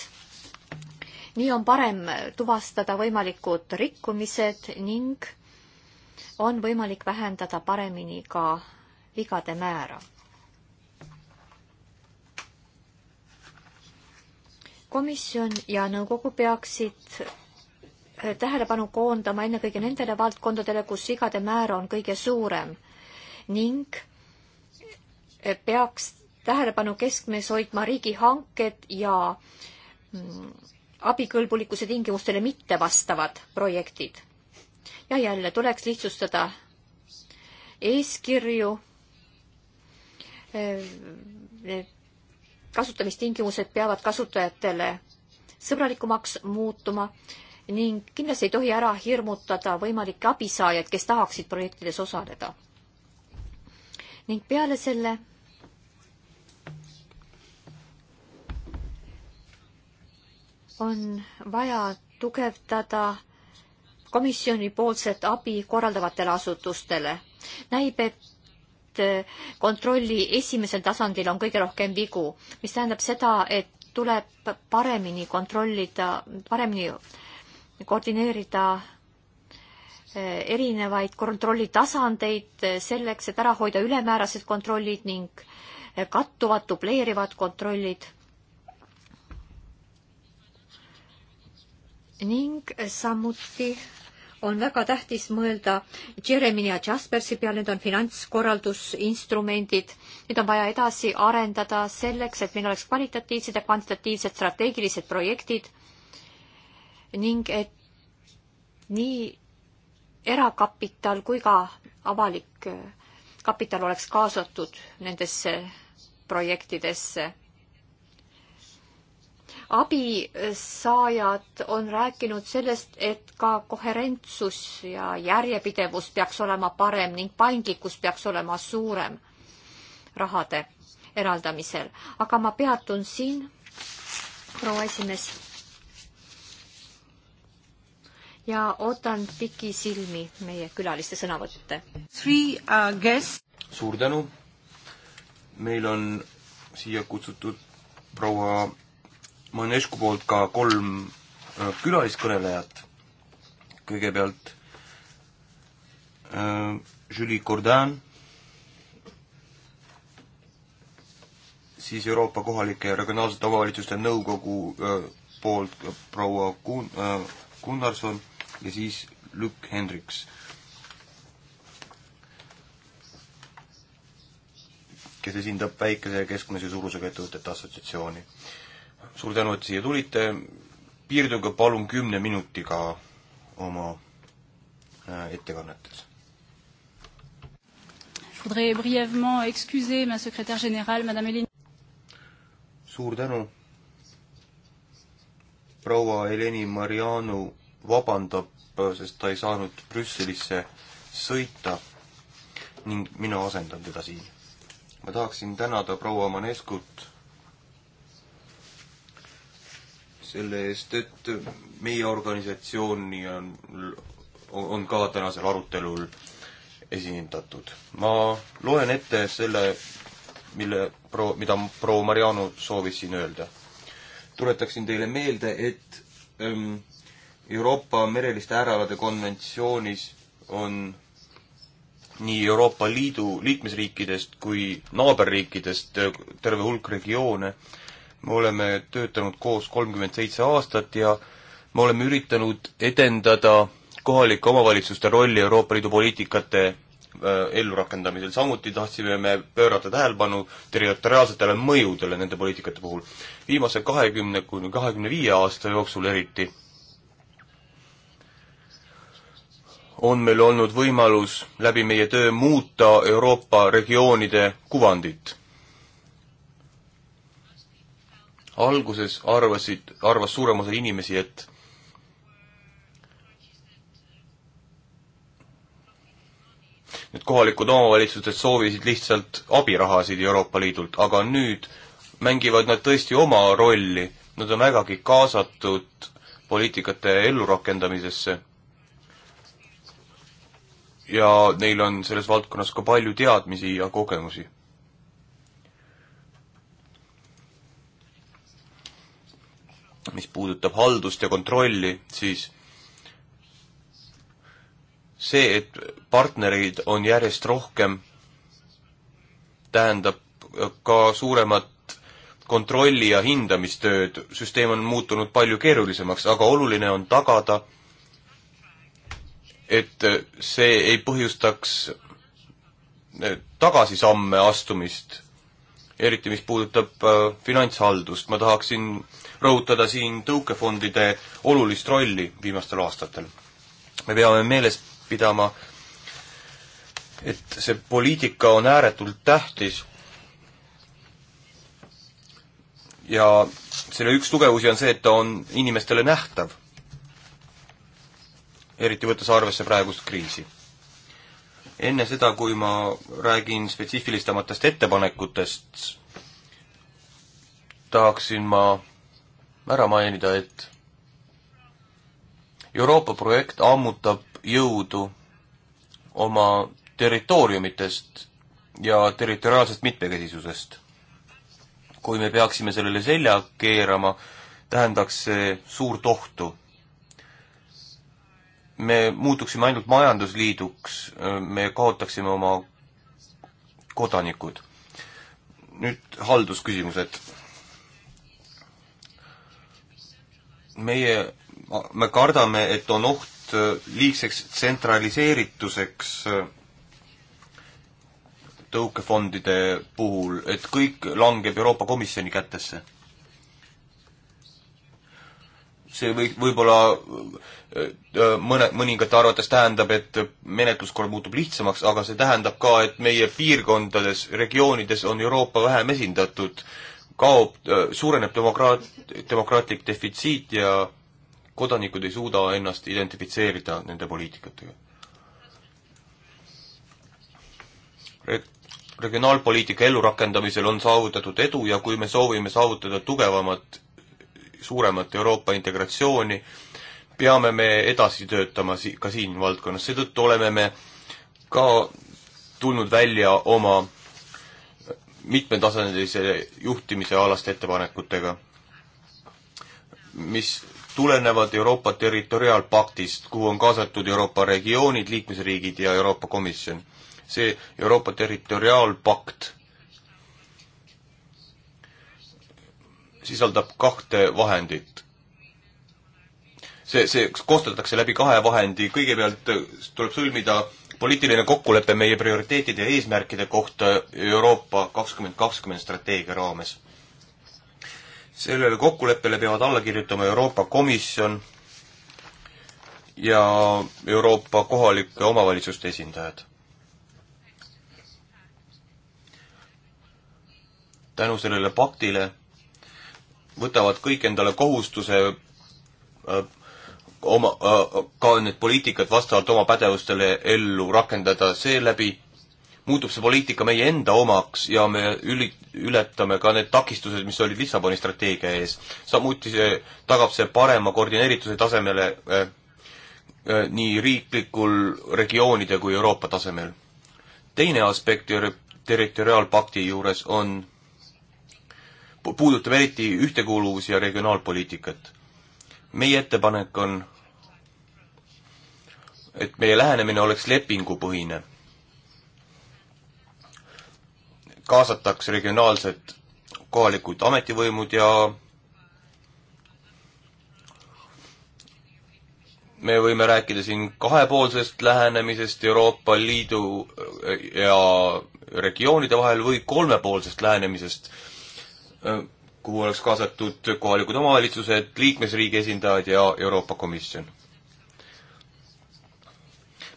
nii on parem tuvastada võimalikud rikkumised ning on võimalik vähendada paremini ka vigade määra. komisjon ja nõukogu peaksid eh, tähelepanu koondama ennekõike nendele valdkondadele, kus vigade määr on kõige suurem ning eh, peaks tähelepanu keskmes hoidma riigihanked ja mm, abikõlbulikkuse tingimustele mittevastavad projektid. ja jälle tuleks lihtsustada eeskirju Äh, äh, kasutamistingimused peavad kasutajatele sõbralikumaks muutuma ning kindlasti ei tohi ära hirmutada võimalikke abisaajaid, kes tahaksid projektides osaleda. ning peale selle on vaja tugevdada komisjoni poolset abi korraldavatele asutustele. näib, et et eh, kontrolli esimesel tasandil on kõige rohkem vigu, mis tähendab seda, et tuleb paremini kontrollida, paremini koordineerida eh, erinevaid kontrollitasandeid eh, selleks, et ära hoida ülemäärased kontrollid ning kattuvad, dubleerivad kontrollid. ning samuti on väga tähtis mõelda Jeremini ja Jaspersi peale, need on finantskorraldusinstrumendid, neid on vaja edasi arendada selleks, et meil oleks kvalitatiivsed ja kvantitatiivsed strateegilised projektid ning et nii erakapital kui ka avalik kapital oleks kaasatud nendesse projektidesse abisaajad on rääkinud sellest, et ka koherentsus ja järjepidevus peaks olema parem ning paindlikkus peaks olema suurem rahade eraldamisel. aga ma peatun siin, proua esimees. ja ootan pikisilmi meie külaliste sõnavõtte. Uh, suur tänu. meil on siia kutsutud proua Manescu poolt ka kolm äh, külaliskõnelejat. kõigepealt äh, Julie Cordan, siis Euroopa kohalike ja regionaalsete omavalitsuste nõukogu äh, poolt äh, proua Kun-, äh, Gunnarson ja siis Luke Hendriks kes esindab väikese ja keskmise suurusega ettevõtete assotsiatsiooni suur tänu, et siia tulite, piirduge palun kümne minutiga oma äh, ettekannetes. suur tänu. proua Eleni Marianu vabandab, äh, sest ta ei saanud Brüsselisse sõita ning mina asendan teda siin. ma tahaksin tänada proua Maneskut selle eest, et meie organisatsiooni on, on ka tänasel arutelul esindatud. ma loen ette selle, mille pro-, mida proua Mariano soovis siin öelda. tuletaksin teile meelde, et ähm, Euroopa mereliste äärealade konventsioonis on nii Euroopa Liidu liikmesriikidest kui naaberriikidest terve hulk regioone äh,, me oleme töötanud koos kolmkümmend seitse aastat ja me oleme üritanud edendada kohalike omavalitsuste rolli Euroopa Liidu poliitikate äh, ellurakendamisel, samuti tahtsime me pöörata tähelepanu territoriaalsetele mõjudele nende poliitikate puhul. viimase kahekümne kuni kahekümne viie aasta jooksul eriti on meil olnud võimalus läbi meie töö muuta Euroopa regioonide kuvandit alguses arvasid, arvas suurem osa inimesi, et need kohalikud omavalitsused soovisid lihtsalt abirahasid Euroopa Liidult, aga nüüd mängivad nad tõesti oma rolli, nad on vägagi kaasatud poliitikate ellurakendamisesse. ja neil on selles valdkonnas ka palju teadmisi ja kogemusi mis puudutab haldust ja kontrolli, siis see, et partnereid on järjest rohkem, tähendab ka suuremat kontrolli- ja hindamistööd, süsteem on muutunud palju keerulisemaks, aga oluline on tagada, et see ei põhjustaks tagasisamme astumist, eriti mis puudutab äh, finantshaldust, ma tahaksin rõhutada siin tõukefondide olulist rolli viimastel aastatel. me peame meeles pidama, et see poliitika on ääretult tähtis ja selle üks tugevusi on see, et ta on inimestele nähtav. eriti võttes arvesse praegust kriisi. enne seda, kui ma räägin spetsiifilisematest ettepanekutest, tahaksin ma ära mainida, et Euroopa projekt ammutab jõudu oma territooriumitest ja territoriaalsest mitmekesisusest. kui me peaksime sellele selja keerama, tähendaks see suurt ohtu. me muutuksime ainult majandusliiduks, me kaotaksime oma kodanikud. nüüd haldusküsimused meie, me kardame, et on oht äh, liigseks tsentraliseerituseks äh, tõukefondide puhul, et kõik langeb Euroopa Komisjoni kätesse see või, võib-olla äh, mõne, mõningate arvates tähendab, et menetluskord muutub lihtsamaks, aga see tähendab ka, et meie piirkondades, regioonides on Euroopa vähem esindatud kaob, äh, suureneb demokraat, demokraatlik defitsiit ja kodanikud ei suuda ennast identifitseerida nende poliitikatega Re. regionaalpoliitika ellurakendamisel on saavutatud edu ja kui me soovime saavutada tugevamat, suuremat Euroopa integratsiooni, peame me edasi töötama si-, ka siin valdkonnas, seetõttu oleme me ka tulnud välja oma mitmetasandilise juhtimise alaste ettepanekutega, mis tulenevad Euroopa territoriaalpaktist, kuhu on kaasatud Euroopa regioonid, liikmesriigid ja Euroopa Komisjon. see Euroopa territoriaalpakt sisaldab kahte vahendit. see, see koostatakse läbi kahe vahendi, kõigepealt tuleb sõlmida poliitiline kokkulepe meie prioriteetide ja eesmärkide kohta Euroopa kakskümmend kakskümmend strateegia raames. sellele kokkuleppele peavad alla kirjutama Euroopa Komisjon ja Euroopa kohalike omavalitsuste esindajad. tänu sellele paktile võtavad kõik endale kohustuse äh, oma, äh, ka need poliitikad vastavalt oma pädevustele ellu rakendada, seeläbi muutub see poliitika meie enda omaks ja me üli-, ületame ka need takistused, mis olid Lissaboni strateegia ees. samuti see, tagab see parema koordineerituse tasemele eh, eh, nii riiklikul, regioonide kui Euroopa tasemel. teine aspekt ter-, territoriaalpakti juures on, puudutab eriti ühtekuuluvus- ja regionaalpoliitikat. meie ettepanek on et meie lähenemine oleks lepingupõhine. kaasataks regionaalsed kohalikud ametivõimud ja me võime rääkida siin kahepoolsest lähenemisest Euroopa Liidu ja regioonide vahel või kolmepoolsest lähenemisest, kuhu oleks kaasatud kohalikud omavalitsused, liikmesriigi esindajad ja Euroopa Komisjon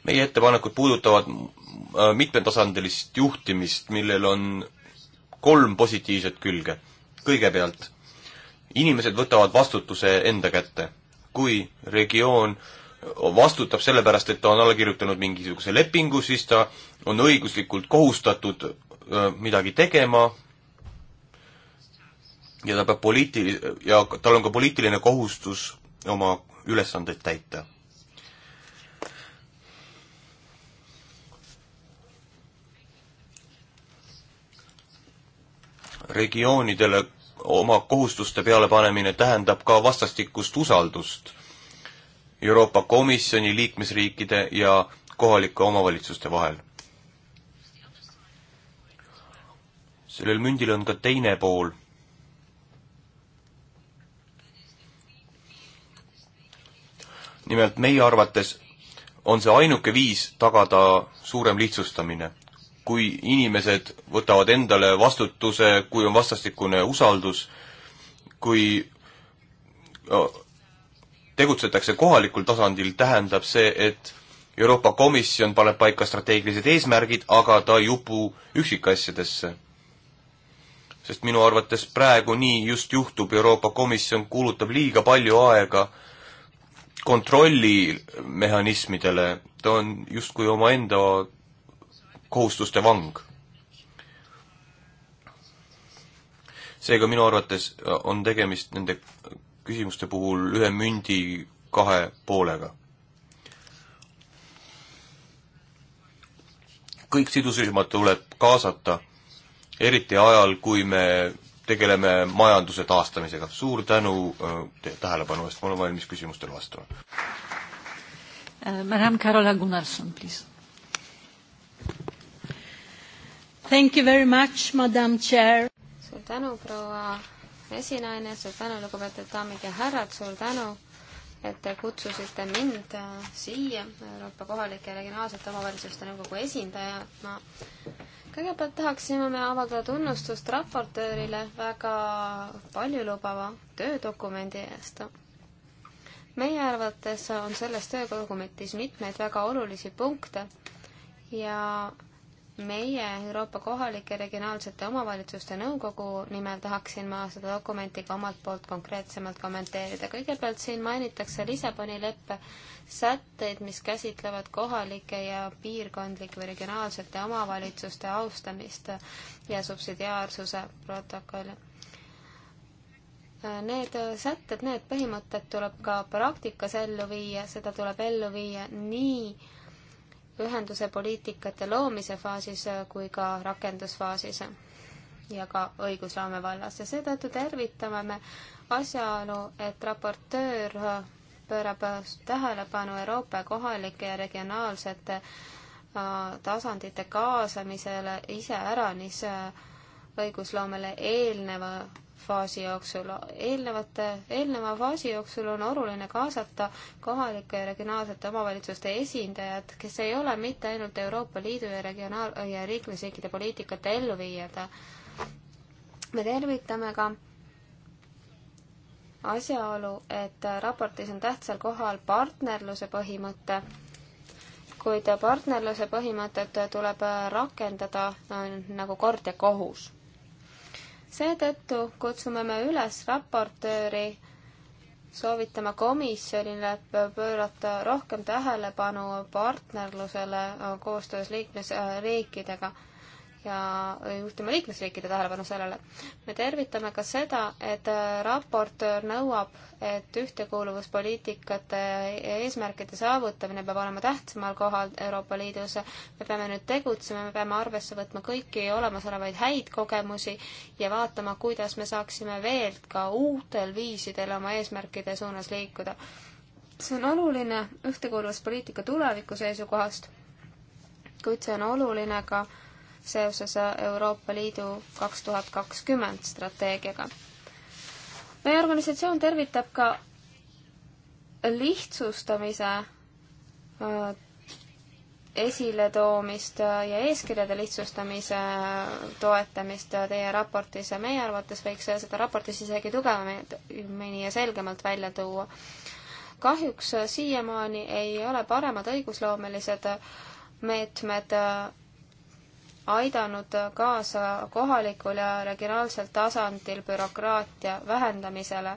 meie ettepanekud puudutavad äh, mitmetasandilist juhtimist, millel on kolm positiivset külge. kõigepealt, inimesed võtavad vastutuse enda kätte. kui regioon vastutab selle pärast, et ta on alla kirjutanud mingisuguse lepingu, siis ta on õiguslikult kohustatud äh, midagi tegema ja ta peab poliitili- ja tal on ka poliitiline kohustus oma ülesandeid täita regioonidele oma kohustuste pealepanemine tähendab ka vastastikust usaldust Euroopa Komisjoni liikmesriikide ja kohalike omavalitsuste vahel. sellel mündil on ka teine pool. nimelt meie arvates on see ainuke viis tagada suurem lihtsustamine kui inimesed võtavad endale vastutuse, kui on vastastikune usaldus, kui tegutsetakse kohalikul tasandil, tähendab see, et Euroopa Komisjon paneb paika strateegilised eesmärgid, aga ta ei upu üksikasjadesse. sest minu arvates praegu nii just juhtub, Euroopa Komisjon kulutab liiga palju aega kontrollimehhanismidele, ta on justkui omaenda kohustuste vang. seega minu arvates on tegemist nende küsimuste puhul ühe mündi kahe poolega. kõik sidusrühmad tuleb kaasata, eriti ajal, kui me tegeleme majanduse taastamisega. suur tänu äh, tähelepanu eest, ma olen valmis küsimustele vastama. Äh, Madame Carola Gunnarsson, please. Thank you very much, madam chair. suur tänu, proua esinaine, suur tänu, lugupeetud daamid ja härrad, suur tänu, et te kutsusite mind äh, siia Euroopa kohalike ja regionaalsete omavalitsuste nõukogu esindajana no,. kõigepealt tahaksime me avaldada tunnustust raportöörile väga paljulubava töödokumendi eest. meie arvates on selles töödokumentis mitmeid väga olulisi punkte ja meie Euroopa kohalike regionaalsete omavalitsuste nõukogu nimel tahaksin ma seda dokumenti ka omalt poolt konkreetsemalt kommenteerida. kõigepealt siin mainitakse Lissaboni leppe sätteid, mis käsitlevad kohalike ja piirkondlike või regionaalsete omavalitsuste austamist ja subsidiaarsuse protokolli. Need sätted, need põhimõtted tuleb ka praktikas ellu viia, seda tuleb ellu viia nii, ühenduse poliitikate loomise faasis äh, kui ka rakendusfaasis ja ka õigusloome vallas ja seetõttu tervitame me asjaolu, et raportöör äh, pöörab äh, tähelepanu Euroopa kohalike ja regionaalsete tasandite kaasamisele iseäranis õigusloomele eelneva faasi jooksul. eelnevate, eelneva faasi jooksul on oluline kaasata kohalike ja regionaalsete omavalitsuste esindajad, kes ei ole mitte ainult Euroopa Liidu ja regionaal- ja liikmesriikide poliitikate elluviijad. me tervitame ka asjaolu, et raportis on tähtsal kohal partnerluse põhimõte, kuid partnerluse põhimõtet tuleb rakendada äh, nagu kord ja kohus seetõttu kutsume me üles raportööri soovitama komisjonile pöörata rohkem tähelepanu partnerlusele koostöös liikmesriikidega äh, ja juhtima liikmesriikide tähelepanu sellele. me tervitame ka seda, et äh, raportöör nõuab, et ühtekuuluvuspoliitikate eesmärkide saavutamine peab olema tähtsamal kohal Euroopa Liidus. me peame nüüd tegutsema, me peame arvesse võtma kõiki olemasolevaid häid kogemusi ja vaatama, kuidas me saaksime veel ka uutel viisidel oma eesmärkide suunas liikuda. see on oluline ühtekuuluvuspoliitika tuleviku seisukohast, kuid see on oluline ka äh, seoses Euroopa Liidu kaks tuhat kakskümmend strateegiaga. meie organisatsioon tervitab ka lihtsustamise äh, esiletoomist äh, ja eeskirjade lihtsustamise äh, toetamist teie raportis ja meie arvates võiks seda raportis isegi tugevamini ja selgemalt välja tuua. kahjuks siiamaani ei ole paremad õigusloomelised meetmed aidanud kaasa kohalikul ja regionaalsel tasandil bürokraatia vähendamisele.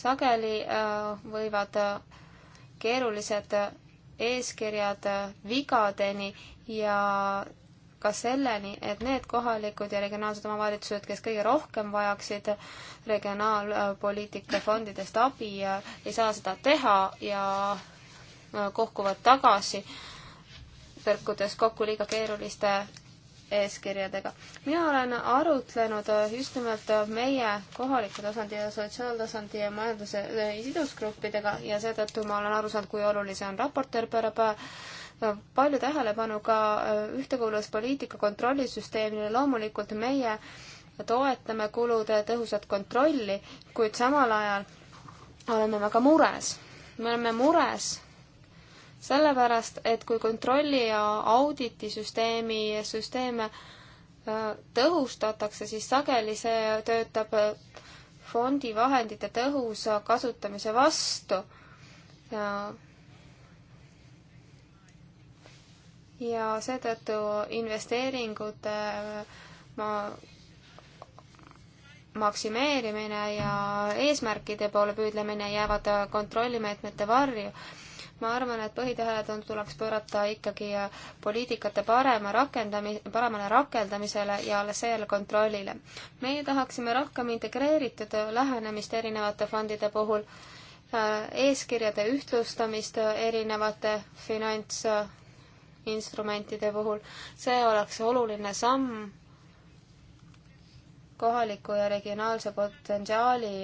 sageli äh, võivad äh, keerulised eeskirjad äh, vigadeni ja ka selleni, et need kohalikud ja regionaalsed omavalitsused, kes kõige rohkem vajaksid regionaalpoliitika fondidest abi, ei saa seda teha ja kohkuvad tagasi äh, põrkudes kokku liiga keeruliste eeskirjadega. mina olen arutlenud äh, just nimelt äh, meie kohaliku tasandi ja sotsiaaltasandi ja majanduse äh, sidusgruppidega ja seetõttu ma olen aru saanud, kui oluline on raportöör päeva palju tähelepanu ka ühtekuuluvuspoliitika kontrollisüsteemile, loomulikult meie toetame kulude tõhusat kontrolli, kuid samal ajal oleme väga mures. me oleme mures sellepärast, et kui kontrolli ja auditisüsteemi süsteeme äh, tõhustatakse, siis sageli see töötab äh, fondi vahendite tõhusa kasutamise vastu ja ja seetõttu investeeringute äh, ma-, maksimeerimine ja eesmärkide poole püüdlemine jäävad kontrollimeetmete varju ma arvan, et põhitähelepanu tuleks pöörata ikkagi poliitikate parema rakendamise, paremale rakendamisele ja alles seejärel kontrollile. meie tahaksime rohkem integreeritud lähenemist erinevate fondide puhul, äh, eeskirjade ühtlustamist erinevate finantsinstrumentide puhul, see oleks oluline samm kohaliku ja regionaalse potentsiaali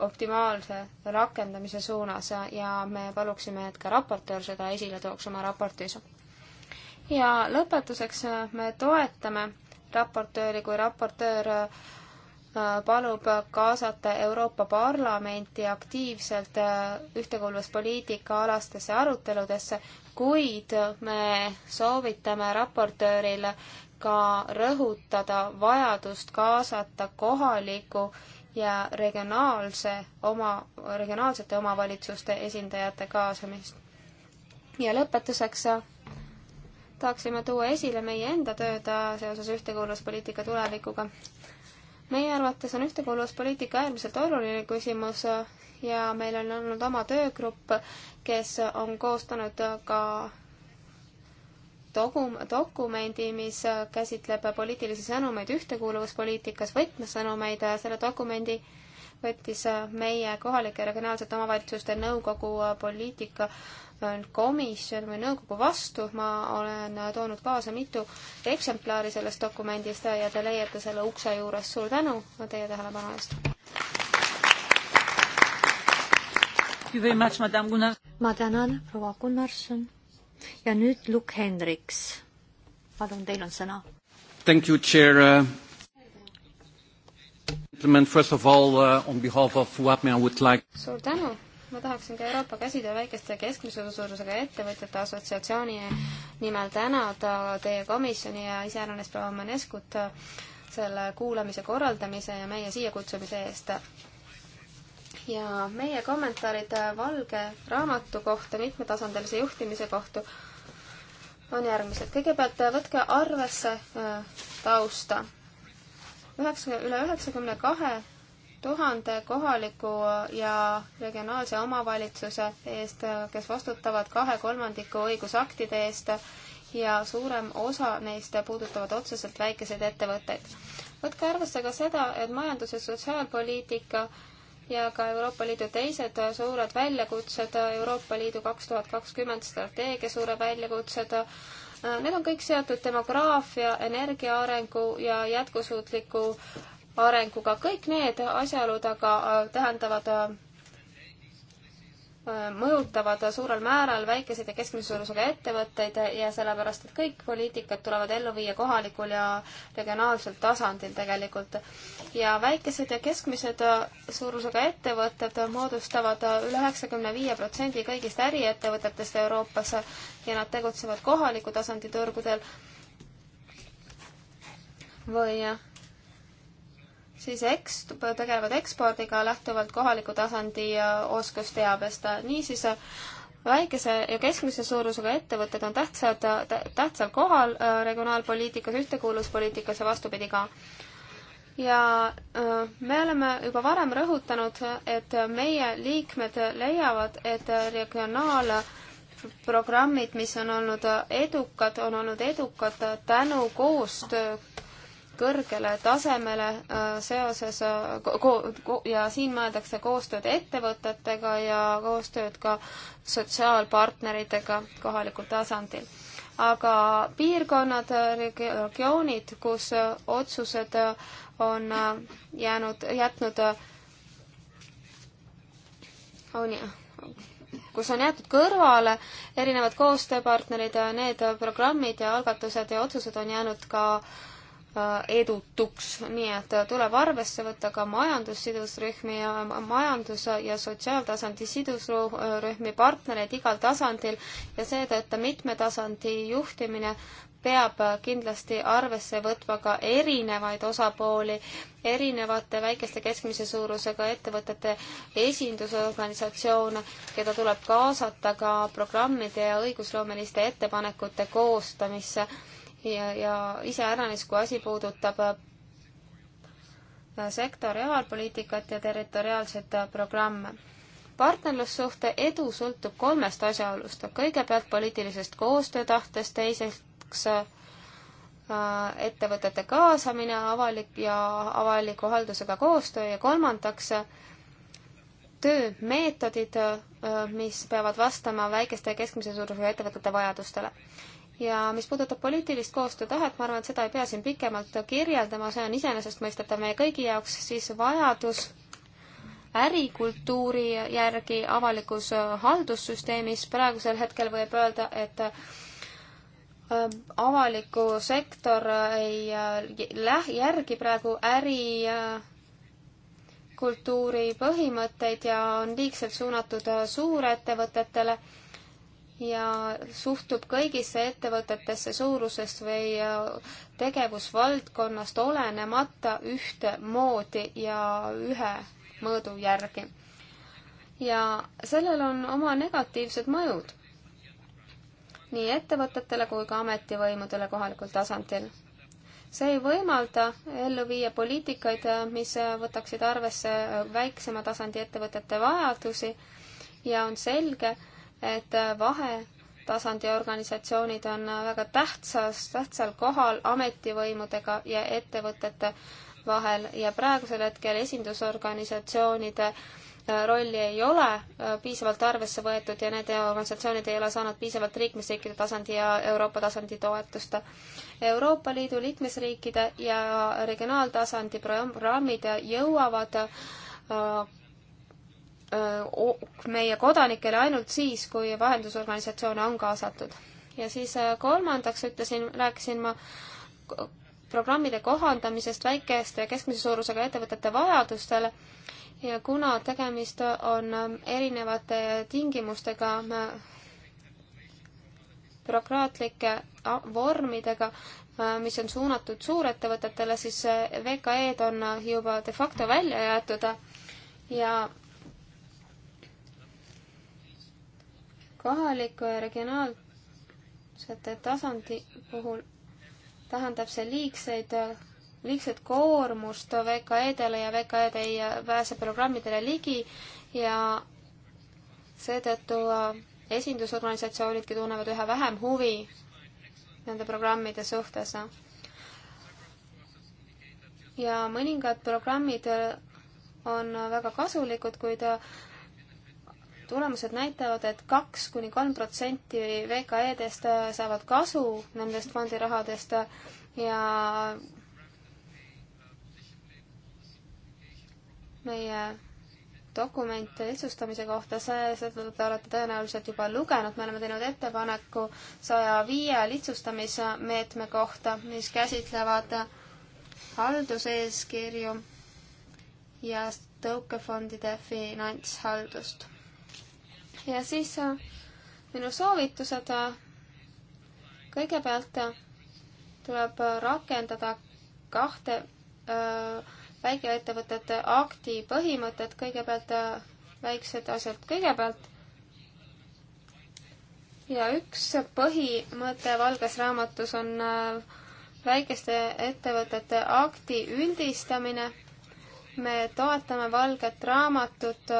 optimaalse rakendamise suunas ja me paluksime, et ka raportöör seda esile tooks oma raportis. ja lõpetuseks me toetame raportööri, kui raportöör äh, palub kaasata Euroopa Parlamenti aktiivselt äh, ühtekuuluvuspoliitika alastesse aruteludesse, kuid me soovitame raportööril ka rõhutada vajadust kaasata kohaliku ja regionaalse oma, regionaalsete omavalitsuste esindajate kaasamist. ja lõpetuseks tahaksime tuua esile meie enda tööd seoses ühtekuuluvuspoliitika tulevikuga. meie arvates on ühtekuuluvuspoliitika äärmiselt oluline küsimus ja meil on olnud oma töögrupp, kes on koostanud ka dogum-, dokumendi, mis äh, käsitleb poliitilisi sõnumeid ühtekuuluvuspoliitikas, võtmesõnumeid, äh, selle dokumendi võttis äh, meie kohalike regionaalsete omavalitsuste nõukogu poliitika komisjon või nõukogu vastu, ma olen toonud kaasa mitu eksemplari sellest dokumendist ja te leiate selle ukse juures, suur tänu teie tähelepanu eest! ma tänan, proua Gunnarsson! ja nüüd Luke Hendriks. palun, teil on sõna. Thank you, chair uh,. First of all uh, on behalf of WAPME I would like suur tänu, ma tahaksin ka Euroopa käsitöö väikeste keskmise suurusega ettevõtjate assotsiatsiooni nimel tänada teie komisjoni ja iseäranis proua Maneskut selle kuulamise korraldamise ja meie siia kutsumise eest ja meie kommentaarid valge raamatu kohta, mitmetasandilise juhtimise kohta on järgmised. kõigepealt võtke arvesse äh, tausta. üheksa, üle üheksakümne kahe tuhande kohaliku ja regionaalse omavalitsuse eest, kes vastutavad kahe kolmandiku õigusaktide eest ja suurem osa neist puudutavad otseselt väikeseid ettevõtteid. võtke arvesse ka seda, et majandus- ja sotsiaalpoliitika ja ka Euroopa Liidu teised suured väljakutsed, Euroopa Liidu kaks tuhat kakskümmend strateegia suured väljakutsed, need on kõik seotud demograafia, energia arengu ja jätkusuutliku arenguga, kõik need asjaolud aga tähendavad mõjutavad suurel määral väikeseid ja keskmise suurusega ettevõtteid ja sellepärast, et kõik poliitikad tulevad ellu viia kohalikul ja regionaalsel tasandil tegelikult. ja väikesed ja keskmised suurusega ettevõtted moodustavad üle üheksakümne viie protsendi kõigist äriettevõtetest Euroopas ja nad tegutsevad kohaliku tasandi turgudel või siis eks-, tegelevad ekspordiga lähtuvalt kohaliku tasandi oskusteabest. niisiis väikese ja keskmise suurusega ettevõtted on tähtsad, tähtsal kohal äh, regionaalpoliitikas, ühtekuuluvuspoliitikas ja vastupidi ka. ja äh, me oleme juba varem rõhutanud, et meie liikmed leiavad, et regionaalprogrammid, mis on olnud edukad, on olnud edukad tänu koostöö kõrgele tasemele äh, seoses äh, ja siin mõeldakse koostööd ettevõtetega ja koostööd ka sotsiaalpartneritega kohalikul tasandil. aga piirkonnad, regioonid, kus äh, otsused on jäänud, jätnud, on kus on jäetud kõrvale erinevad koostööpartnerid, need programmid ja algatused ja otsused on jäänud ka äh, edutuks, nii et tuleb arvesse võtta ka majandussidusrühmi ja majandus- ja sotsiaaltasandi sidusrühmi partnereid igal tasandil ja seetõttu mitme tasandi juhtimine peab kindlasti arvesse võtma ka erinevaid osapooli, erinevate väikeste keskmise suurusega ettevõtete esindusorganisatsioone, keda tuleb kaasata ka programmide ja õigusloomeliste ettepanekute koostamisse ja, ja iseäranis, kui asi puudutab äh, sektoriaalpoliitikat ja territoriaalseid äh, programme. partnerlussuhte edu sõltub kolmest asjaolust. kõigepealt poliitilisest koostöötahtest, teiseks äh, ettevõtete kaasamine avalik ja avaliku haldusega koostöö ja kolmandaks töömeetodid, mis peavad vastama väikeste ja keskmise suurusega ettevõtete vajadustele ja mis puudutab poliitilist koostöötahet, ma arvan, et seda ei pea siin pikemalt kirjeldama, see on iseenesestmõistetav meie kõigi jaoks, siis vajadus ärikultuuri järgi avalikus haldussüsteemis, praegusel hetkel võib öelda, et ähm, avaliku sektor ei äh, läh-, järgi praegu äri äh, kultuuri põhimõtteid ja on liigselt suunatud äh, suurettevõtetele ja suhtub kõigisse ettevõtetesse suurusest või tegevusvaldkonnast olenemata ühtemoodi ja ühe mõõdu järgi. ja sellel on oma negatiivsed mõjud nii ettevõtetele kui ka ametivõimudele kohalikul tasandil. see ei võimalda ellu viia poliitikaid, mis võtaksid arvesse väiksema tasandi ettevõtete vajadusi ja on selge, et äh, vahetasandi organisatsioonid on äh, väga tähtsas, tähtsal kohal ametivõimudega ja ettevõtete vahel ja praegusel hetkel esindusorganisatsioonide äh, rolli ei ole piisavalt arvesse võetud ja need organisatsioonid ei ole saanud piisavalt liikmesriikide tasandi ja Euroopa tasandi toetust. Euroopa Liidu liikmesriikide ja regionaaltasandi programmid jõuavad meie kodanikele ainult siis, kui vahendusorganisatsioone on kaasatud. ja siis kolmandaks ütlesin, rääkisin ma programmide kohandamisest väikeste ja keskmise suurusega ettevõtete vajadustele ja kuna tegemist on erinevate tingimustega, bürokraatlike vormidega, mis on suunatud suurettevõtetele, siis VKE-d on juba de facto välja jäetud ja kohaliku ja regionaalsete tasandi puhul tähendab see liigseid, liigset koormust VKE-dele ja VKE-d ei pääse programmidele ligi ja seetõttu esindusorganisatsioonidki tunnevad üha vähem huvi nende programmide suhtes. ja mõningad programmid on väga kasulikud, kuid tulemused näitavad et, et kaks kuni kolm protsenti VKE-dest äh, saavad kasu nendest fondirahadest ja meie dokumente lihtsustamise kohta, see, seda te olete tõenäoliselt juba lugenud, me oleme teinud ettepaneku saja viie lihtsustamismeetme kohta, mis käsitlevad halduseeskirju ja tõukefondide finantshaldust ja siis äh, minu soovitused. Äh, kõigepealt äh, tuleb rakendada kahte väikeettevõtete akti põhimõtet, kõigepealt väiksed asjad kõigepealt. ja üks põhimõte Valges Raamatus on väikeste ettevõtete akti üldistamine. me toetame Valget Raamatut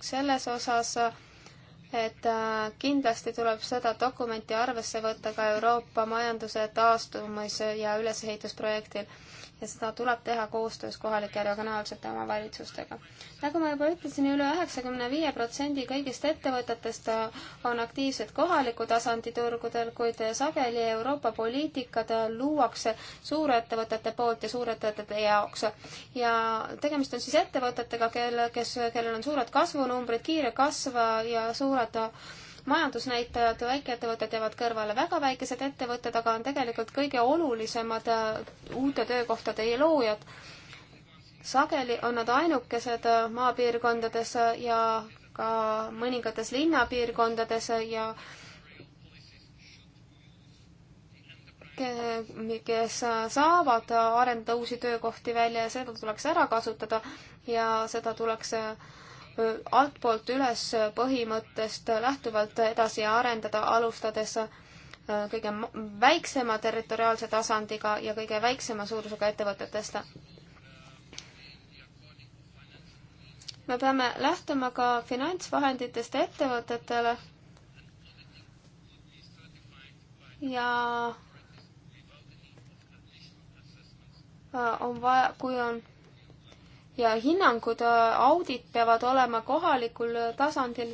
selles osas, et äh, kindlasti tuleb seda dokumenti arvesse võtta ka Euroopa majanduse taastumis- ja ülesehitusprojektil ja seda tuleb teha koostöös kohalike ja regionaalsete omavalitsustega. nagu ma juba ütlesin üle, üle üheksakümne viie protsendi kõigist ettevõtetest on aktiivsed kohaliku tasandi turgudel, kuid sageli Euroopa poliitikad luuakse suurettevõtete poolt ja suurettevõtete jaoks. ja tegemist on siis ettevõtetega, kel, kes, kellel on suured kasvunumbrid, kiire kasv ja suured majandusnäitajad, väikeettevõtted jäävad kõrvale, väga väikesed ettevõtted aga on tegelikult kõige olulisemad äh, uute töökohtade loojad. sageli on nad ainukesed äh, maapiirkondades äh, ja ka mõningates linnapiirkondades ja kes saavad arendada uusi töökohti välja ja seda tuleks ära kasutada ja seda tuleks äh, altpoolt üles põhimõttest lähtuvalt edasi arendada, alustades äh, kõige väiksema territoriaalse tasandiga ja kõige väiksema suurusega ettevõtetest. me peame lähtuma ka finantsvahenditest ettevõtetele ja äh, on vaja, kui on ja hinnangud, äh, audit peavad olema kohalikul tasandil,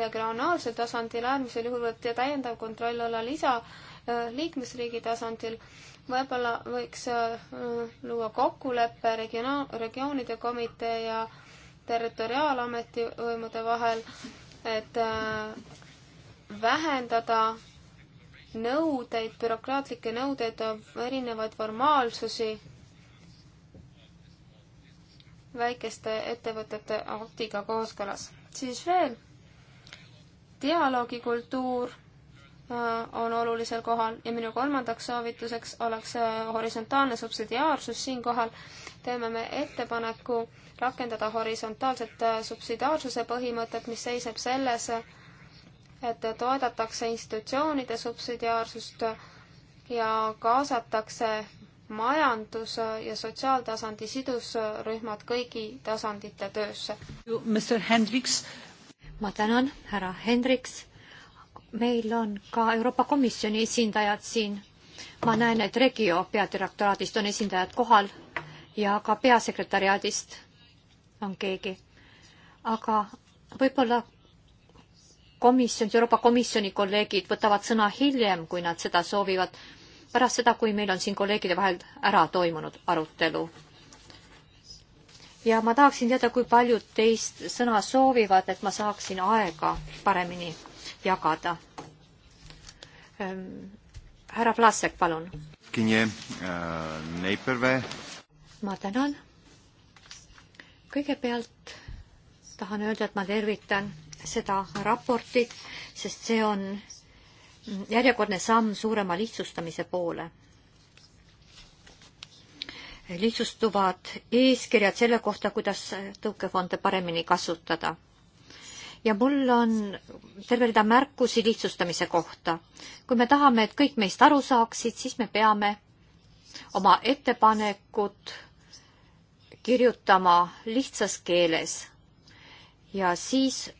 regionaalsel tasandil, äärmisel juhul võib täiendav kontroll olla lisa äh, liikmesriigi tasandil. võib-olla võiks äh, luua kokkuleppe regionaal, regioonide komitee ja territoriaalameti võimude vahel, et vähendada nõudeid, bürokraatlikke nõudeid, erinevaid formaalsusi väikeste ettevõtete aktiga kooskõlas. siis veel, dialoogikultuur äh, on olulisel kohal ja minu kolmandaks soovituseks oleks äh, horisontaalne subsidiaarsus siinkohal. teeme me ettepaneku rakendada horisontaalset äh, subsidiaarsuse põhimõtet, mis seisneb selles, et toetatakse institutsioonide subsidiaarsust ja kaasatakse majandus- ja sotsiaaltasandi sidusrühmad kõigi tasandite töösse. ma tänan, härra Hendriks. meil on ka Euroopa Komisjoni esindajad siin. ma näen, et Regio peadirektoraadist on esindajad kohal ja ka peasekretäriaadist on keegi. aga võib-olla komisjon, Euroopa Komisjoni kolleegid võtavad sõna hiljem, kui nad seda soovivad pärast seda, kui meil on siin kolleegide vahel ära toimunud arutelu. ja ma tahaksin teada, kui paljud teist sõna soovivad, et ma saaksin aega paremini jagada ähm,. härra Vlasek, palun. Äh, ma tänan. kõigepealt tahan öelda, et ma tervitan seda raportit, sest see on järjekordne samm suurema lihtsustamise poole. lihtsustuvad eeskirjad selle kohta, kuidas tõukefonde paremini kasutada. ja mul on terve rida märkusi lihtsustamise kohta. kui me tahame, et kõik meist aru saaksid, siis me peame oma ettepanekud kirjutama lihtsas keeles ja siis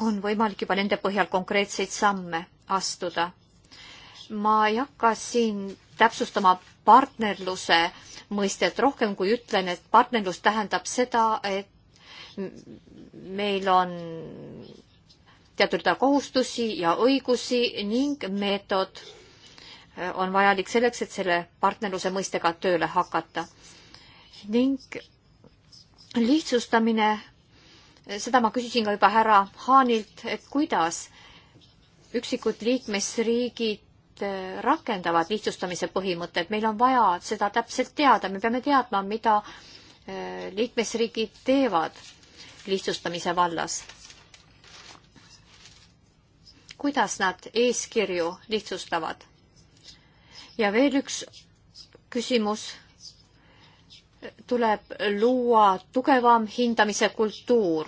on võimalik juba nende põhjal konkreetseid samme astuda. ma ei hakka siin täpsustama partnerluse mõistet rohkem, kui ütlen, et partnerlus tähendab seda, et meil on teatud rida kohustusi ja õigusi ning meetod on vajalik selleks, et selle partnerluse mõistega tööle hakata. ning lihtsustamine, seda ma küsisin ka juba härra Haanilt, et kuidas üksikud liikmesriigid äh, rakendavad lihtsustamise põhimõtet, meil on vaja seda täpselt teada, me peame teadma, mida äh, liikmesriigid teevad lihtsustamise vallas. kuidas nad eeskirju lihtsustavad? ja veel üks küsimus. tuleb luua tugevam hindamise kultuur.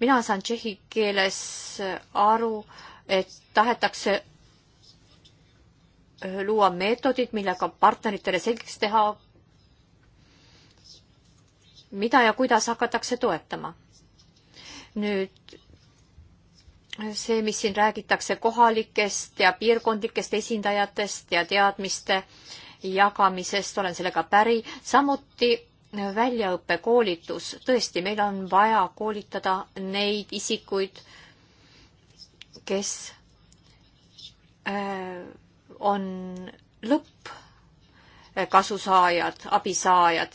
mina saan tšehhi keeles aru äh, et tahetakse äh, luua meetodid, millega partneritele selgeks teha, mida ja kuidas hakatakse toetama. nüüd see, mis siin räägitakse kohalikest ja piirkondlikest esindajatest ja teadmiste jagamisest, olen sellega päri, samuti väljaõppekoolitus, tõesti, meil on vaja koolitada neid isikuid, kes äh, on lõppkasusaajad, äh, abisaajad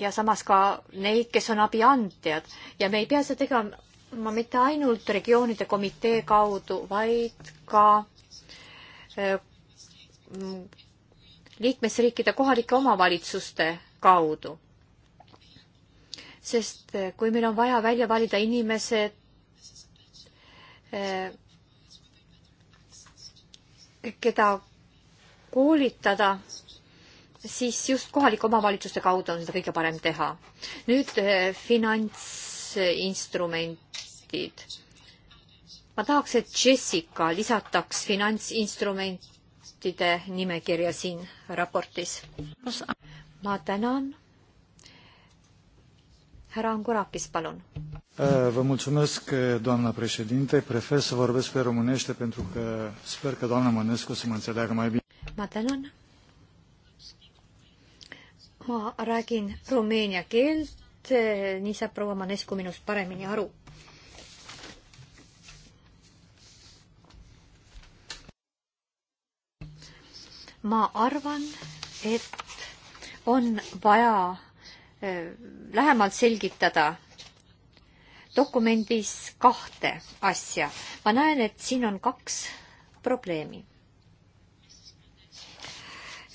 ja samas ka neid, kes on abiandjad ja me ei pea seda tegema mitte ainult regioonide komitee kaudu, vaid ka äh, liikmesriikide kohalike omavalitsuste kaudu. sest kui meil on vaja välja valida inimesed, Eh, keda koolitada, siis just kohalike omavalitsuste kaudu on seda kõige parem teha. nüüd eh, finantsinstrumentid. ma tahaks, et Jessica lisataks finantsinstrumentide nimekirja siin raportis. ma tänan härra Angurakis, palun. Vă mulțumesc, doamna președinte. Prefer să vorbesc pe românește pentru că sper că doamna Mănescu să mă înțeleagă mai bine. Ma tänan. Ma räägin rumeenia keelt, nii saab proua Mănescu minust paremini aru. ma arvan, et on vaja Äh, lähemalt selgitada dokumendis kahte asja. ma näen, et siin on kaks probleemi.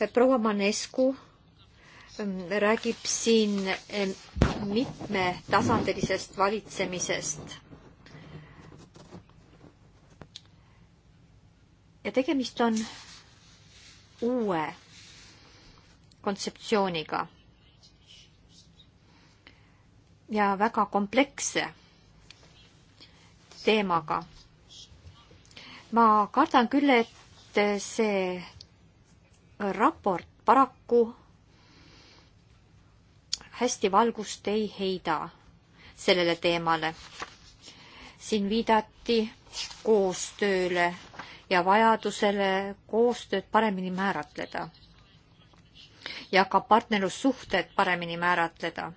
Äh, proua Manescu ähm, räägib siin ähm, mitmetasandilisest valitsemisest. ja tegemist on uue kontseptsiooniga ja väga kompleksse teemaga. ma kardan küll, et see raport paraku hästi valgust ei heida sellele teemale. siin viidati koostööle ja vajadusele koostööd paremini määratleda ja ka partnerlussuhted paremini määratleda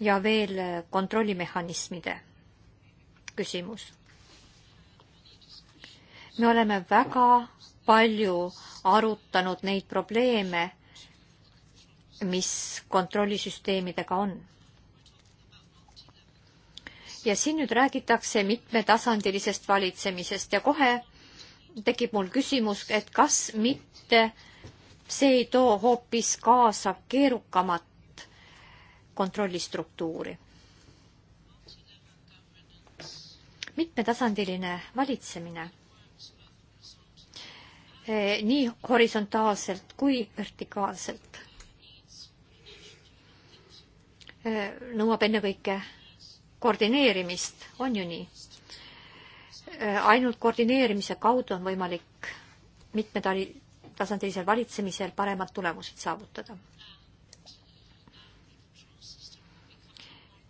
ja veel kontrollimehhanismide küsimus. me oleme väga palju arutanud neid probleeme, mis kontrollisüsteemidega on. ja siin nüüd räägitakse mitmetasandilisest valitsemisest ja kohe tekib mul küsimus, et kas mitte see ei too hoopis kaasa keerukamat kontrollistruktuuri. mitmetasandiline valitsemine nii horisontaalselt kui vertikaalselt nõuab ennekõike koordineerimist, on ju nii? ainult koordineerimise kaudu on võimalik mitmetasandilisel valitsemisel paremad tulemused saavutada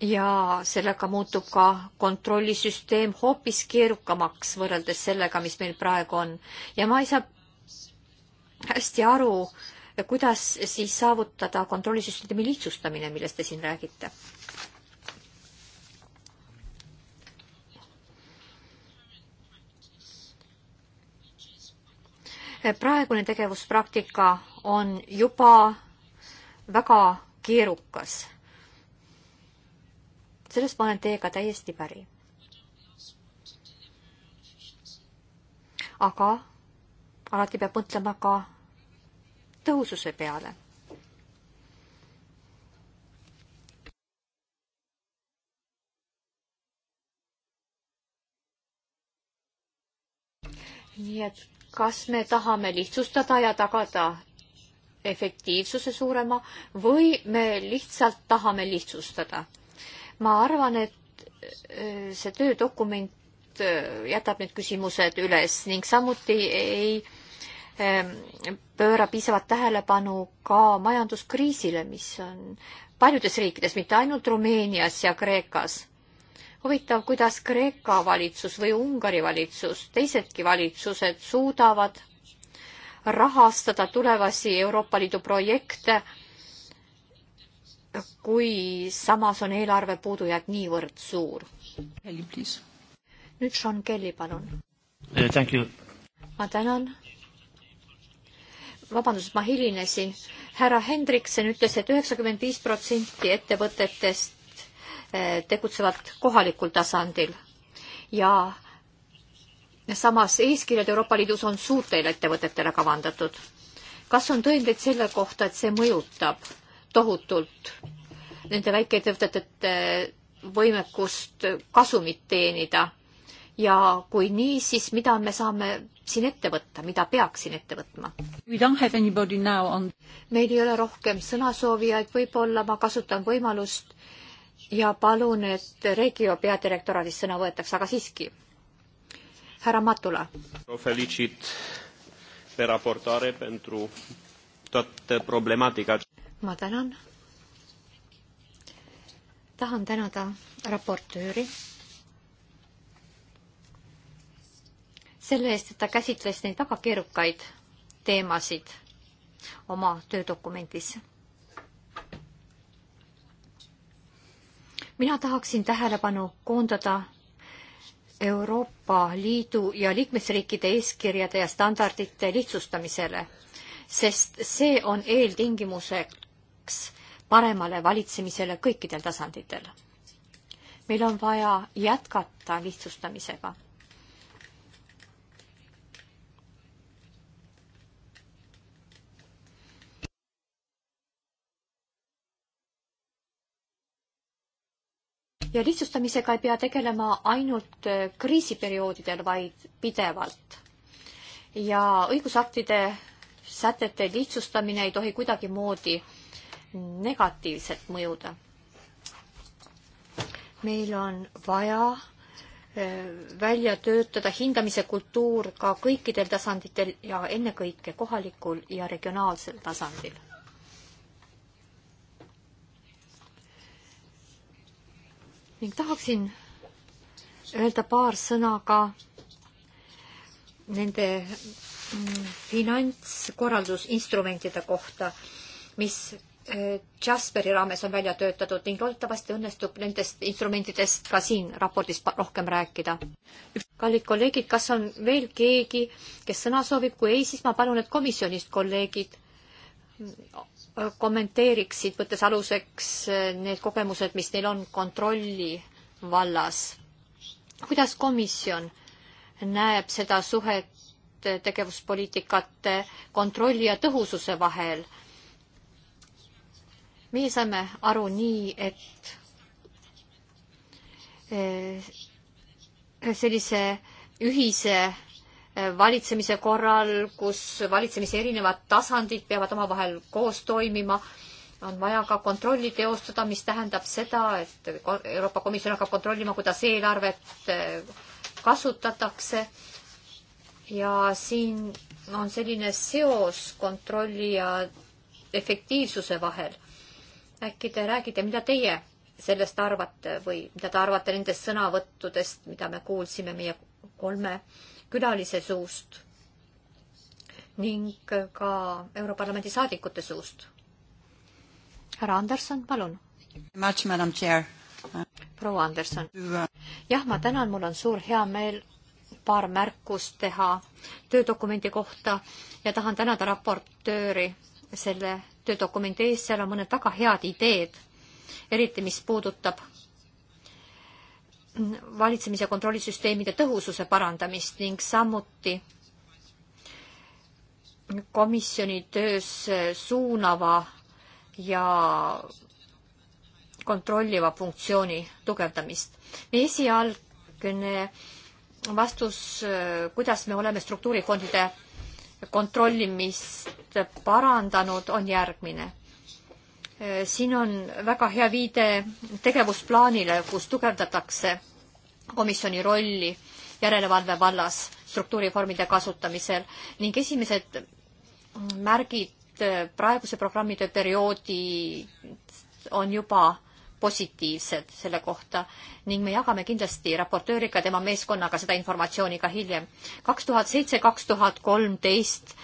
ja sellega muutub ka kontrollisüsteem hoopis keerukamaks võrreldes sellega, mis meil praegu on. ja ma ei saa hästi aru, kuidas siis saavutada kontrollisüsteemi lihtsustamine, millest te siin räägite. praegune tegevuspraktika on juba väga keerukas selles ma olen teiega täiesti päri. aga alati peab mõtlema ka tõhususe peale nii et kas me tahame lihtsustada ja tagada efektiivsuse suurema või me lihtsalt tahame lihtsustada? ma arvan, et äh, see töödokument äh, jätab need küsimused üles ning samuti ei ähm, pööra piisavat tähelepanu ka majanduskriisile, mis on paljudes riikides, mitte ainult Rumeenias ja Kreekas. huvitav, kuidas Kreeka valitsus või Ungari valitsus, teisedki valitsused suudavad rahastada tulevasi Euroopa Liidu projekte kui samas on eelarve puudujääk niivõrd suur. nüüd Sean Kelly, palun. Eh, ma tänan. vabandust, ma hilinesin. härra Hendriksen ütles et, et üheksakümmend viis protsenti ettevõtetest eh, tegutsevad kohalikul tasandil ja samas eeskirjad Euroopa Liidus on suurtele ettevõtetele kavandatud. kas on tõendeid selle kohta, et see mõjutab tohutult nende väikeettevõtete võimekust kasumit teenida. ja kui nii, siis mida me saame siin ette võtta, mida peaks siin ette võtma? On... meil ei ole rohkem sõnasoovijaid, võib-olla ma kasutan võimalust ja palun, et Regio peadirektoraadis sõna võetakse, aga siiski. härra Matula. felicit pe raportoare pentru toată problematica ma tänan. tahan tänada raportööri selle eest, et ta käsitles neid väga keerukaid teemasid oma töödokumendis. mina tahaksin tähelepanu koondada Euroopa Liidu ja liikmesriikide eeskirjade ja standardite lihtsustamisele, sest see on eeltingimuseks paneks paremale valitsemisele kõikidel tasanditel. meil on vaja jätkata lihtsustamisega. ja lihtsustamisega ei pea tegelema ainult kriisiperioodidel, vaid pidevalt. ja õigusaktide sätete lihtsustamine ei tohi kuidagimoodi äh, negatiivset mõjuda. meil on vaja eh, välja töötada hindamise kultuur ka kõikidel tasanditel ja ennekõike kohalikul ja regionaalsel tasandil. ning tahaksin öelda paar sõna ka nende mm, finantskorraldusinstrumentide kohta, mis Jasperi raames on välja töötatud ning loodetavasti õnnestub nendest instrumentidest ka siin raportis rohkem rääkida. kallid kolleegid, kas on veel keegi, kes sõna soovib, kui ei, siis ma palun, et komisjonist kolleegid kommenteeriksid, võttes aluseks need kogemused, mis neil on kontrolli vallas. kuidas komisjon näeb seda suhet tegevuspoliitikate kontrolli ja tõhususe vahel? meie saime aru nii, et eh, sellise ühise eh, valitsemise korral, kus valitsemise erinevad tasandid peavad omavahel koos toimima, on vaja ka kontrolli teostada, mis tähendab seda, et Euroopa Komisjon hakkab kontrollima, kuidas eelarvet eh, kasutatakse. ja siin on selline seos kontrolli ja efektiivsuse vahel äkki te räägite, mida teie sellest arvate või mida te arvate nendest sõnavõttudest, mida me kuulsime meie kolme külalise suust ning ka Europarlamendi saadikute suust. härra Anderson, palun. proua Anderson. Uh, jah, ma tänan, mul on suur heameel paar märkust teha töödokumendi kohta ja tahan tänada raportööri selle dokumendi ees, seal on mõned väga head ideed, eriti mis puudutab valitsemis- ja kontrollisüsteemide tõhususe parandamist ning samuti komisjoni töös suunava ja kontrolliva funktsiooni tugevdamist. meie esialgne vastus, kuidas me oleme struktuurifondide kontrollimist parandanud, on järgmine. siin on väga hea viide tegevusplaanile, kus tugevdatakse komisjoni rolli järelevalve vallas struktuurifondide kasutamisel ning esimesed märgid praeguse programmide perioodi on juba positiivsed selle kohta ning me jagame kindlasti raportööriga, tema meeskonnaga seda informatsiooni ka hiljem. kaks tuhat seitse, kaks tuhat kolmteist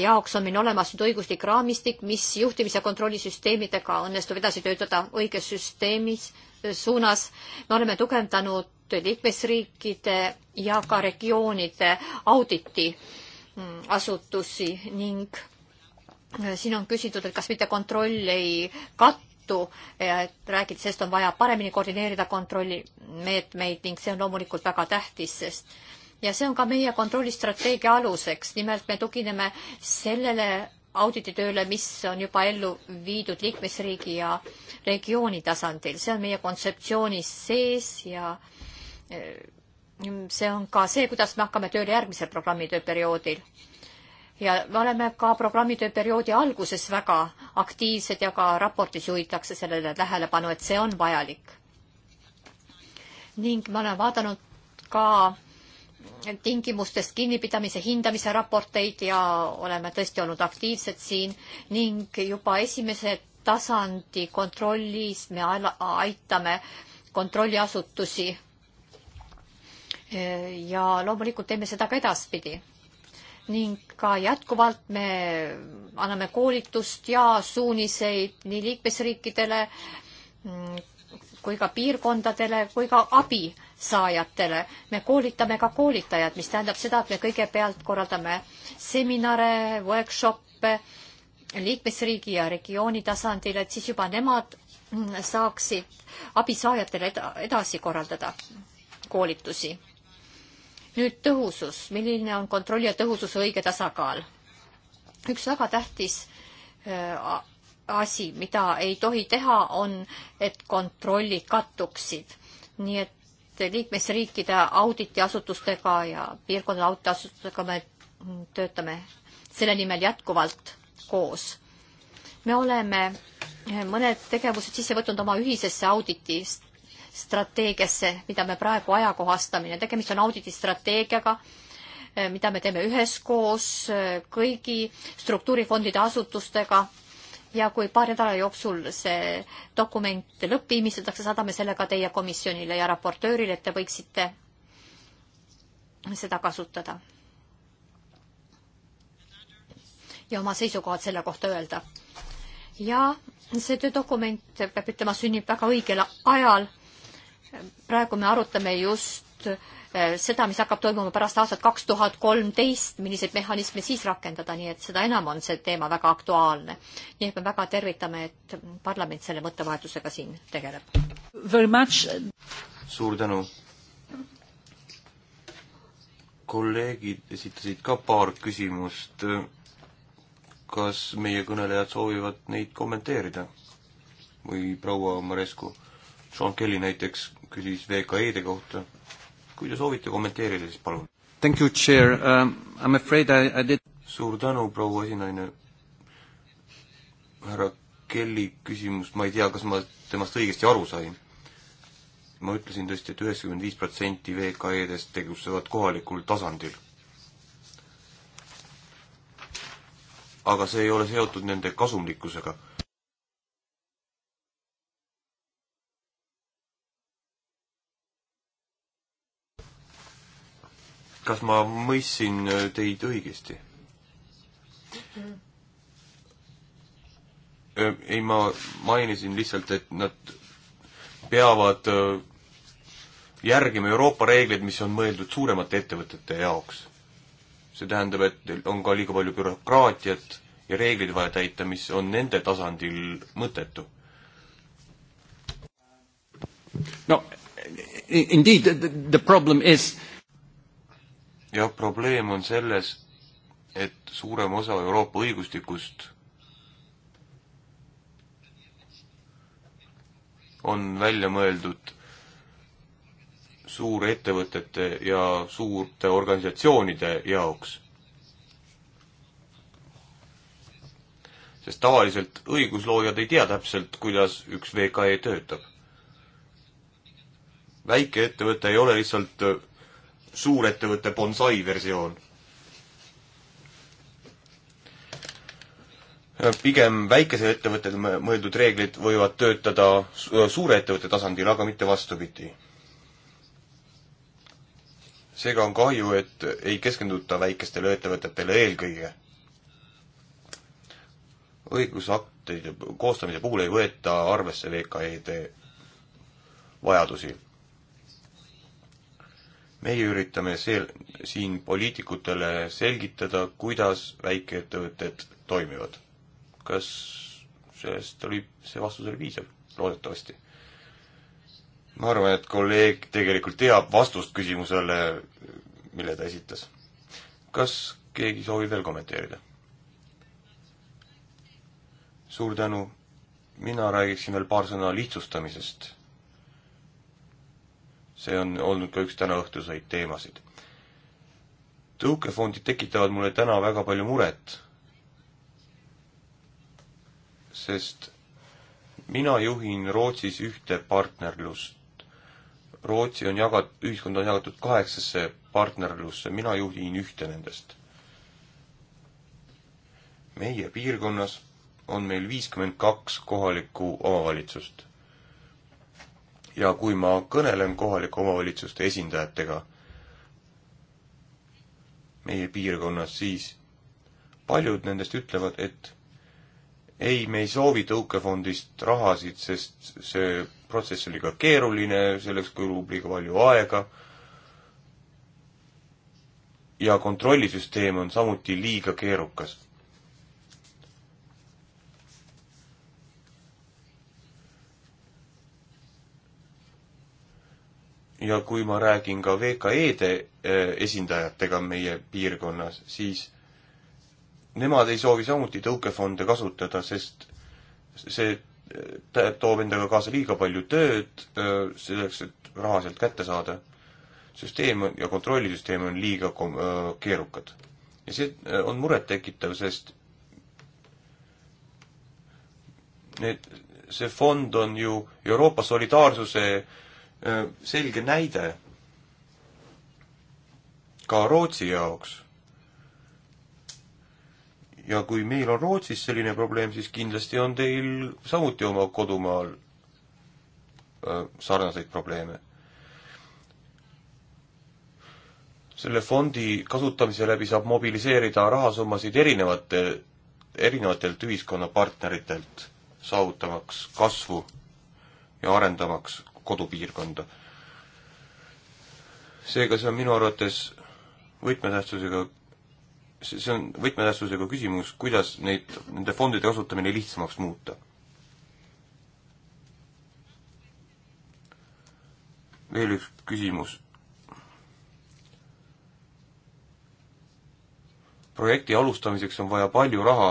jaoks on meil olemas nüüd õiguslik raamistik, mis juhtimis- ja kontrollisüsteemidega õnnestub edasi töötada õiges süsteemis äh, suunas. me oleme tugevdanud liikmesriikide ja ka regioonide auditi mm, asutusi ning äh, siin on küsitud, et kas mitte kontroll ei kattu tõttu, et räägiti, sest on vaja paremini koordineerida kontrollimeetmeid ning see on loomulikult väga tähtis, sest ja see on ka meie kontrollistrateegia aluseks, nimelt me tugineme sellele audititööle, mis on juba ellu viidud liikmesriigi ja regiooni tasandil, see on meie kontseptsioonis sees ja eh, see on ka see, kuidas me hakkame tööle järgmisel programmitööperioodil ja me oleme ka programmitöö perioodi alguses väga aktiivsed ja ka raportis juhitakse sellele tähelepanu, et see on vajalik. ning ma olen vaadanud ka tingimustest kinnipidamise hindamise raporteid ja oleme tõesti olnud aktiivsed siin ning juba esimese tasandi kontrollis me aitame kontrolliasutusi. ja loomulikult teeme seda ka edaspidi ning ka jätkuvalt me anname koolitust ja suuniseid nii liikmesriikidele mm, kui ka piirkondadele kui ka abisaajatele. me koolitame ka koolitajad, mis tähendab seda, et me kõigepealt korraldame seminare, workshop'e liikmesriigi ja regiooni tasandil, et siis juba nemad mm, saaksid abisaajatele edasi korraldada koolitusi nüüd tõhusus, milline on kontrolli ja tõhususe õige tasakaal? üks väga tähtis äh, asi, mida ei tohi teha, on, et kontrollid kattuksid. nii et liikmesriikide auditiasutustega ja piirkondade auditiasutustega me töötame selle nimel jätkuvalt koos. me oleme mõned tegevused sisse võtnud oma ühisesse auditist strateegiasse, mida me praegu ajakohastamine, tegemist on auditistrateegiaga, eh, mida me teeme üheskoos eh, kõigi struktuurifondide asutustega ja kui paari nädala jooksul see dokument lõppviimistletakse, saadame selle ka teie komisjonile ja raportöörile, et te võiksite seda kasutada. ja oma seisukohad selle kohta öelda. ja see töödokument, peab ütlema, sünnib väga õigel ajal praegu me arutame just eh, seda, mis hakkab toimuma pärast aastat kaks tuhat kolmteist, milliseid mehhanisme siis rakendada, nii et seda enam on see teema väga aktuaalne. nii et me väga tervitame, et parlament selle mõttevahetusega siin tegeleb. suur tänu. kolleegid esitasid ka paar küsimust. kas meie kõnelejad soovivad neid kommenteerida? või proua Marescu? Sean Kelly näiteks küsis VKE-de kohta. kui te soovite kommenteerida, siis palun. Thank you, chair um,, I am afraid I, I did suur tänu, proua esinaine. härra Kelly küsimus, ma ei tea, kas ma temast õigesti aru sain. ma ütlesin tõesti et, et üheksakümmend viis protsenti VKE-dest tegutsevad kohalikul tasandil. aga see ei ole seotud nende kasumlikkusega kas ma mõistsin äh, teid õigesti? Äh, ei, ma mainisin lihtsalt, et nad peavad äh, järgima Euroopa reegleid, mis on mõeldud suuremate ettevõtete jaoks. see tähendab, et on ka liiga palju bürokraatiat ja reegleid vaja täita, mis on nende tasandil mõttetu. no indeed the, the problem is ja probleem on selles, et suurem osa Euroopa õigustikust on välja mõeldud suurettevõtete ja suurte organisatsioonide jaoks. sest tavaliselt õigusloojad ei tea täpselt, kuidas üks VKE töötab. väikeettevõte ei ole lihtsalt suurettevõtte bonsai versioon. pigem väikese ettevõttele mõeldud reeglid võivad töötada suure ettevõtte tasandil, aga mitte vastupidi. seega on kahju, et ei keskenduta väikestele ettevõtetele eelkõige. õigusaktide koostamise puhul ei võeta arvesse VKE-de vajadusi meie üritame sel-, siin poliitikutele selgitada, kuidas väikeettevõtted toimivad. kas sellest oli, see vastus oli piisav? loodetavasti. ma arvan, et kolleeg tegelikult teab vastust küsimusele, mille ta esitas. kas keegi soovib veel kommenteerida? suur tänu, mina räägiksin veel paar sõna lihtsustamisest see on olnud ka üks tänaõhtuseid teemasid. tõukefondid tekitavad mulle täna väga palju muret, sest mina juhin Rootsis ühte partnerlust. Rootsi on jagat-, ühiskond on jagatud kaheksasse partnerlusse, mina juhin ühte nendest. meie piirkonnas on meil viiskümmend kaks kohalikku omavalitsust ja kui ma kõnelen kohalike omavalitsuste esindajatega meie piirkonnas, siis paljud nendest ütlevad, et ei, me ei soovi tõukefondist rahasid, sest see protsess on liiga keeruline, selleks kulub liiga palju aega ja kontrollisüsteem on samuti liiga keerukas ja kui ma räägin ka VKE-de eh, esindajatega meie piirkonnas, siis nemad ei soovi samuti tõukefonde kasutada, sest see eh, toob endaga kaasa liiga palju tööd eh, selleks, et raha sealt kätte saada. süsteem ja kontrollisüsteem on liiga keerukad. ja see on murettekitav, sest need, see fond on ju Euroopa solidaarsuse äh, Äh, selge näide ka Rootsi jaoks. ja kui meil on Rootsis selline probleem, siis kindlasti on teil samuti oma kodumaal äh, sarnaseid probleeme. selle fondi kasutamise läbi saab mobiliseerida rahasummasid erinevate, erinevatelt ühiskonnapartneritelt, saavutamaks kasvu ja arendamaks kodupiirkonda. seega see on minu arvates võtmetähtsusega, see on võtmetähtsusega küsimus, kuidas neid, nende fondide kasutamine lihtsamaks muuta. veel üks küsimus. projekti alustamiseks on vaja palju raha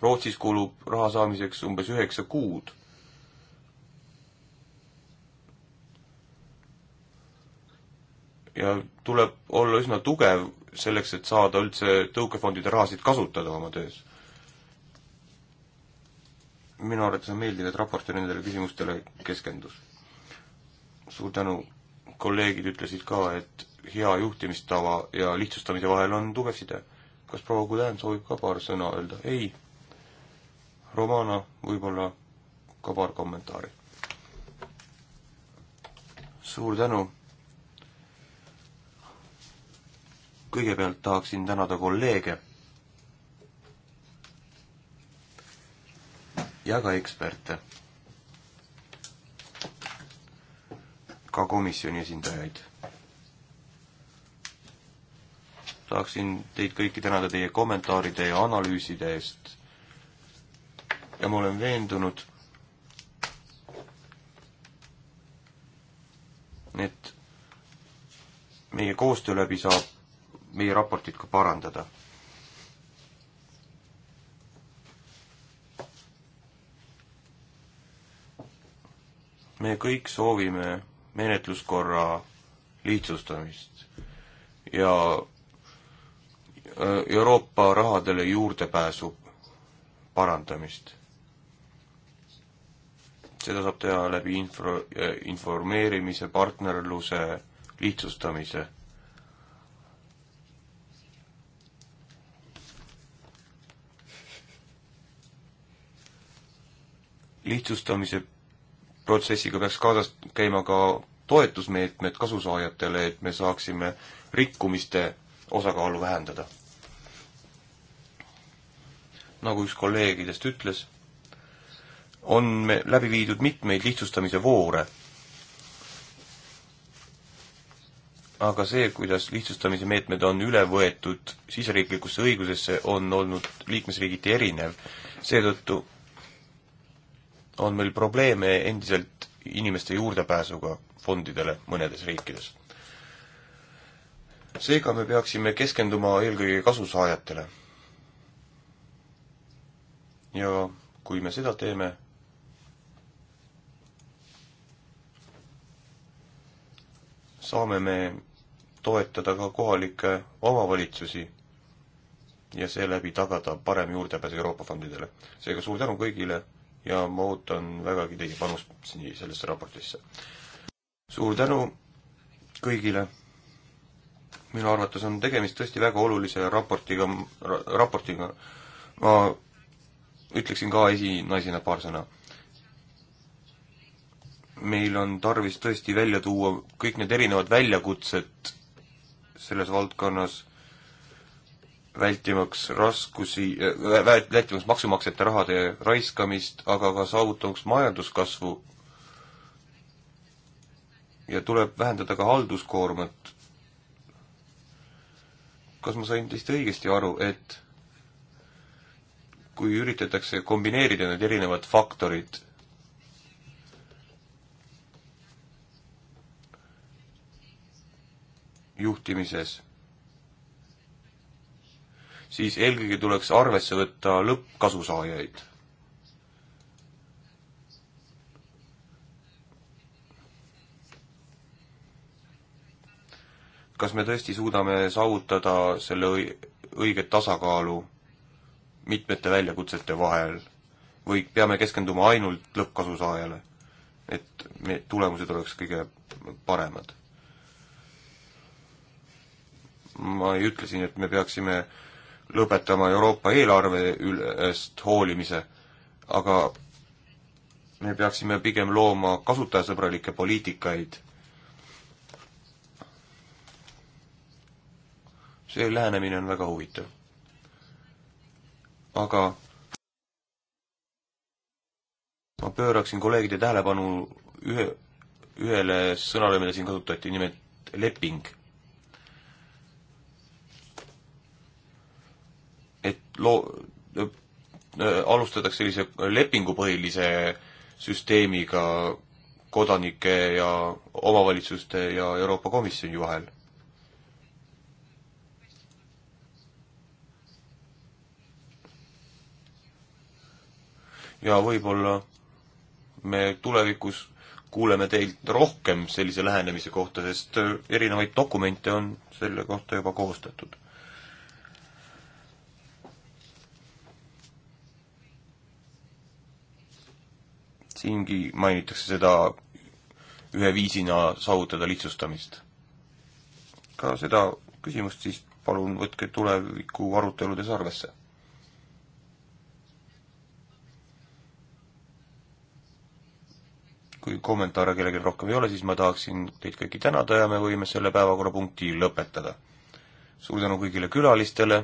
Rootsis kulub raha saamiseks umbes üheksa kuud. ja tuleb olla üsna tugev selleks, et saada üldse tõukefondide rahasid kasutada oma töös. minu arvates on meeldiv, et raportöör nendele küsimustele keskendus. suur tänu, kolleegid ütlesid ka, et hea juhtimistava ja lihtsustamise vahel on tugev side. kas proua Kuden soovib ka paar sõna öelda? ei Romana, võib-olla ka paar kommentaari. suur tänu! kõigepealt tahaksin tänada kolleege ja ka eksperte, ka komisjoni esindajaid. tahaksin teid kõiki tänada teie kommentaaride ja analüüside eest ja ma olen veendunud, et meie koostöö läbi saab meie raportit ka parandada. me kõik soovime menetluskorra lihtsustamist ja äh, Euroopa rahadele juurdepääsu parandamist seda saab teha läbi info, informeerimise, partnerluse, lihtsustamise. lihtsustamise protsessiga peaks kaasas käima ka toetusmeetmed kasusaajatele, et me saaksime rikkumiste osakaalu vähendada. nagu üks kolleegidest ütles on me läbi viidud mitmeid lihtsustamise voore. aga see, kuidas lihtsustamise meetmed on üle võetud siseriiklikusse õigusesse, on olnud liikmesriigiti erinev. seetõttu on meil probleeme endiselt inimeste juurdepääsuga fondidele mõnedes riikides. seega me peaksime keskenduma eelkõige kasusaajatele. ja kui me seda teeme, saame me toetada ka kohalikke omavalitsusi ja seeläbi tagada parem juurdepääs Euroopa fondidele. seega suur tänu kõigile ja ma ootan vägagi teie panust nii sellesse raportisse. suur tänu kõigile. minu arvates on tegemist tõesti väga olulise raportiga ra,, raportiga. ma ütleksin ka esinaisena paar sõna meil on tarvis tõesti välja tuua kõik need erinevad väljakutsed selles valdkonnas, vältimaks raskusi, äh, vältimaks maksumaksjate rahade raiskamist, aga ka saavutamaks majanduskasvu. ja tuleb vähendada ka halduskoormat. kas ma sain teist õigesti aru, et kui üritatakse kombineerida need erinevad faktorid juhtimises, siis eelkõige tuleks arvesse võtta lõppkasusaajaid. kas me tõesti suudame saavutada selle õige tasakaalu mitmete väljakutsete vahel või peame keskenduma ainult lõppkasusaajale, et me tulemused oleks kõige paremad? ma ei ütle siin, et me peaksime lõpetama Euroopa eelarve ülest hoolimise, aga me peaksime pigem looma kasutajasõbralikke poliitikaid. see lähenemine on väga huvitav. aga ma pööraksin kolleegide tähelepanu ühe, ühele sõnale, mida siin kasutati, nimelt leping et loo-, äh, alustatakse sellise lepingupõhilise süsteemiga kodanike ja omavalitsuste ja Euroopa Komisjoni vahel ja võib-olla me tulevikus kuuleme teilt rohkem sellise lähenemise kohta, sest erinevaid dokumente on selle kohta juba koostatud. siingi mainitakse seda ühe viisina saavutada lihtsustamist. ka seda küsimust siis palun võtke tuleviku aruteludes arvesse. kui kommentaare kellelgi rohkem ei ole, siis ma tahaksin teid kõiki tänada ja me võime selle päevakorrapunkti lõpetada. suur tänu kõigile külalistele